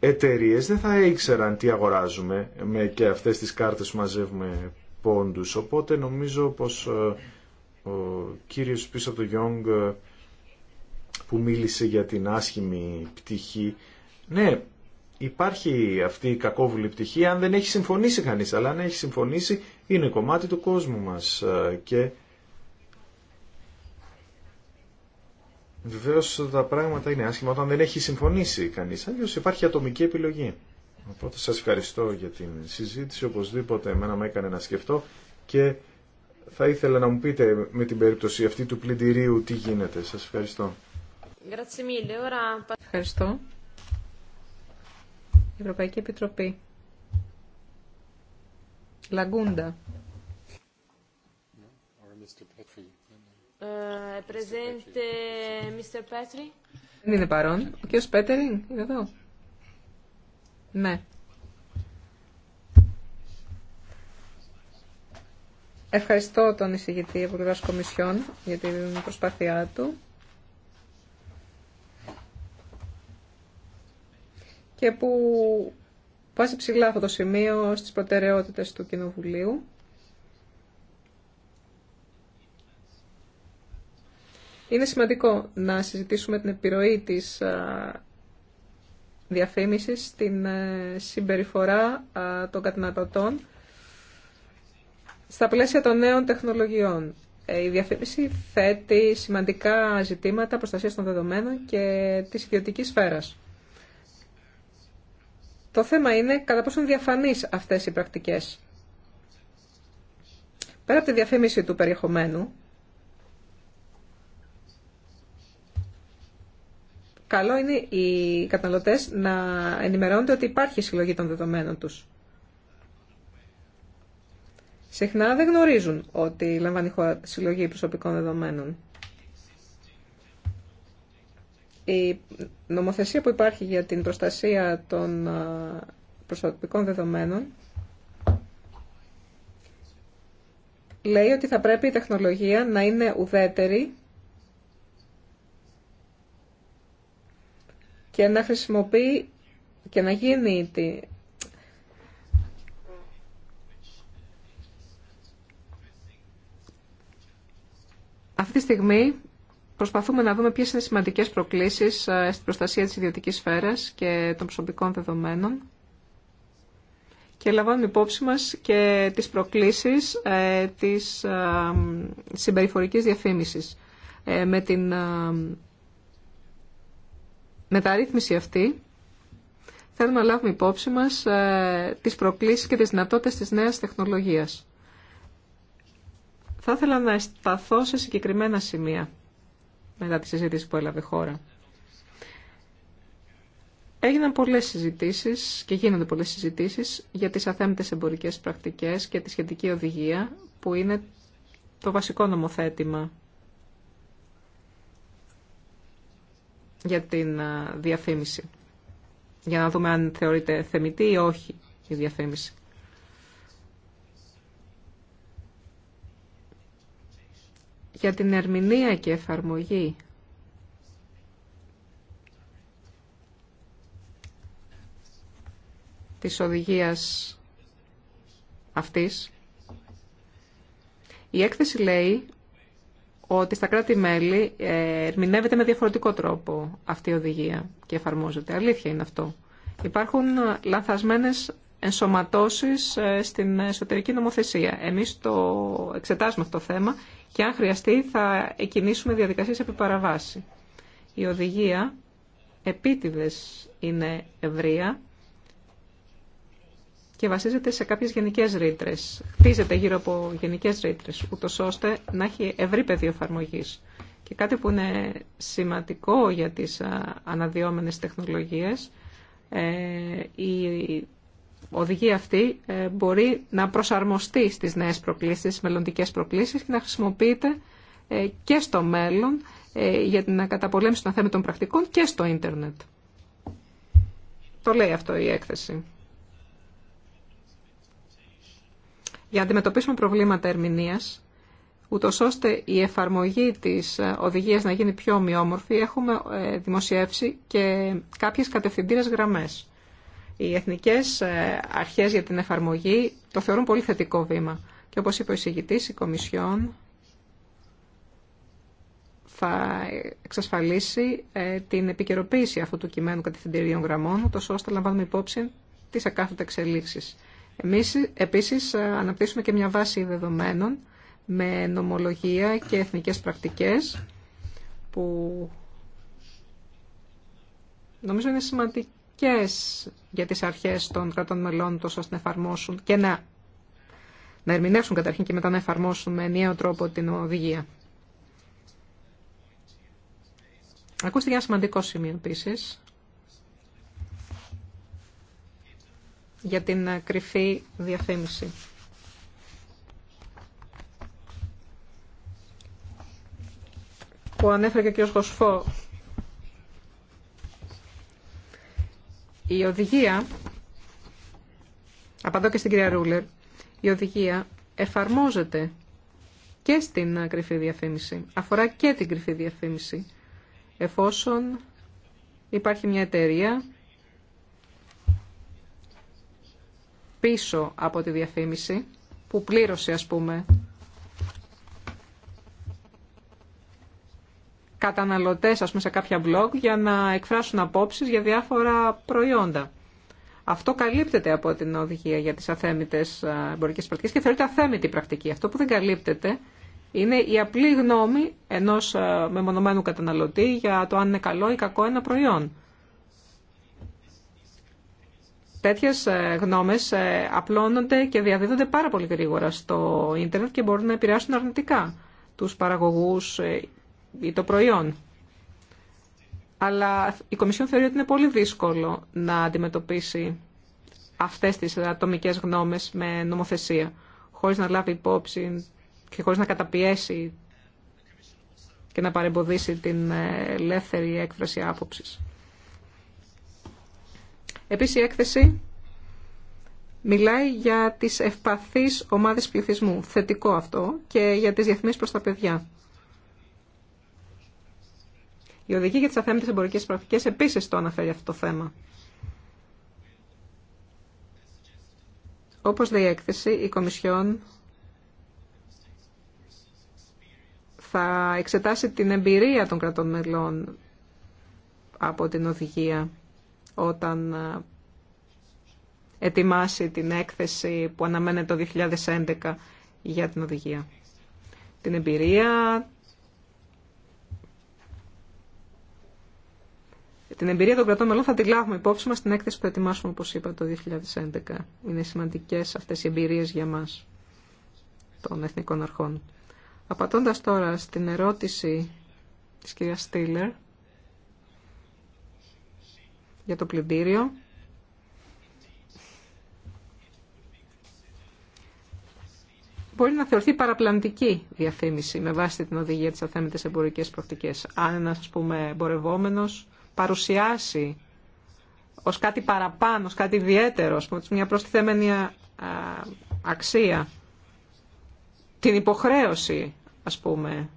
εταιρείε δεν θα ήξεραν τι αγοράζουμε με και αυτές τις κάρτες που μαζεύουμε πόντους. Οπότε νομίζω πως ε, ο κύριος πίσω από το Γιόγκ ε, που μίλησε για την άσχημη πτυχή, ναι, υπάρχει αυτή η κακόβουλη πτυχή αν δεν έχει συμφωνήσει κανείς, αλλά αν έχει συμφωνήσει είναι κομμάτι του κόσμου μας ε, και Βεβαίω τα πράγματα είναι άσχημα όταν δεν έχει συμφωνήσει κανεί. Αλλιώ υπάρχει ατομική επιλογή. Οπότε σα ευχαριστώ για την συζήτηση. Οπωσδήποτε εμένα με έκανε να σκεφτώ και θα ήθελα να μου πείτε με την περίπτωση αυτή του πλυντηρίου τι γίνεται. Σα ευχαριστώ. Ευχαριστώ. Ευρωπαϊκή Επιτροπή. Λαγκούντα. Ε, Δεν είναι παρόν. Ο κύριος Πέτερινγκ είναι εδώ. Ναι. Ευχαριστώ τον εισηγητή από πλευράς Κομισιόν για την προσπάθειά του. Και που βάζει ψηλά αυτό το σημείο στις προτεραιότητες του Κοινοβουλίου. Είναι σημαντικό να συζητήσουμε την επιρροή της διαφήμισης στην ε, συμπεριφορά των καταναλωτών στα πλαίσια των νέων τεχνολογιών. Ε, η διαφήμιση θέτει σημαντικά ζητήματα προστασίας των δεδομένων και της ιδιωτικής σφαίρας. Το θέμα είναι κατά πόσο διαφανείς αυτές οι πρακτικές. Πέρα από τη διαφήμιση του περιεχομένου, καλό είναι οι καταναλωτές να ενημερώνονται ότι υπάρχει συλλογή των δεδομένων τους. Συχνά δεν γνωρίζουν ότι λαμβάνει η χώρα συλλογή προσωπικών δεδομένων. Η νομοθεσία που υπάρχει για την προστασία των προσωπικών δεδομένων λέει ότι θα πρέπει η τεχνολογία να είναι ουδέτερη και να χρησιμοποιεί και να γίνει τη... Αυτή τη στιγμή προσπαθούμε να δούμε ποιες είναι οι σημαντικές προκλήσεις ε, στην προστασία της ιδιωτικής σφαίρας και των προσωπικών δεδομένων και λαμβάνουμε υπόψη μας και τις προκλήσεις ε, της ε, συμπεριφορικής διαφήμισης με την μεταρρύθμιση αυτή θέλουμε να λάβουμε υπόψη μας ε, τις προκλήσεις και τις δυνατότητες της νέας τεχνολογίας. Θα ήθελα να σταθώ σε συγκεκριμένα σημεία μετά τη συζήτηση που έλαβε χώρα. Έγιναν πολλές συζητήσεις και γίνονται πολλές συζητήσεις για τις αθέμητες εμπορικές πρακτικές και τη σχετική οδηγία που είναι το βασικό νομοθέτημα για την ε, διαφήμιση. Για να δούμε αν θεωρείται θεμητή ή όχι η διαφήμιση. Για την ερμηνεία και εφαρμογή της οδηγίας αυτής, η έκθεση λέει ότι στα κράτη-μέλη ε, ερμηνεύεται με διαφορετικό τρόπο αυτή η οδηγία και εφαρμόζεται. Αλήθεια είναι αυτό. Υπάρχουν ε, λανθασμένες ενσωματώσεις ε, στην εσωτερική νομοθεσία. Εμείς το εξετάζουμε αυτό το θέμα και αν χρειαστεί θα εκινήσουμε διαδικασίες επί παραβάση. Η οδηγία επίτηδες είναι ευρεία και βασίζεται σε κάποιες γενικές ρήτρε. Χτίζεται γύρω από γενικές ρήτρε, ούτω ώστε να έχει ευρύ πεδίο εφαρμογή. Και κάτι που είναι σημαντικό για τις αναδυόμενες τεχνολογίες, ε, η οδηγία αυτή ε, μπορεί να προσαρμοστεί στις νέες προκλήσεις, στις μελλοντικές προκλήσεις και να χρησιμοποιείται ε, και στο μέλλον για την καταπολέμηση των θέμετων πρακτικών και στο ίντερνετ. Το λέει αυτό η έκθεση. για να αντιμετωπίσουμε προβλήματα ερμηνεία, ούτω ώστε η εφαρμογή της οδηγίας να γίνει πιο ομοιόμορφη, έχουμε ε, δημοσιεύσει και κάποιες κατευθυντήρε γραμμές. Οι εθνικές ε, αρχές για την εφαρμογή το θεωρούν πολύ θετικό βήμα. Και όπως είπε ο εισηγητή, η Κομισιόν θα εξασφαλίσει ε, την επικαιροποίηση αυτού του κειμένου κατευθυντηρίων γραμμών, ούτω ώστε να λαμβάνουμε υπόψη τι εκάστοτε εξελίξει. Εμείς επίσης ε, αναπτύσσουμε και μια βάση δεδομένων με νομολογία και εθνικές πρακτικές που νομίζω είναι σημαντικές για τις αρχές των κρατών μελών τόσο να εφαρμόσουν και να, να ερμηνεύσουν καταρχήν και μετά να εφαρμόσουν με ενιαίο τρόπο την οδηγία. Ακούστε για ένα σημαντικό σημείο επίσης για την κρυφή διαφήμιση. Που ανέφερε και ο κ. Γοσφό. Η οδηγία, απαντώ και στην κυρία Ρούλερ, η οδηγία εφαρμόζεται και στην κρυφή διαφήμιση. Αφορά και την κρυφή διαφήμιση. Εφόσον υπάρχει μια εταιρεία πίσω από τη διαφήμιση που πλήρωσε ας πούμε καταναλωτές ας πούμε σε κάποια blog για να εκφράσουν απόψεις για διάφορα προϊόντα. Αυτό καλύπτεται από την οδηγία για τις αθέμητες ε, εμπορικές πρακτικές και θεωρείται αθέμητη πρακτική. Αυτό που δεν καλύπτεται είναι η απλή γνώμη ενός ε, μεμονωμένου καταναλωτή για το αν είναι καλό ή κακό ένα προϊόν. Τέτοιε ε, γνώμες ε, απλώνονται και διαδίδονται πάρα πολύ γρήγορα στο ίντερνετ και μπορούν να επηρεάσουν αρνητικά τους παραγωγούς ε, ή το προϊόν. Αλλά η Κομισιόν θεωρεί ότι είναι πολύ δύσκολο να αντιμετωπίσει αυτές τις ατομικές γνώμες με νομοθεσία, χωρίς να λάβει υπόψη και χωρίς να καταπιέσει και να παρεμποδίσει την ελεύθερη έκφραση άποψης. Επίσης η έκθεση μιλάει για τις ευπαθείς ομάδες πληθυσμού. Θετικό αυτό και για τις διεθνείς προς τα παιδιά. Η οδηγία για τις αθέμητες εμπορικές πρακτικές επίσης το αναφέρει αυτό το θέμα. Όπως λέει η έκθεση, η Κομισιόν θα εξετάσει την εμπειρία των κρατών μελών από την οδηγία όταν ε, ετοιμάσει την έκθεση που αναμένεται το 2011 για την οδηγία. Την εμπειρία, την εμπειρία των κρατών μελών θα τη λάβουμε υπόψη μας στην έκθεση που ετοιμάσουμε, όπως είπα, το 2011. Είναι σημαντικές αυτές οι εμπειρίες για μας των εθνικών αρχών. Απατώντας τώρα στην ερώτηση της κυρίας Στήλερ, για το πλυντήριο. Μπορεί να θεωρηθεί παραπλανητική διαφήμιση με βάση την οδηγία της αθέμητες εμπορικές πρακτικές. Αν ένας, ας πούμε, εμπορευόμενος παρουσιάσει ως κάτι παραπάνω, ως κάτι ιδιαίτερο, ας μια προστιθέμενη αξία, την υποχρέωση, ας πούμε,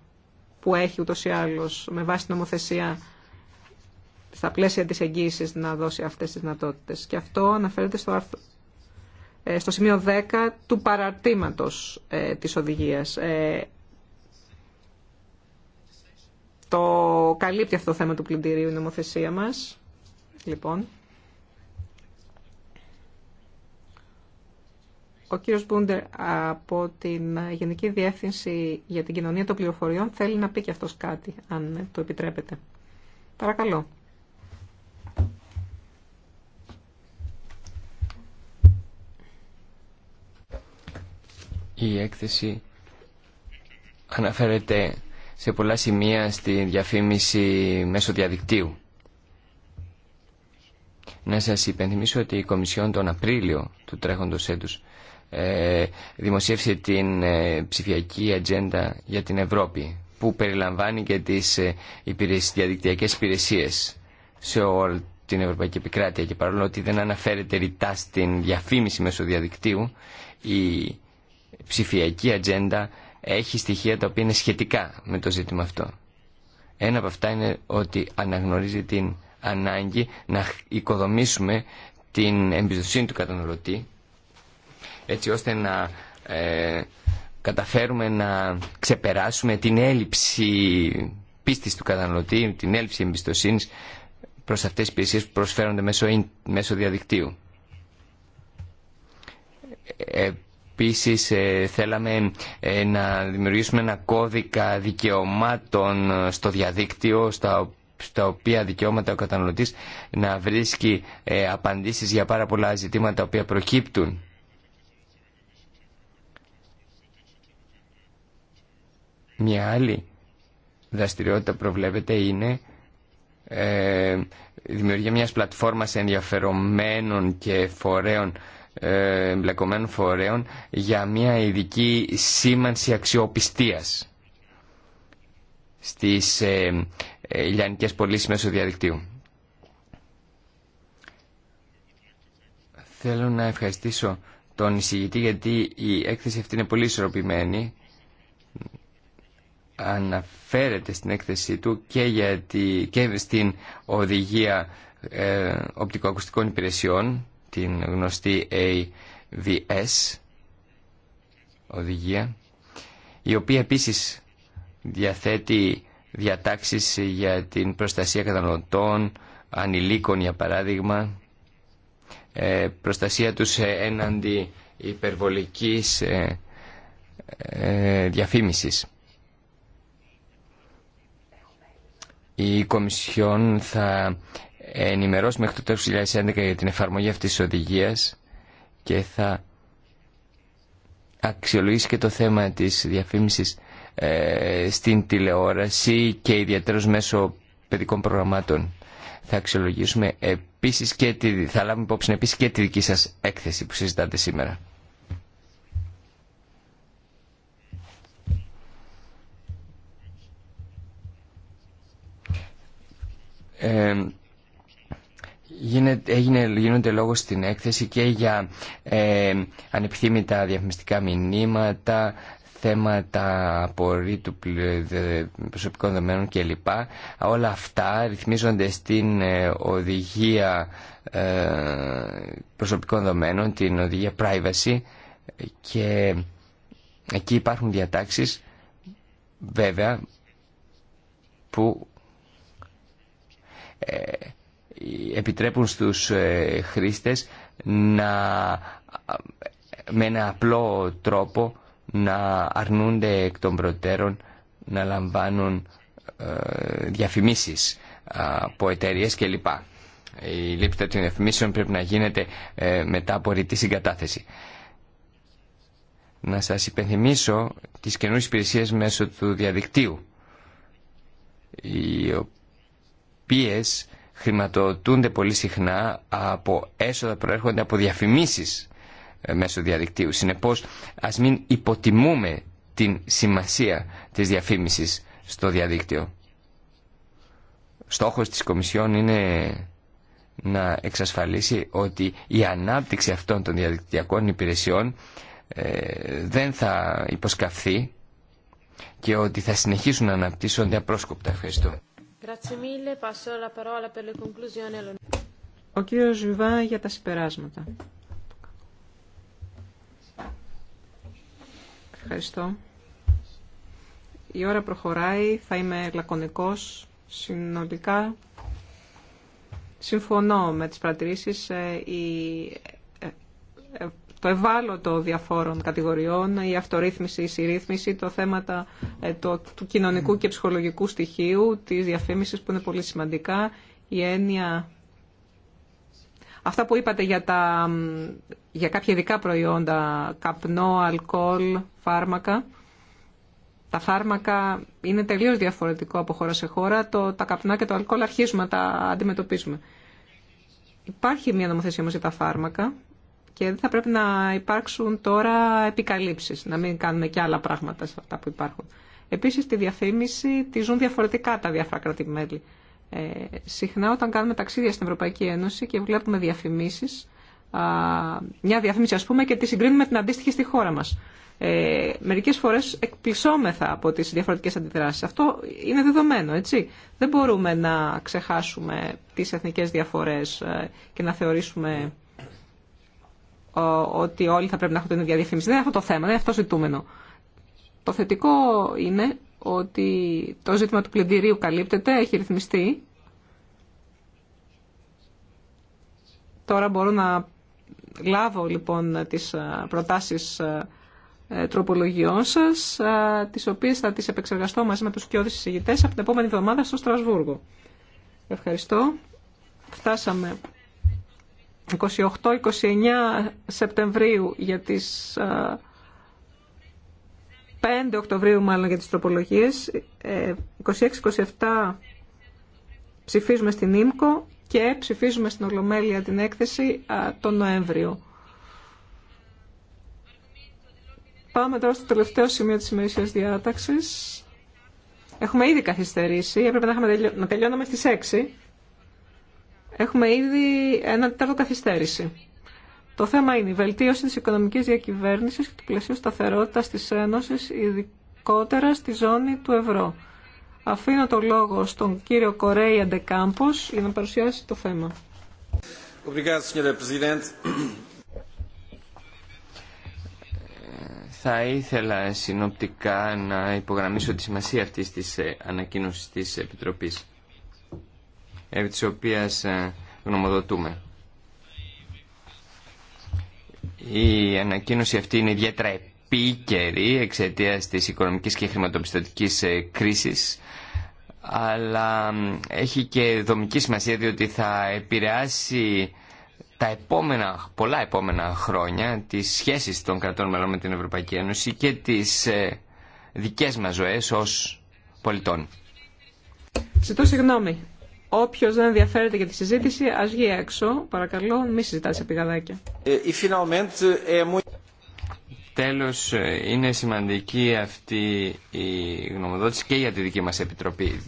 που έχει ούτως ή άλλως με βάση την νομοθεσία στα πλαίσια της εγγύησης να δώσει αυτές τις δυνατότητες. Και αυτό αναφέρεται στο, ε, στο σημείο 10 του παραρτήματος ε, της οδηγίας. Ε, το καλύπτει αυτό το θέμα του πλυντηρίου η νομοθεσία μας. Λοιπόν. Ο κύριος Μπούντερ από την Γενική Διεύθυνση για την Κοινωνία των Πληροφοριών θέλει να πει και αυτός κάτι, αν το επιτρέπετε. Παρακαλώ. Η έκθεση αναφέρεται σε πολλά σημεία στη διαφήμιση μέσω διαδικτύου. Να σας υπενθυμίσω ότι η Κομισιόν τον Απρίλιο του τρέχοντος έτους ε, δημοσίευσε την ε, ψηφιακή ατζέντα για την Ευρώπη που περιλαμβάνει και τις ε, διαδικτυακές υπηρεσίες σε όλη την Ευρωπαϊκή Επικράτεια και παρόλο ότι δεν αναφέρεται ρητά στην διαφήμιση μέσω διαδικτύου η ψηφιακή ατζέντα έχει στοιχεία τα οποία είναι σχετικά με το ζήτημα αυτό. Ένα από αυτά είναι ότι αναγνωρίζει την ανάγκη να οικοδομήσουμε την εμπιστοσύνη του καταναλωτή έτσι ώστε να ε, καταφέρουμε να ξεπεράσουμε την έλλειψη πίστης του καταναλωτή, την έλλειψη εμπιστοσύνης προς αυτές τις υπηρεσίες που προσφέρονται μέσω, διαδικτύου. Ε, Επίσης ε, θέλαμε ε, να δημιουργήσουμε ένα κώδικα δικαιωμάτων ε, στο διαδίκτυο, στα οποία δικαιώματα ο καταναλωτή να βρίσκει απαντήσει απαντήσεις για πάρα πολλά ζητήματα τα οποία προκύπτουν. Μια άλλη δραστηριότητα προβλέπεται είναι ε, δημιουργία μιας πλατφόρμας ενδιαφερομένων και φορέων ε, εμπλεκομένων φορέων για μια ειδική σήμανση αξιοπιστίας στις ε, ε, πωλήσει μέσω διαδικτύου. Θέλω να ευχαριστήσω τον εισηγητή γιατί η έκθεση αυτή είναι πολύ ισορροπημένη. Αναφέρεται στην έκθεσή του και, γιατί, και στην οδηγία ε, οπτικοακουστικών υπηρεσιών την γνωστή AVS οδηγία, η οποία επίσης διαθέτει διατάξεις για την προστασία καταναλωτών, ανηλίκων για παράδειγμα, ε, προστασία τους έναντι υπερβολικής ε, ε, διαφήμισης. Η Κομισιόν θα ενημερώσει μέχρι το τέλος 2011 για την εφαρμογή αυτής της οδηγίας και θα αξιολογήσει και το θέμα της διαφήμισης ε, στην τηλεόραση και ιδιαίτερως μέσω παιδικών προγραμμάτων. Θα αξιολογήσουμε επίσης και τη, θα λάβουμε υπόψη επίσης και τη δική σας έκθεση που συζητάτε σήμερα. Ε, έγινε, γίνονται λόγο στην έκθεση και για ε, ανεπιθύμητα διαφημιστικά μηνύματα, θέματα απορρίτου προσωπικών δεδομένων κλπ. Όλα αυτά ρυθμίζονται στην ε, οδηγία ε, προσωπικών δεδομένων, την οδηγία privacy και εκεί υπάρχουν διατάξεις βέβαια που επιτρέπουν στους ε, χρήστες να με ένα απλό τρόπο να αρνούνται εκ των προτέρων να λαμβάνουν ε, διαφημίσεις από εταιρείε κλπ. Η λήψη των διαφημίσεων πρέπει να γίνεται ε, μετά από ρητή συγκατάθεση. Να σας υπενθυμίσω τις καινούριες υπηρεσίε μέσω του διαδικτύου, οι οποίες χρηματοδοτούνται πολύ συχνά από έσοδα που προέρχονται από διαφημίσεις ε, μέσω διαδικτύου. Συνεπώς, ας μην υποτιμούμε την σημασία της διαφήμισης στο διαδίκτυο. Στόχος της Κομισιόν είναι να εξασφαλίσει ότι η ανάπτυξη αυτών των διαδικτυακών υπηρεσιών ε, δεν θα υποσκαφθεί και ότι θα συνεχίσουν να αναπτύσσονται απρόσκοπτα. Ευχαριστώ. Ο κύριο Ζουβά για τα συμπεράσματα. Ευχαριστώ. Η ώρα προχωράει, θα είμαι λακωνικός. Συνολικά συμφωνώ με τις παρατηρήσεις. Ε, ε, ε, το ευάλωτο διαφόρων κατηγοριών, η αυτορύθμιση, η συρρύθμιση, το θέμα ε, το, του κοινωνικού και ψυχολογικού στοιχείου, της διαφήμισης που είναι πολύ σημαντικά, η έννοια... Αυτά που είπατε για, τα, για κάποια ειδικά προϊόντα, καπνό, αλκοόλ, φάρμακα, τα φάρμακα είναι τελείως διαφορετικό από χώρα σε χώρα. Το, τα καπνά και το αλκοόλ αρχίζουμε να τα αντιμετωπίζουμε. Υπάρχει μια νομοθεσία για τα φάρμακα και δεν θα πρέπει να υπάρξουν τώρα επικαλύψεις, να μην κάνουμε και άλλα πράγματα σε αυτά που υπάρχουν. Επίσης, τη διαφήμιση τη ζουν διαφορετικά τα διάφορα κράτη-μέλη. Ε, συχνά όταν κάνουμε ταξίδια στην Ευρωπαϊκή Ένωση και βλέπουμε διαφημίσεις, α, μια διαφήμιση ας πούμε και τη συγκρίνουμε την αντίστοιχη στη χώρα μας. Ε, μερικές φορές εκπλησόμεθα από τις διαφορετικές αντιδράσεις. Αυτό είναι δεδομένο, έτσι. Δεν μπορούμε να ξεχάσουμε τις εθνικές διαφορές ε, και να θεωρήσουμε ότι όλοι θα πρέπει να έχουν την ίδια διαφήμιση. Δεν είναι αυτό το θέμα, δεν είναι αυτό ζητούμενο. Το θετικό είναι ότι το ζήτημα του πλυντηρίου καλύπτεται, έχει ρυθμιστεί. Τώρα μπορώ να λάβω λοιπόν τις ε, προτάσεις ε, ε, τροπολογιών σας, τις οποίες θα τις επεξεργαστώ μαζί με τους κοιόδης συζητητές από την επόμενη εβδομάδα στο Στρασβούργο. Ευχαριστώ. Φτάσαμε 28-29 Σεπτεμβρίου για τις 5 ε, Οκτωβρίου μάλλον για τις τροπολογίες, 26-27 ε, ψηφίζουμε στην ΙΜΚΟ και ψηφίζουμε στην Ολομέλεια την έκθεση ε, τον Νοέμβριο. Πάμε τώρα στο τελευταίο σημείο της ημερήσιας διάταξης. Έχουμε ήδη καθυστερήσει, έπρεπε να, τελειώ... να τελειώναμε στις 6. Έχουμε ήδη ένα τέταρτο καθυστέρηση. Το θέμα είναι η βελτίωση τη οικονομική διακυβέρνηση και του πλαισίου σταθερότητα τη Ένωση ειδικότερα στη ζώνη του ευρώ. Αφήνω το λόγο στον κύριο Κορέι Αντεκάμπο για να παρουσιάσει το θέμα. Θα ήθελα συνοπτικά να υπογραμμίσω τη σημασία αυτής της ε, ανακοίνωσης της Επιτροπής επί της οποίας ε, γνωμοδοτούμε. Η ανακοίνωση αυτή είναι ιδιαίτερα επίκαιρη εξαιτίας της οικονομικής και χρηματοπιστωτικής ε, κρίσης αλλά έχει και δομική σημασία διότι θα επηρεάσει τα επόμενα, πολλά επόμενα χρόνια τις σχέσεις των κρατών μελών με την Ευρωπαϊκή Ένωση και τις ε, δικές μας ζωές ως πολιτών. Ζητώ συγγνώμη Όποιο δεν ενδιαφέρεται για τη συζήτηση, α βγει έξω. Παρακαλώ, μη συζητά σε πηγαδάκια. Ε, ε, Τέλος, ε, είναι σημαντική αυτή η γνωμοδότηση και για τη δική μας Επιτροπή,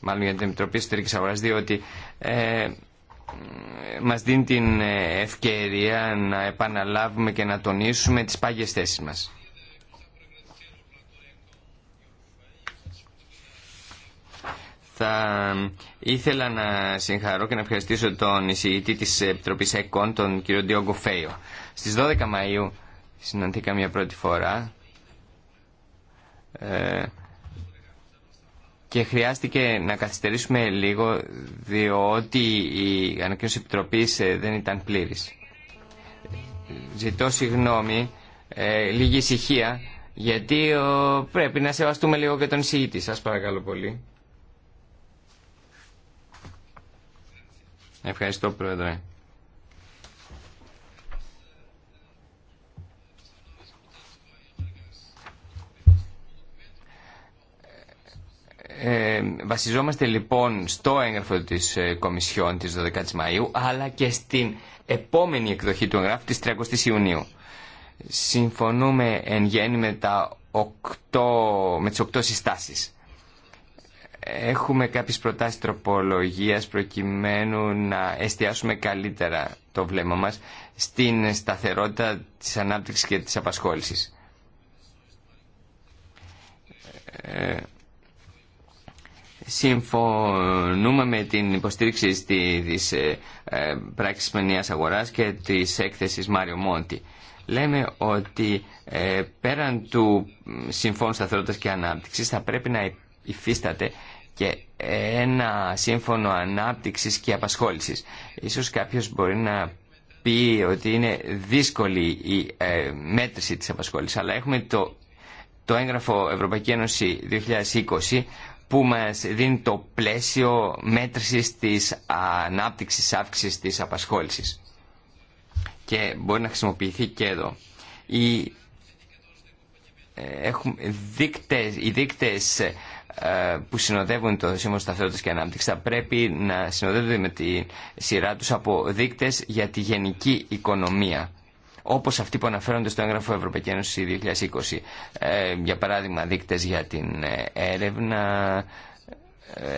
μάλλον για την Επιτροπή Ιστορικής Αγοράς, διότι ε, μας δίνει την ευκαιρία να επαναλάβουμε και να τονίσουμε τις πάγιες θέσει μας. Θα ήθελα να συγχαρώ και να ευχαριστήσω τον εισηγητή της Επιτροπής ΕΚΟΝ, τον κύριο Ντιόγκο Φέιο. Στις 12 Μαΐου συναντήκαμε μια πρώτη φορά ε, και χρειάστηκε να καθυστερήσουμε λίγο διότι η ανακοίνωση Επιτροπής ε, δεν ήταν πλήρης. Ζητώ συγγνώμη, ε, λίγη ησυχία, γιατί πρέπει να σεβαστούμε λίγο και τον εισηγητή. Σας παρακαλώ πολύ. Ευχαριστώ, Πρόεδρε. Ε, βασιζόμαστε λοιπόν στο έγγραφο της ε, Κομισιόν της 12 η Μαΐου αλλά και στην επόμενη εκδοχή του εγγράφου της 30ης Ιουνίου. Συμφωνούμε εν γέννη με, τα 8, με τις οκτώ συστάσεις. Έχουμε κάποιες προτάσεις τροπολογίας προκειμένου να εστιάσουμε καλύτερα το βλέμμα μας στην σταθερότητα της ανάπτυξης και της απασχόλησης. Ε, συμφωνούμε με την υποστήριξη της ε, ε, πράξης μενίας αγοράς και της έκθεσης Μάριο Μόντι. Λέμε ότι πέραν του Συμφώνου Σταθερότητας και Ανάπτυξης θα πρέπει να υφίσταται και ένα σύμφωνο ανάπτυξης και απασχόλησης. Ίσως κάποιος μπορεί να πει ότι είναι δύσκολη η ε, μέτρηση της απασχόλησης, αλλά έχουμε το, το έγγραφο Ευρωπαϊκή Ένωση 2020 που μας δίνει το πλαίσιο μέτρησης της ανάπτυξης, αύξησης της απασχόλησης. Και μπορεί να χρησιμοποιηθεί και εδώ. Οι, ε, έχουμε δείκτες, οι δείκτες ε, που συνοδεύουν το Σύμβολο Σταθερότητας και Ανάπτυξης θα πρέπει να συνοδεύονται με τη σειρά τους από δείκτες για τη γενική οικονομία όπως αυτοί που αναφέρονται στο έγγραφο Ευρωπαϊκή Ένωση 2020. Ε, για παράδειγμα, δείκτες για την ε,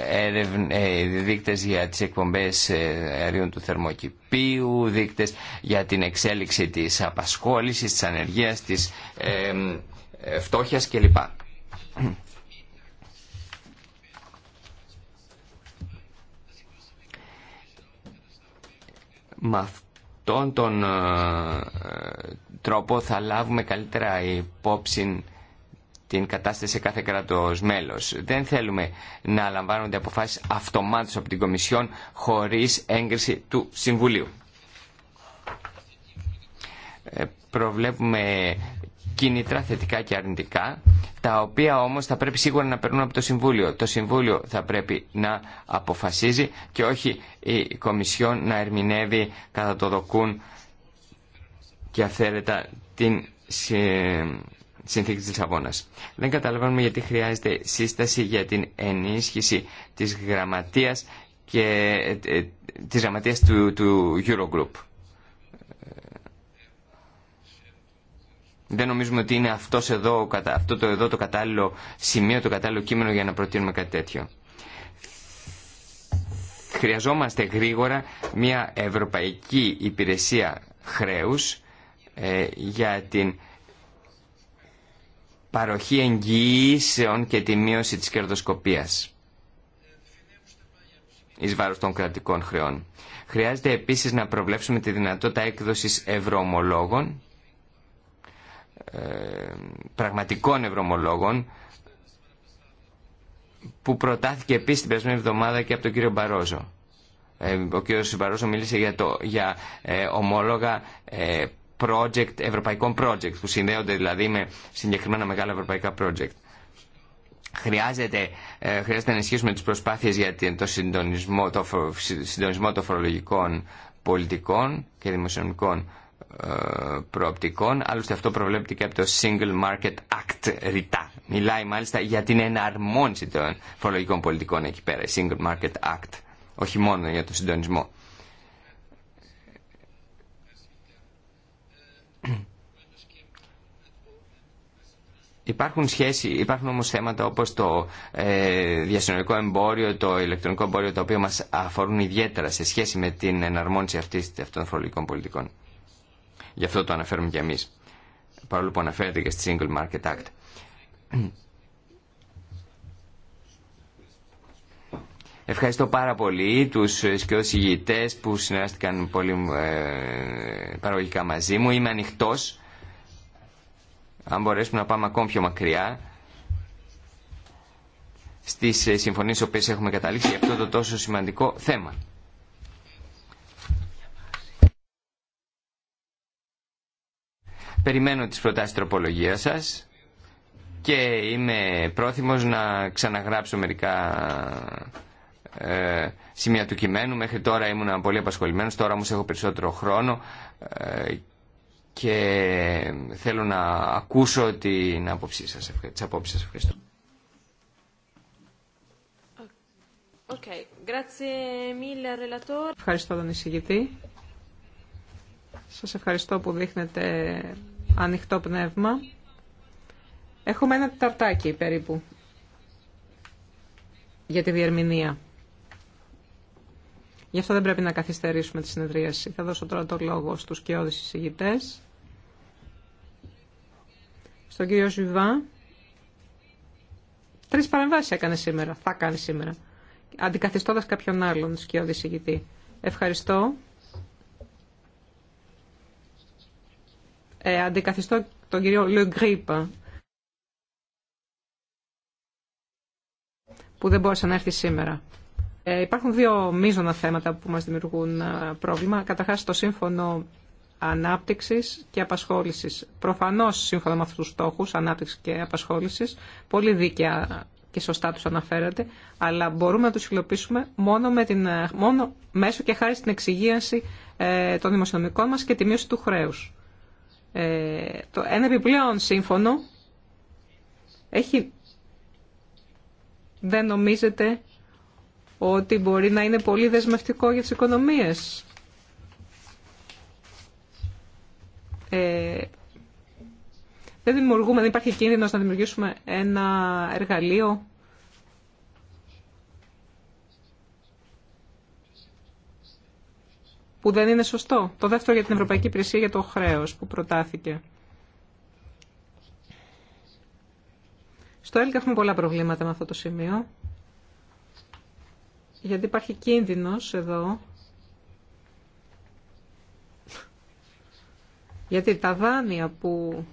έρευνα, δείκτες για τις εκπομπές αερίων του θερμοκηπίου, δείκτες για την εξέλιξη της απασχόλησης, της ανεργίας, της φτώχειας κλπ. Με αυτόν τον ε, τρόπο θα λάβουμε καλύτερα υπόψη την κατάσταση σε κάθε κράτο μέλο. Δεν θέλουμε να λαμβάνονται αποφάσεις αυτομάτως από την Κομισιόν χωρίς έγκριση του Συμβουλίου. Ε, προβλέπουμε κίνητρα θετικά και αρνητικά, τα οποία όμως θα πρέπει σίγουρα να περνούν από το Συμβούλιο. Το Συμβούλιο θα πρέπει να αποφασίζει και όχι η Κομισιόν να ερμηνεύει κατά το δοκούν και αυθαίρετα την συνθήκη της Λισαβόνας. Δεν καταλαβαίνουμε γιατί χρειάζεται σύσταση για την ενίσχυση της γραμματείας και ε, ε, της γραμματείας του, του Eurogroup. Δεν νομίζουμε ότι είναι αυτός εδώ, αυτό το εδώ το κατάλληλο σημείο, το κατάλληλο κείμενο για να προτείνουμε κάτι τέτοιο. Χρειαζόμαστε γρήγορα μια ευρωπαϊκή υπηρεσία χρέους ε, για την παροχή εγγυήσεων και τη μείωση της κερδοσκοπίας εις βάρος των κρατικών χρεών. Χρειάζεται επίσης να προβλέψουμε τη δυνατότητα έκδοσης ευρωομολόγων ε, πραγματικών ευρωμολόγων που προτάθηκε επίσης την περασμένη εβδομάδα και από τον κύριο Μπαρόζο. Ε, ο κύριος Μπαρόζο μίλησε για, το, για ε, ομόλογα project, ευρωπαϊκών project που συνδέονται δηλαδή με συγκεκριμένα μεγάλα ευρωπαϊκά project. Χρειάζεται, χρειάζεται να ενισχύσουμε τις προσπάθειες για το συντονισμό, το συντονισμό των φορολογικών πολιτικών και δημοσιονομικών προοπτικών. Άλλωστε αυτό προβλέπεται και από το Single Market Act ρητά. Μιλάει μάλιστα για την εναρμόνιση των φορολογικών πολιτικών εκεί πέρα, Single Market Act. Όχι μόνο για το συντονισμό. Υπάρχουν, σχέση, υπάρχουν όμως θέματα όπως το ε, εμπόριο, το ηλεκτρονικό εμπόριο, τα οποία μας αφορούν ιδιαίτερα σε σχέση με την εναρμόνιση αυτής, των φορολογικών πολιτικών. Γι' αυτό το αναφέρουμε κι εμείς. Παρόλο που αναφέρεται και στη Single Market Act. Ευχαριστώ πάρα πολύ τους σκιώδους που συνεργάστηκαν πολύ ε, παραγωγικά μαζί μου. Είμαι ανοιχτό. αν μπορέσουμε να πάμε ακόμη πιο μακριά, στις συμφωνίες οποίες έχουμε καταλήξει για αυτό το τόσο σημαντικό θέμα. Περιμένω τις προτάσεις τροπολογίας σας και είμαι πρόθυμος να ξαναγράψω μερικά ε, σημεία του κειμένου. Μέχρι τώρα ήμουν πολύ απασχολημένος, τώρα όμως έχω περισσότερο χρόνο ε, και θέλω να ακούσω την άποψή σας. Τις απόψεις σας. Ευχαριστώ. Okay. Ευχαριστώ τον εισηγητή. Σας ευχαριστώ που δείχνετε ανοιχτό πνεύμα. Έχουμε ένα ταρτάκι περίπου για τη διερμηνία. Γι' αυτό δεν πρέπει να καθυστερήσουμε τη συνεδρίαση. Θα δώσω τώρα το λόγο στους κοιόδης εισηγητές. Στον κύριο Ζουβά. Τρεις παρεμβάσεις έκανε σήμερα, θα κάνει σήμερα. Αντικαθιστώντας κάποιον άλλον σκιώδη εισηγητή. Ευχαριστώ. ε, αντικαθιστώ τον κύριο Λεγκρίπ, που δεν μπόρεσε να έρθει σήμερα. Ε, υπάρχουν δύο μείζωνα θέματα που μας δημιουργούν ε, πρόβλημα. Καταρχάς το σύμφωνο ανάπτυξης και απασχόλησης. Προφανώς, σύμφωνα με αυτούς τους στόχους, ανάπτυξης και απασχόλησης, πολύ δίκαια και σωστά τους αναφέρατε, αλλά μπορούμε να τους υλοποιήσουμε μόνο, την, ε, μόνο μέσω και χάρη στην εξυγίανση ε, των δημοσιονομικών μας και τη μείωση του χρέους. Ε, το, ένα επιπλέον σύμφωνο έχει, δεν νομίζετε ότι μπορεί να είναι πολύ δεσμευτικό για τις οικονομίες. Ε, δεν δημιουργούμε, δεν υπάρχει κίνδυνος να δημιουργήσουμε ένα εργαλείο που δεν είναι σωστό. Το δεύτερο για την Ευρωπαϊκή Υπηρεσία για το χρέος που προτάθηκε. Στο ΕΛΚ έχουμε πολλά προβλήματα με αυτό το σημείο. Γιατί υπάρχει κίνδυνος εδώ. Γιατί τα δάνεια που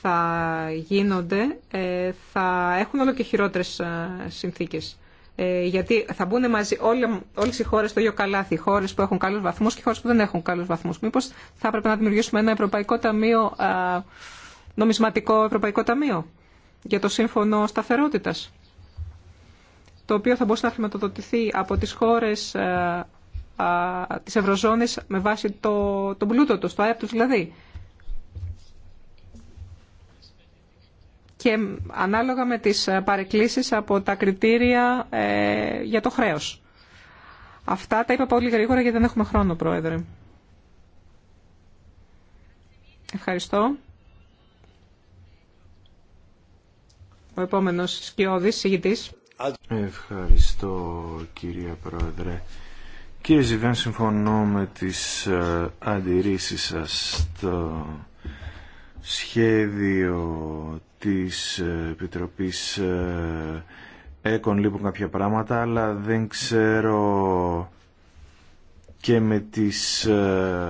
θα γίνονται ε, θα έχουν όλο και χειρότερες ε, συνθήκες. Ε, γιατί θα μπουν μαζί όλες οι χώρες στο ίδιο καλάθι, χώρες που έχουν καλούς βαθμούς και χώρες που δεν έχουν καλούς βαθμούς. Μήπως θα έπρεπε να δημιουργήσουμε ένα ευρωπαϊκό ταμείο, νομισματικό ευρωπαϊκό ταμείο για το σύμφωνο σταθερότητας, το οποίο θα μπορούσε να χρηματοδοτηθεί από τις χώρες της Ευρωζώνης με βάση το, τον πλούτο του, το ΑΕΠ του δηλαδή. και ανάλογα με τις ε, παρεκκλήσεις από τα κριτήρια ε, για το χρέος. Αυτά τα είπα πολύ γρήγορα γιατί δεν έχουμε χρόνο, Πρόεδρε. Ευχαριστώ. Ο επόμενος σκιώδης, συγητής. Ευχαριστώ, κυρία Πρόεδρε. Κύριε Ζιβέν, συμφωνώ με τις ε, αντιρρήσεις σας στο σχέδιο της Επιτροπής έκον ε, λείπουν κάποια πράγματα αλλά δεν ξέρω και με τις ε,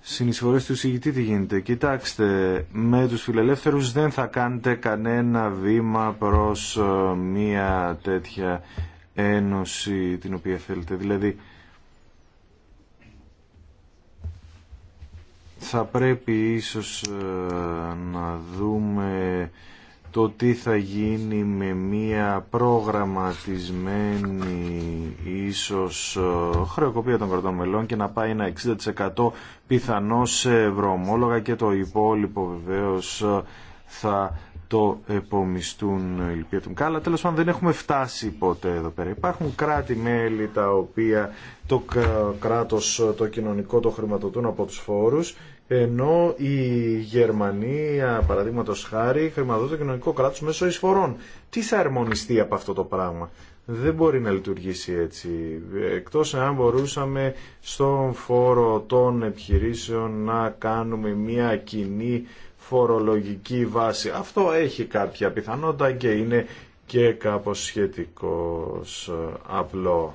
συνεισφορές του συγητή τι γίνεται. Κοιτάξτε, με τους φιλελεύθερους δεν θα κάνετε κανένα βήμα προς ε, μια τέτοια ένωση την οποία θέλετε. Δηλαδή, θα πρέπει ίσως ε, να δούμε το τι θα γίνει με μία προγραμματισμένη ίσως ε, χρεοκοπία των κρατών μελών και να πάει ένα 60% πιθανώς σε ευρωομόλογα και το υπόλοιπο βεβαίως ε, θα το επομιστούν ηλικία του Κάλα. Τέλος πάντων δεν έχουμε φτάσει ποτέ εδώ πέρα. Υπάρχουν κράτη-μέλη τα οποία το κράτος, το κοινωνικό το χρηματοδοτούν από τους φόρους ενώ η Γερμανία, παραδείγματο χάρη, χρηματοδοτεί το κοινωνικό κράτο μέσω εισφορών. Τι θα αρμονιστεί από αυτό το πράγμα. Δεν μπορεί να λειτουργήσει έτσι. Εκτός αν μπορούσαμε στον φόρο των επιχειρήσεων να κάνουμε μια κοινή φορολογική βάση. Αυτό έχει κάποια πιθανότητα και είναι και κάπως σχετικό ε, απλό.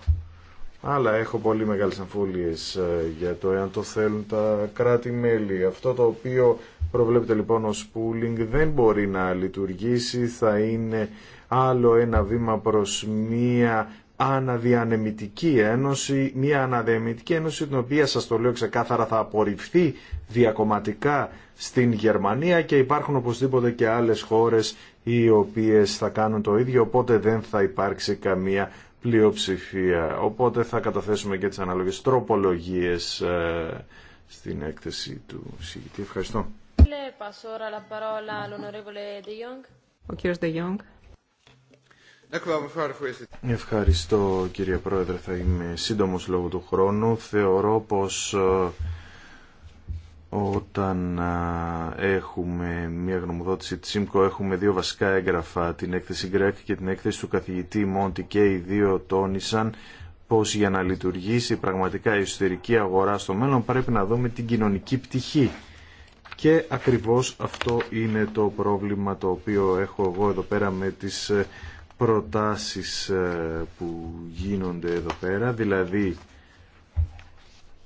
Αλλά έχω πολύ μεγάλες αμφούλειες ε, για το εάν το θέλουν τα κράτη-μέλη. Αυτό το οποίο προβλέπεται λοιπόν ως pooling δεν μπορεί να λειτουργήσει, θα είναι άλλο ένα βήμα προς μία αναδιανεμητική ένωση, μια αναδιανεμητική ένωση την οποία σας το λέω ξεκάθαρα θα απορριφθεί διακομματικά στην Γερμανία και υπάρχουν οπωσδήποτε και άλλες χώρες οι οποίες θα κάνουν το ίδιο οπότε δεν θα υπάρξει καμία πλειοψηφία. Οπότε θα καταθέσουμε και τις αναλογές τροπολογίες ε, στην έκθεση του συγκητή. Ευχαριστώ. Ο κύριος Ευχαριστώ κύριε Πρόεδρε, θα είμαι σύντομος λόγω του χρόνου. Θεωρώ πως ε, όταν ε, έχουμε μια γνωμοδότηση της ΣΥΜΚΟ έχουμε δύο βασικά έγγραφα, την έκθεση Γκρέκ και την έκθεση του καθηγητή Μόντι και οι δύο τόνισαν πως για να λειτουργήσει πραγματικά η εσωτερική αγορά στο μέλλον πρέπει να δούμε την κοινωνική πτυχή. Και ακριβώς αυτό είναι το πρόβλημα το οποίο έχω εγώ εδώ πέρα με τις ε, προτάσεις ε, που γίνονται εδώ πέρα, δηλαδή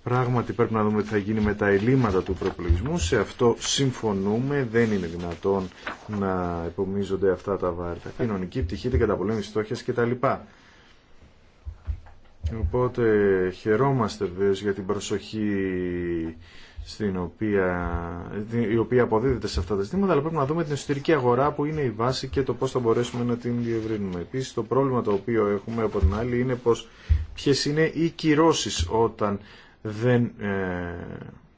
πράγματι πρέπει να δούμε τι θα γίνει με τα ελλείμματα του προπολογισμού. Σε αυτό συμφωνούμε, δεν είναι δυνατόν να επομίζονται αυτά τα βάρτα. Κοινωνική πτυχή, την καταπολέμηση στόχιας κτλ. Οπότε χαιρόμαστε βέβαια για την προσοχή στην οποία, η οποία αποδίδεται σε αυτά τα ζητήματα, αλλά πρέπει να δούμε την εσωτερική αγορά που είναι η βάση και το πώς θα μπορέσουμε να την διευρύνουμε. Επίσης το πρόβλημα το οποίο έχουμε από την άλλη είναι πως ποιες είναι οι κυρώσεις όταν δεν... Ε,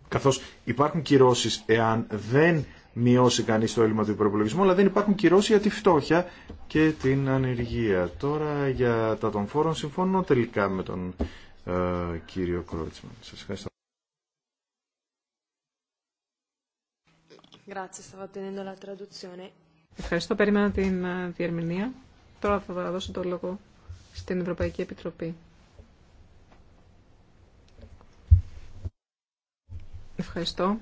καθώς υπάρχουν κυρώσεις εάν δεν μειώσει κανείς το έλλειμμα του υπερπολογισμού, αλλά δεν υπάρχουν κυρώσεις για τη φτώχεια και την ανεργία. Τώρα για τα των φόρων συμφωνώ τελικά με τον ε, κύριο Κρότσμαν. Σας ευχαριστώ. Ευχαριστώ. Περίμενα την ε, διερμηνία. Τώρα θα δώσω το λόγο στην Ευρωπαϊκή Επιτροπή. Ευχαριστώ.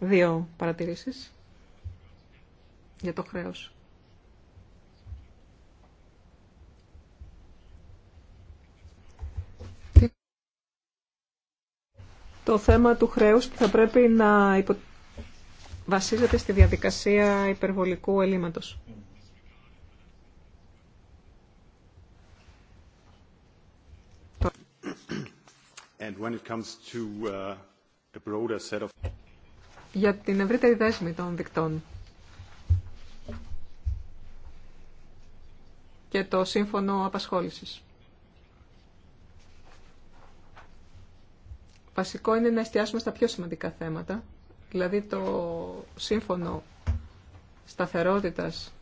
Δύο παρατηρήσεις για το χρέος. το θέμα του χρέους που θα πρέπει να υπο... βασίζεται στη διαδικασία υπερβολικού ελλείμματος. And uh, Για την ευρύτερη δέσμη των δικτών και το σύμφωνο απασχόλησης. Βασικό είναι να εστιάσουμε στα πιο σημαντικά θέματα, δηλαδή το σύμφωνο σταθερότητας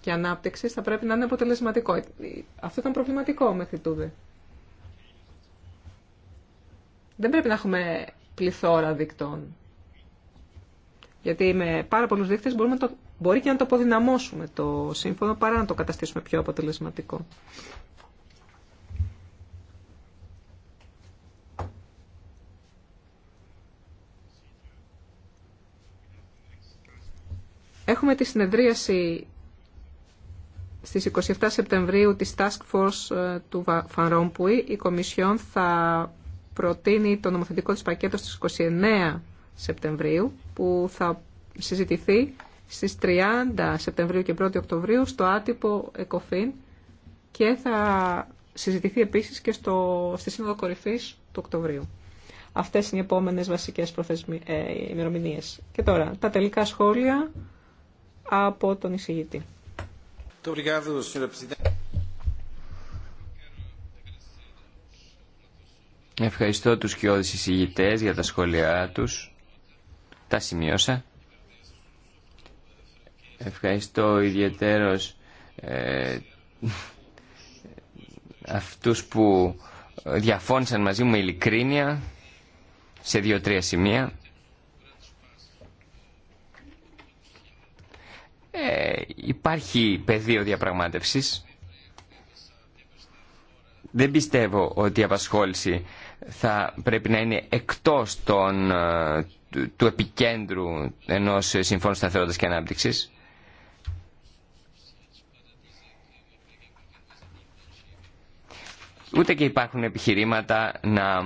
και ανάπτυξης θα πρέπει να είναι αποτελεσματικό. Αυτό ήταν προβληματικό μέχρι τούδε. Δεν πρέπει να έχουμε πληθώρα δικτών. Γιατί με πάρα πολλούς δείκτες μπορούμε να το, μπορεί και να το αποδυναμώσουμε το σύμφωνο παρά να το καταστήσουμε πιο αποτελεσματικό. Έχουμε τη συνεδρίαση στις 27 Σεπτεμβρίου της Task Force ε, του Φανρόμπουη. Η Κομισιόν θα προτείνει το νομοθετικό της πακέτο στις 29 Σεπτεμβρίου που θα συζητηθεί στις 30 Σεπτεμβρίου και 1 Οκτωβρίου στο άτυπο ΕΚΟΦΗΝ και θα συζητηθεί επίσης και στο, στη Σύνοδο Κορυφής του Οκτωβρίου. Αυτές είναι οι επόμενες βασικές προθεσμι... Ε, ημερομηνίες. Και τώρα, τα τελικά σχόλια από τον εισηγητή. Ευχαριστώ τους κοιόδης εισηγητές για τα σχόλιά τους. Τα σημείωσα. Ευχαριστώ ιδιαίτερος ε, αυτούς που διαφώνησαν μαζί μου ειλικρίνεια σε δύο-τρία σημεία. ε, υπάρχει πεδίο διαπραγμάτευσης. Δεν πιστεύω ότι η απασχόληση θα πρέπει να είναι εκτός των, ε, του, του επικέντρου ενός Συμφώνου Σταθερότητας και Ανάπτυξης. Ούτε και υπάρχουν επιχειρήματα να,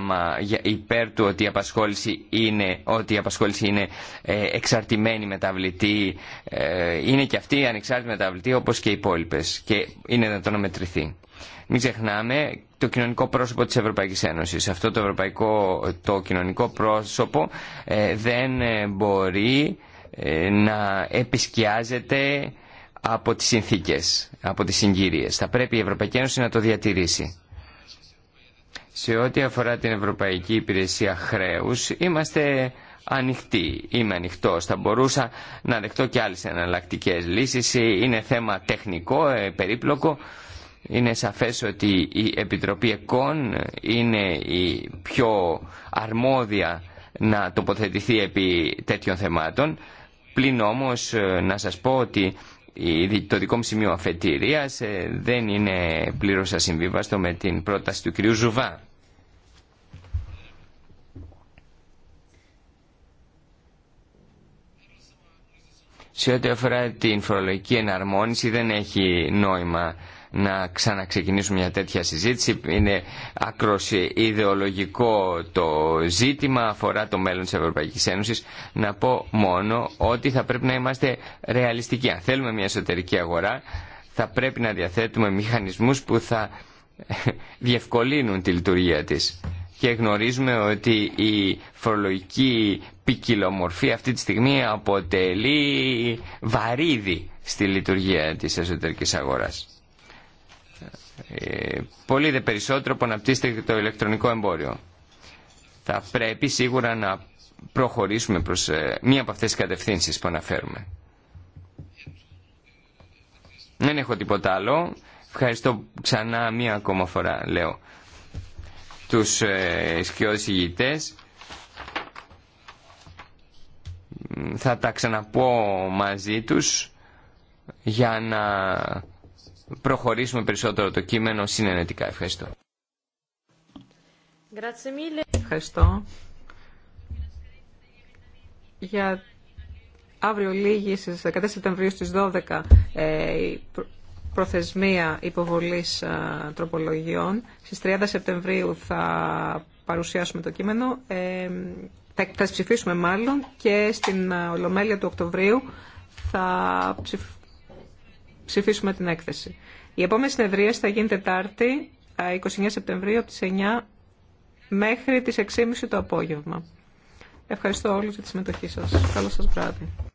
υπέρ του ότι η απασχόληση είναι, ότι η απασχόληση είναι ε, εξαρτημένη μεταβλητή. Ε, είναι και αυτή η ανεξάρτητη μεταβλητή όπως και οι υπόλοιπε και είναι δυνατόν να μετρηθεί. Μην ξεχνάμε το κοινωνικό πρόσωπο της Ευρωπαϊκής Ένωσης. Αυτό το, ευρωπαϊκό, το κοινωνικό πρόσωπο ε, δεν μπορεί να επισκιάζεται από τις συνθήκες, από τις συγκύριες. Θα πρέπει η Ευρωπαϊκή Ένωση να το διατηρήσει. Σε ό,τι αφορά την Ευρωπαϊκή Υπηρεσία Χρέους, είμαστε ανοιχτοί. Είμαι ανοιχτό. Θα μπορούσα να δεχτώ και άλλες εναλλακτικέ λύσεις. Είναι θέμα τεχνικό, ε, περίπλοκο. Είναι σαφές ότι η Επιτροπή ΕΚΟΝ είναι η πιο αρμόδια να τοποθετηθεί επί τέτοιων θεμάτων. Πλην όμως ε, να σας πω ότι το δικό μου σημείο αφετηρίας ε, δεν είναι πλήρως ασυμβίβαστο με την πρόταση του κυρίου Ζουβά. Σε ό,τι αφορά την φορολογική εναρμόνιση δεν έχει νόημα να ξαναξεκινήσουμε μια τέτοια συζήτηση. Είναι άκρος ιδεολογικό το ζήτημα, αφορά το μέλλον της Ευρωπαϊκής Ένωσης. Να πω μόνο ότι θα πρέπει να είμαστε ρεαλιστικοί. Αν θέλουμε μια εσωτερική αγορά, θα πρέπει να διαθέτουμε μηχανισμούς που θα διευκολύνουν τη λειτουργία της. Και γνωρίζουμε ότι η φορολογική ποικιλομορφή αυτή τη στιγμή αποτελεί βαρύδι στη λειτουργία της εσωτερικής αγοράς. Ε, πολύ δε περισσότερο που αναπτύσσεται το ηλεκτρονικό εμπόριο. Θα πρέπει σίγουρα να προχωρήσουμε προς ε, μία από αυτές τις κατευθύνσεις που αναφέρουμε. Δεν έχω τίποτα άλλο. Ευχαριστώ ξανά μία ακόμα φορά, λέω, τους ε, ηγητές. Θα τα ξαναπώ μαζί τους για να προχωρήσουμε περισσότερο το κείμενο συνενετικά. Ευχαριστώ. Ευχαριστώ. Για αύριο λίγη στις 14 Σεπτεμβρίου στις 12 ε, η προθεσμία υποβολής ε, τροπολογιών. Στις 30 Σεπτεμβρίου θα παρουσιάσουμε το κείμενο. Ε, θα ψηφίσουμε μάλλον και στην Ολομέλεια του Οκτωβρίου θα ψηφίσουμε ψηφίσουμε την έκθεση. Η επόμενη συνεδρία θα γίνει Τετάρτη, 29 Σεπτεμβρίου, από τις 9 μέχρι τις 6.30 το απόγευμα. Ευχαριστώ όλους για τη συμμετοχή σας. Καλό σας βράδυ.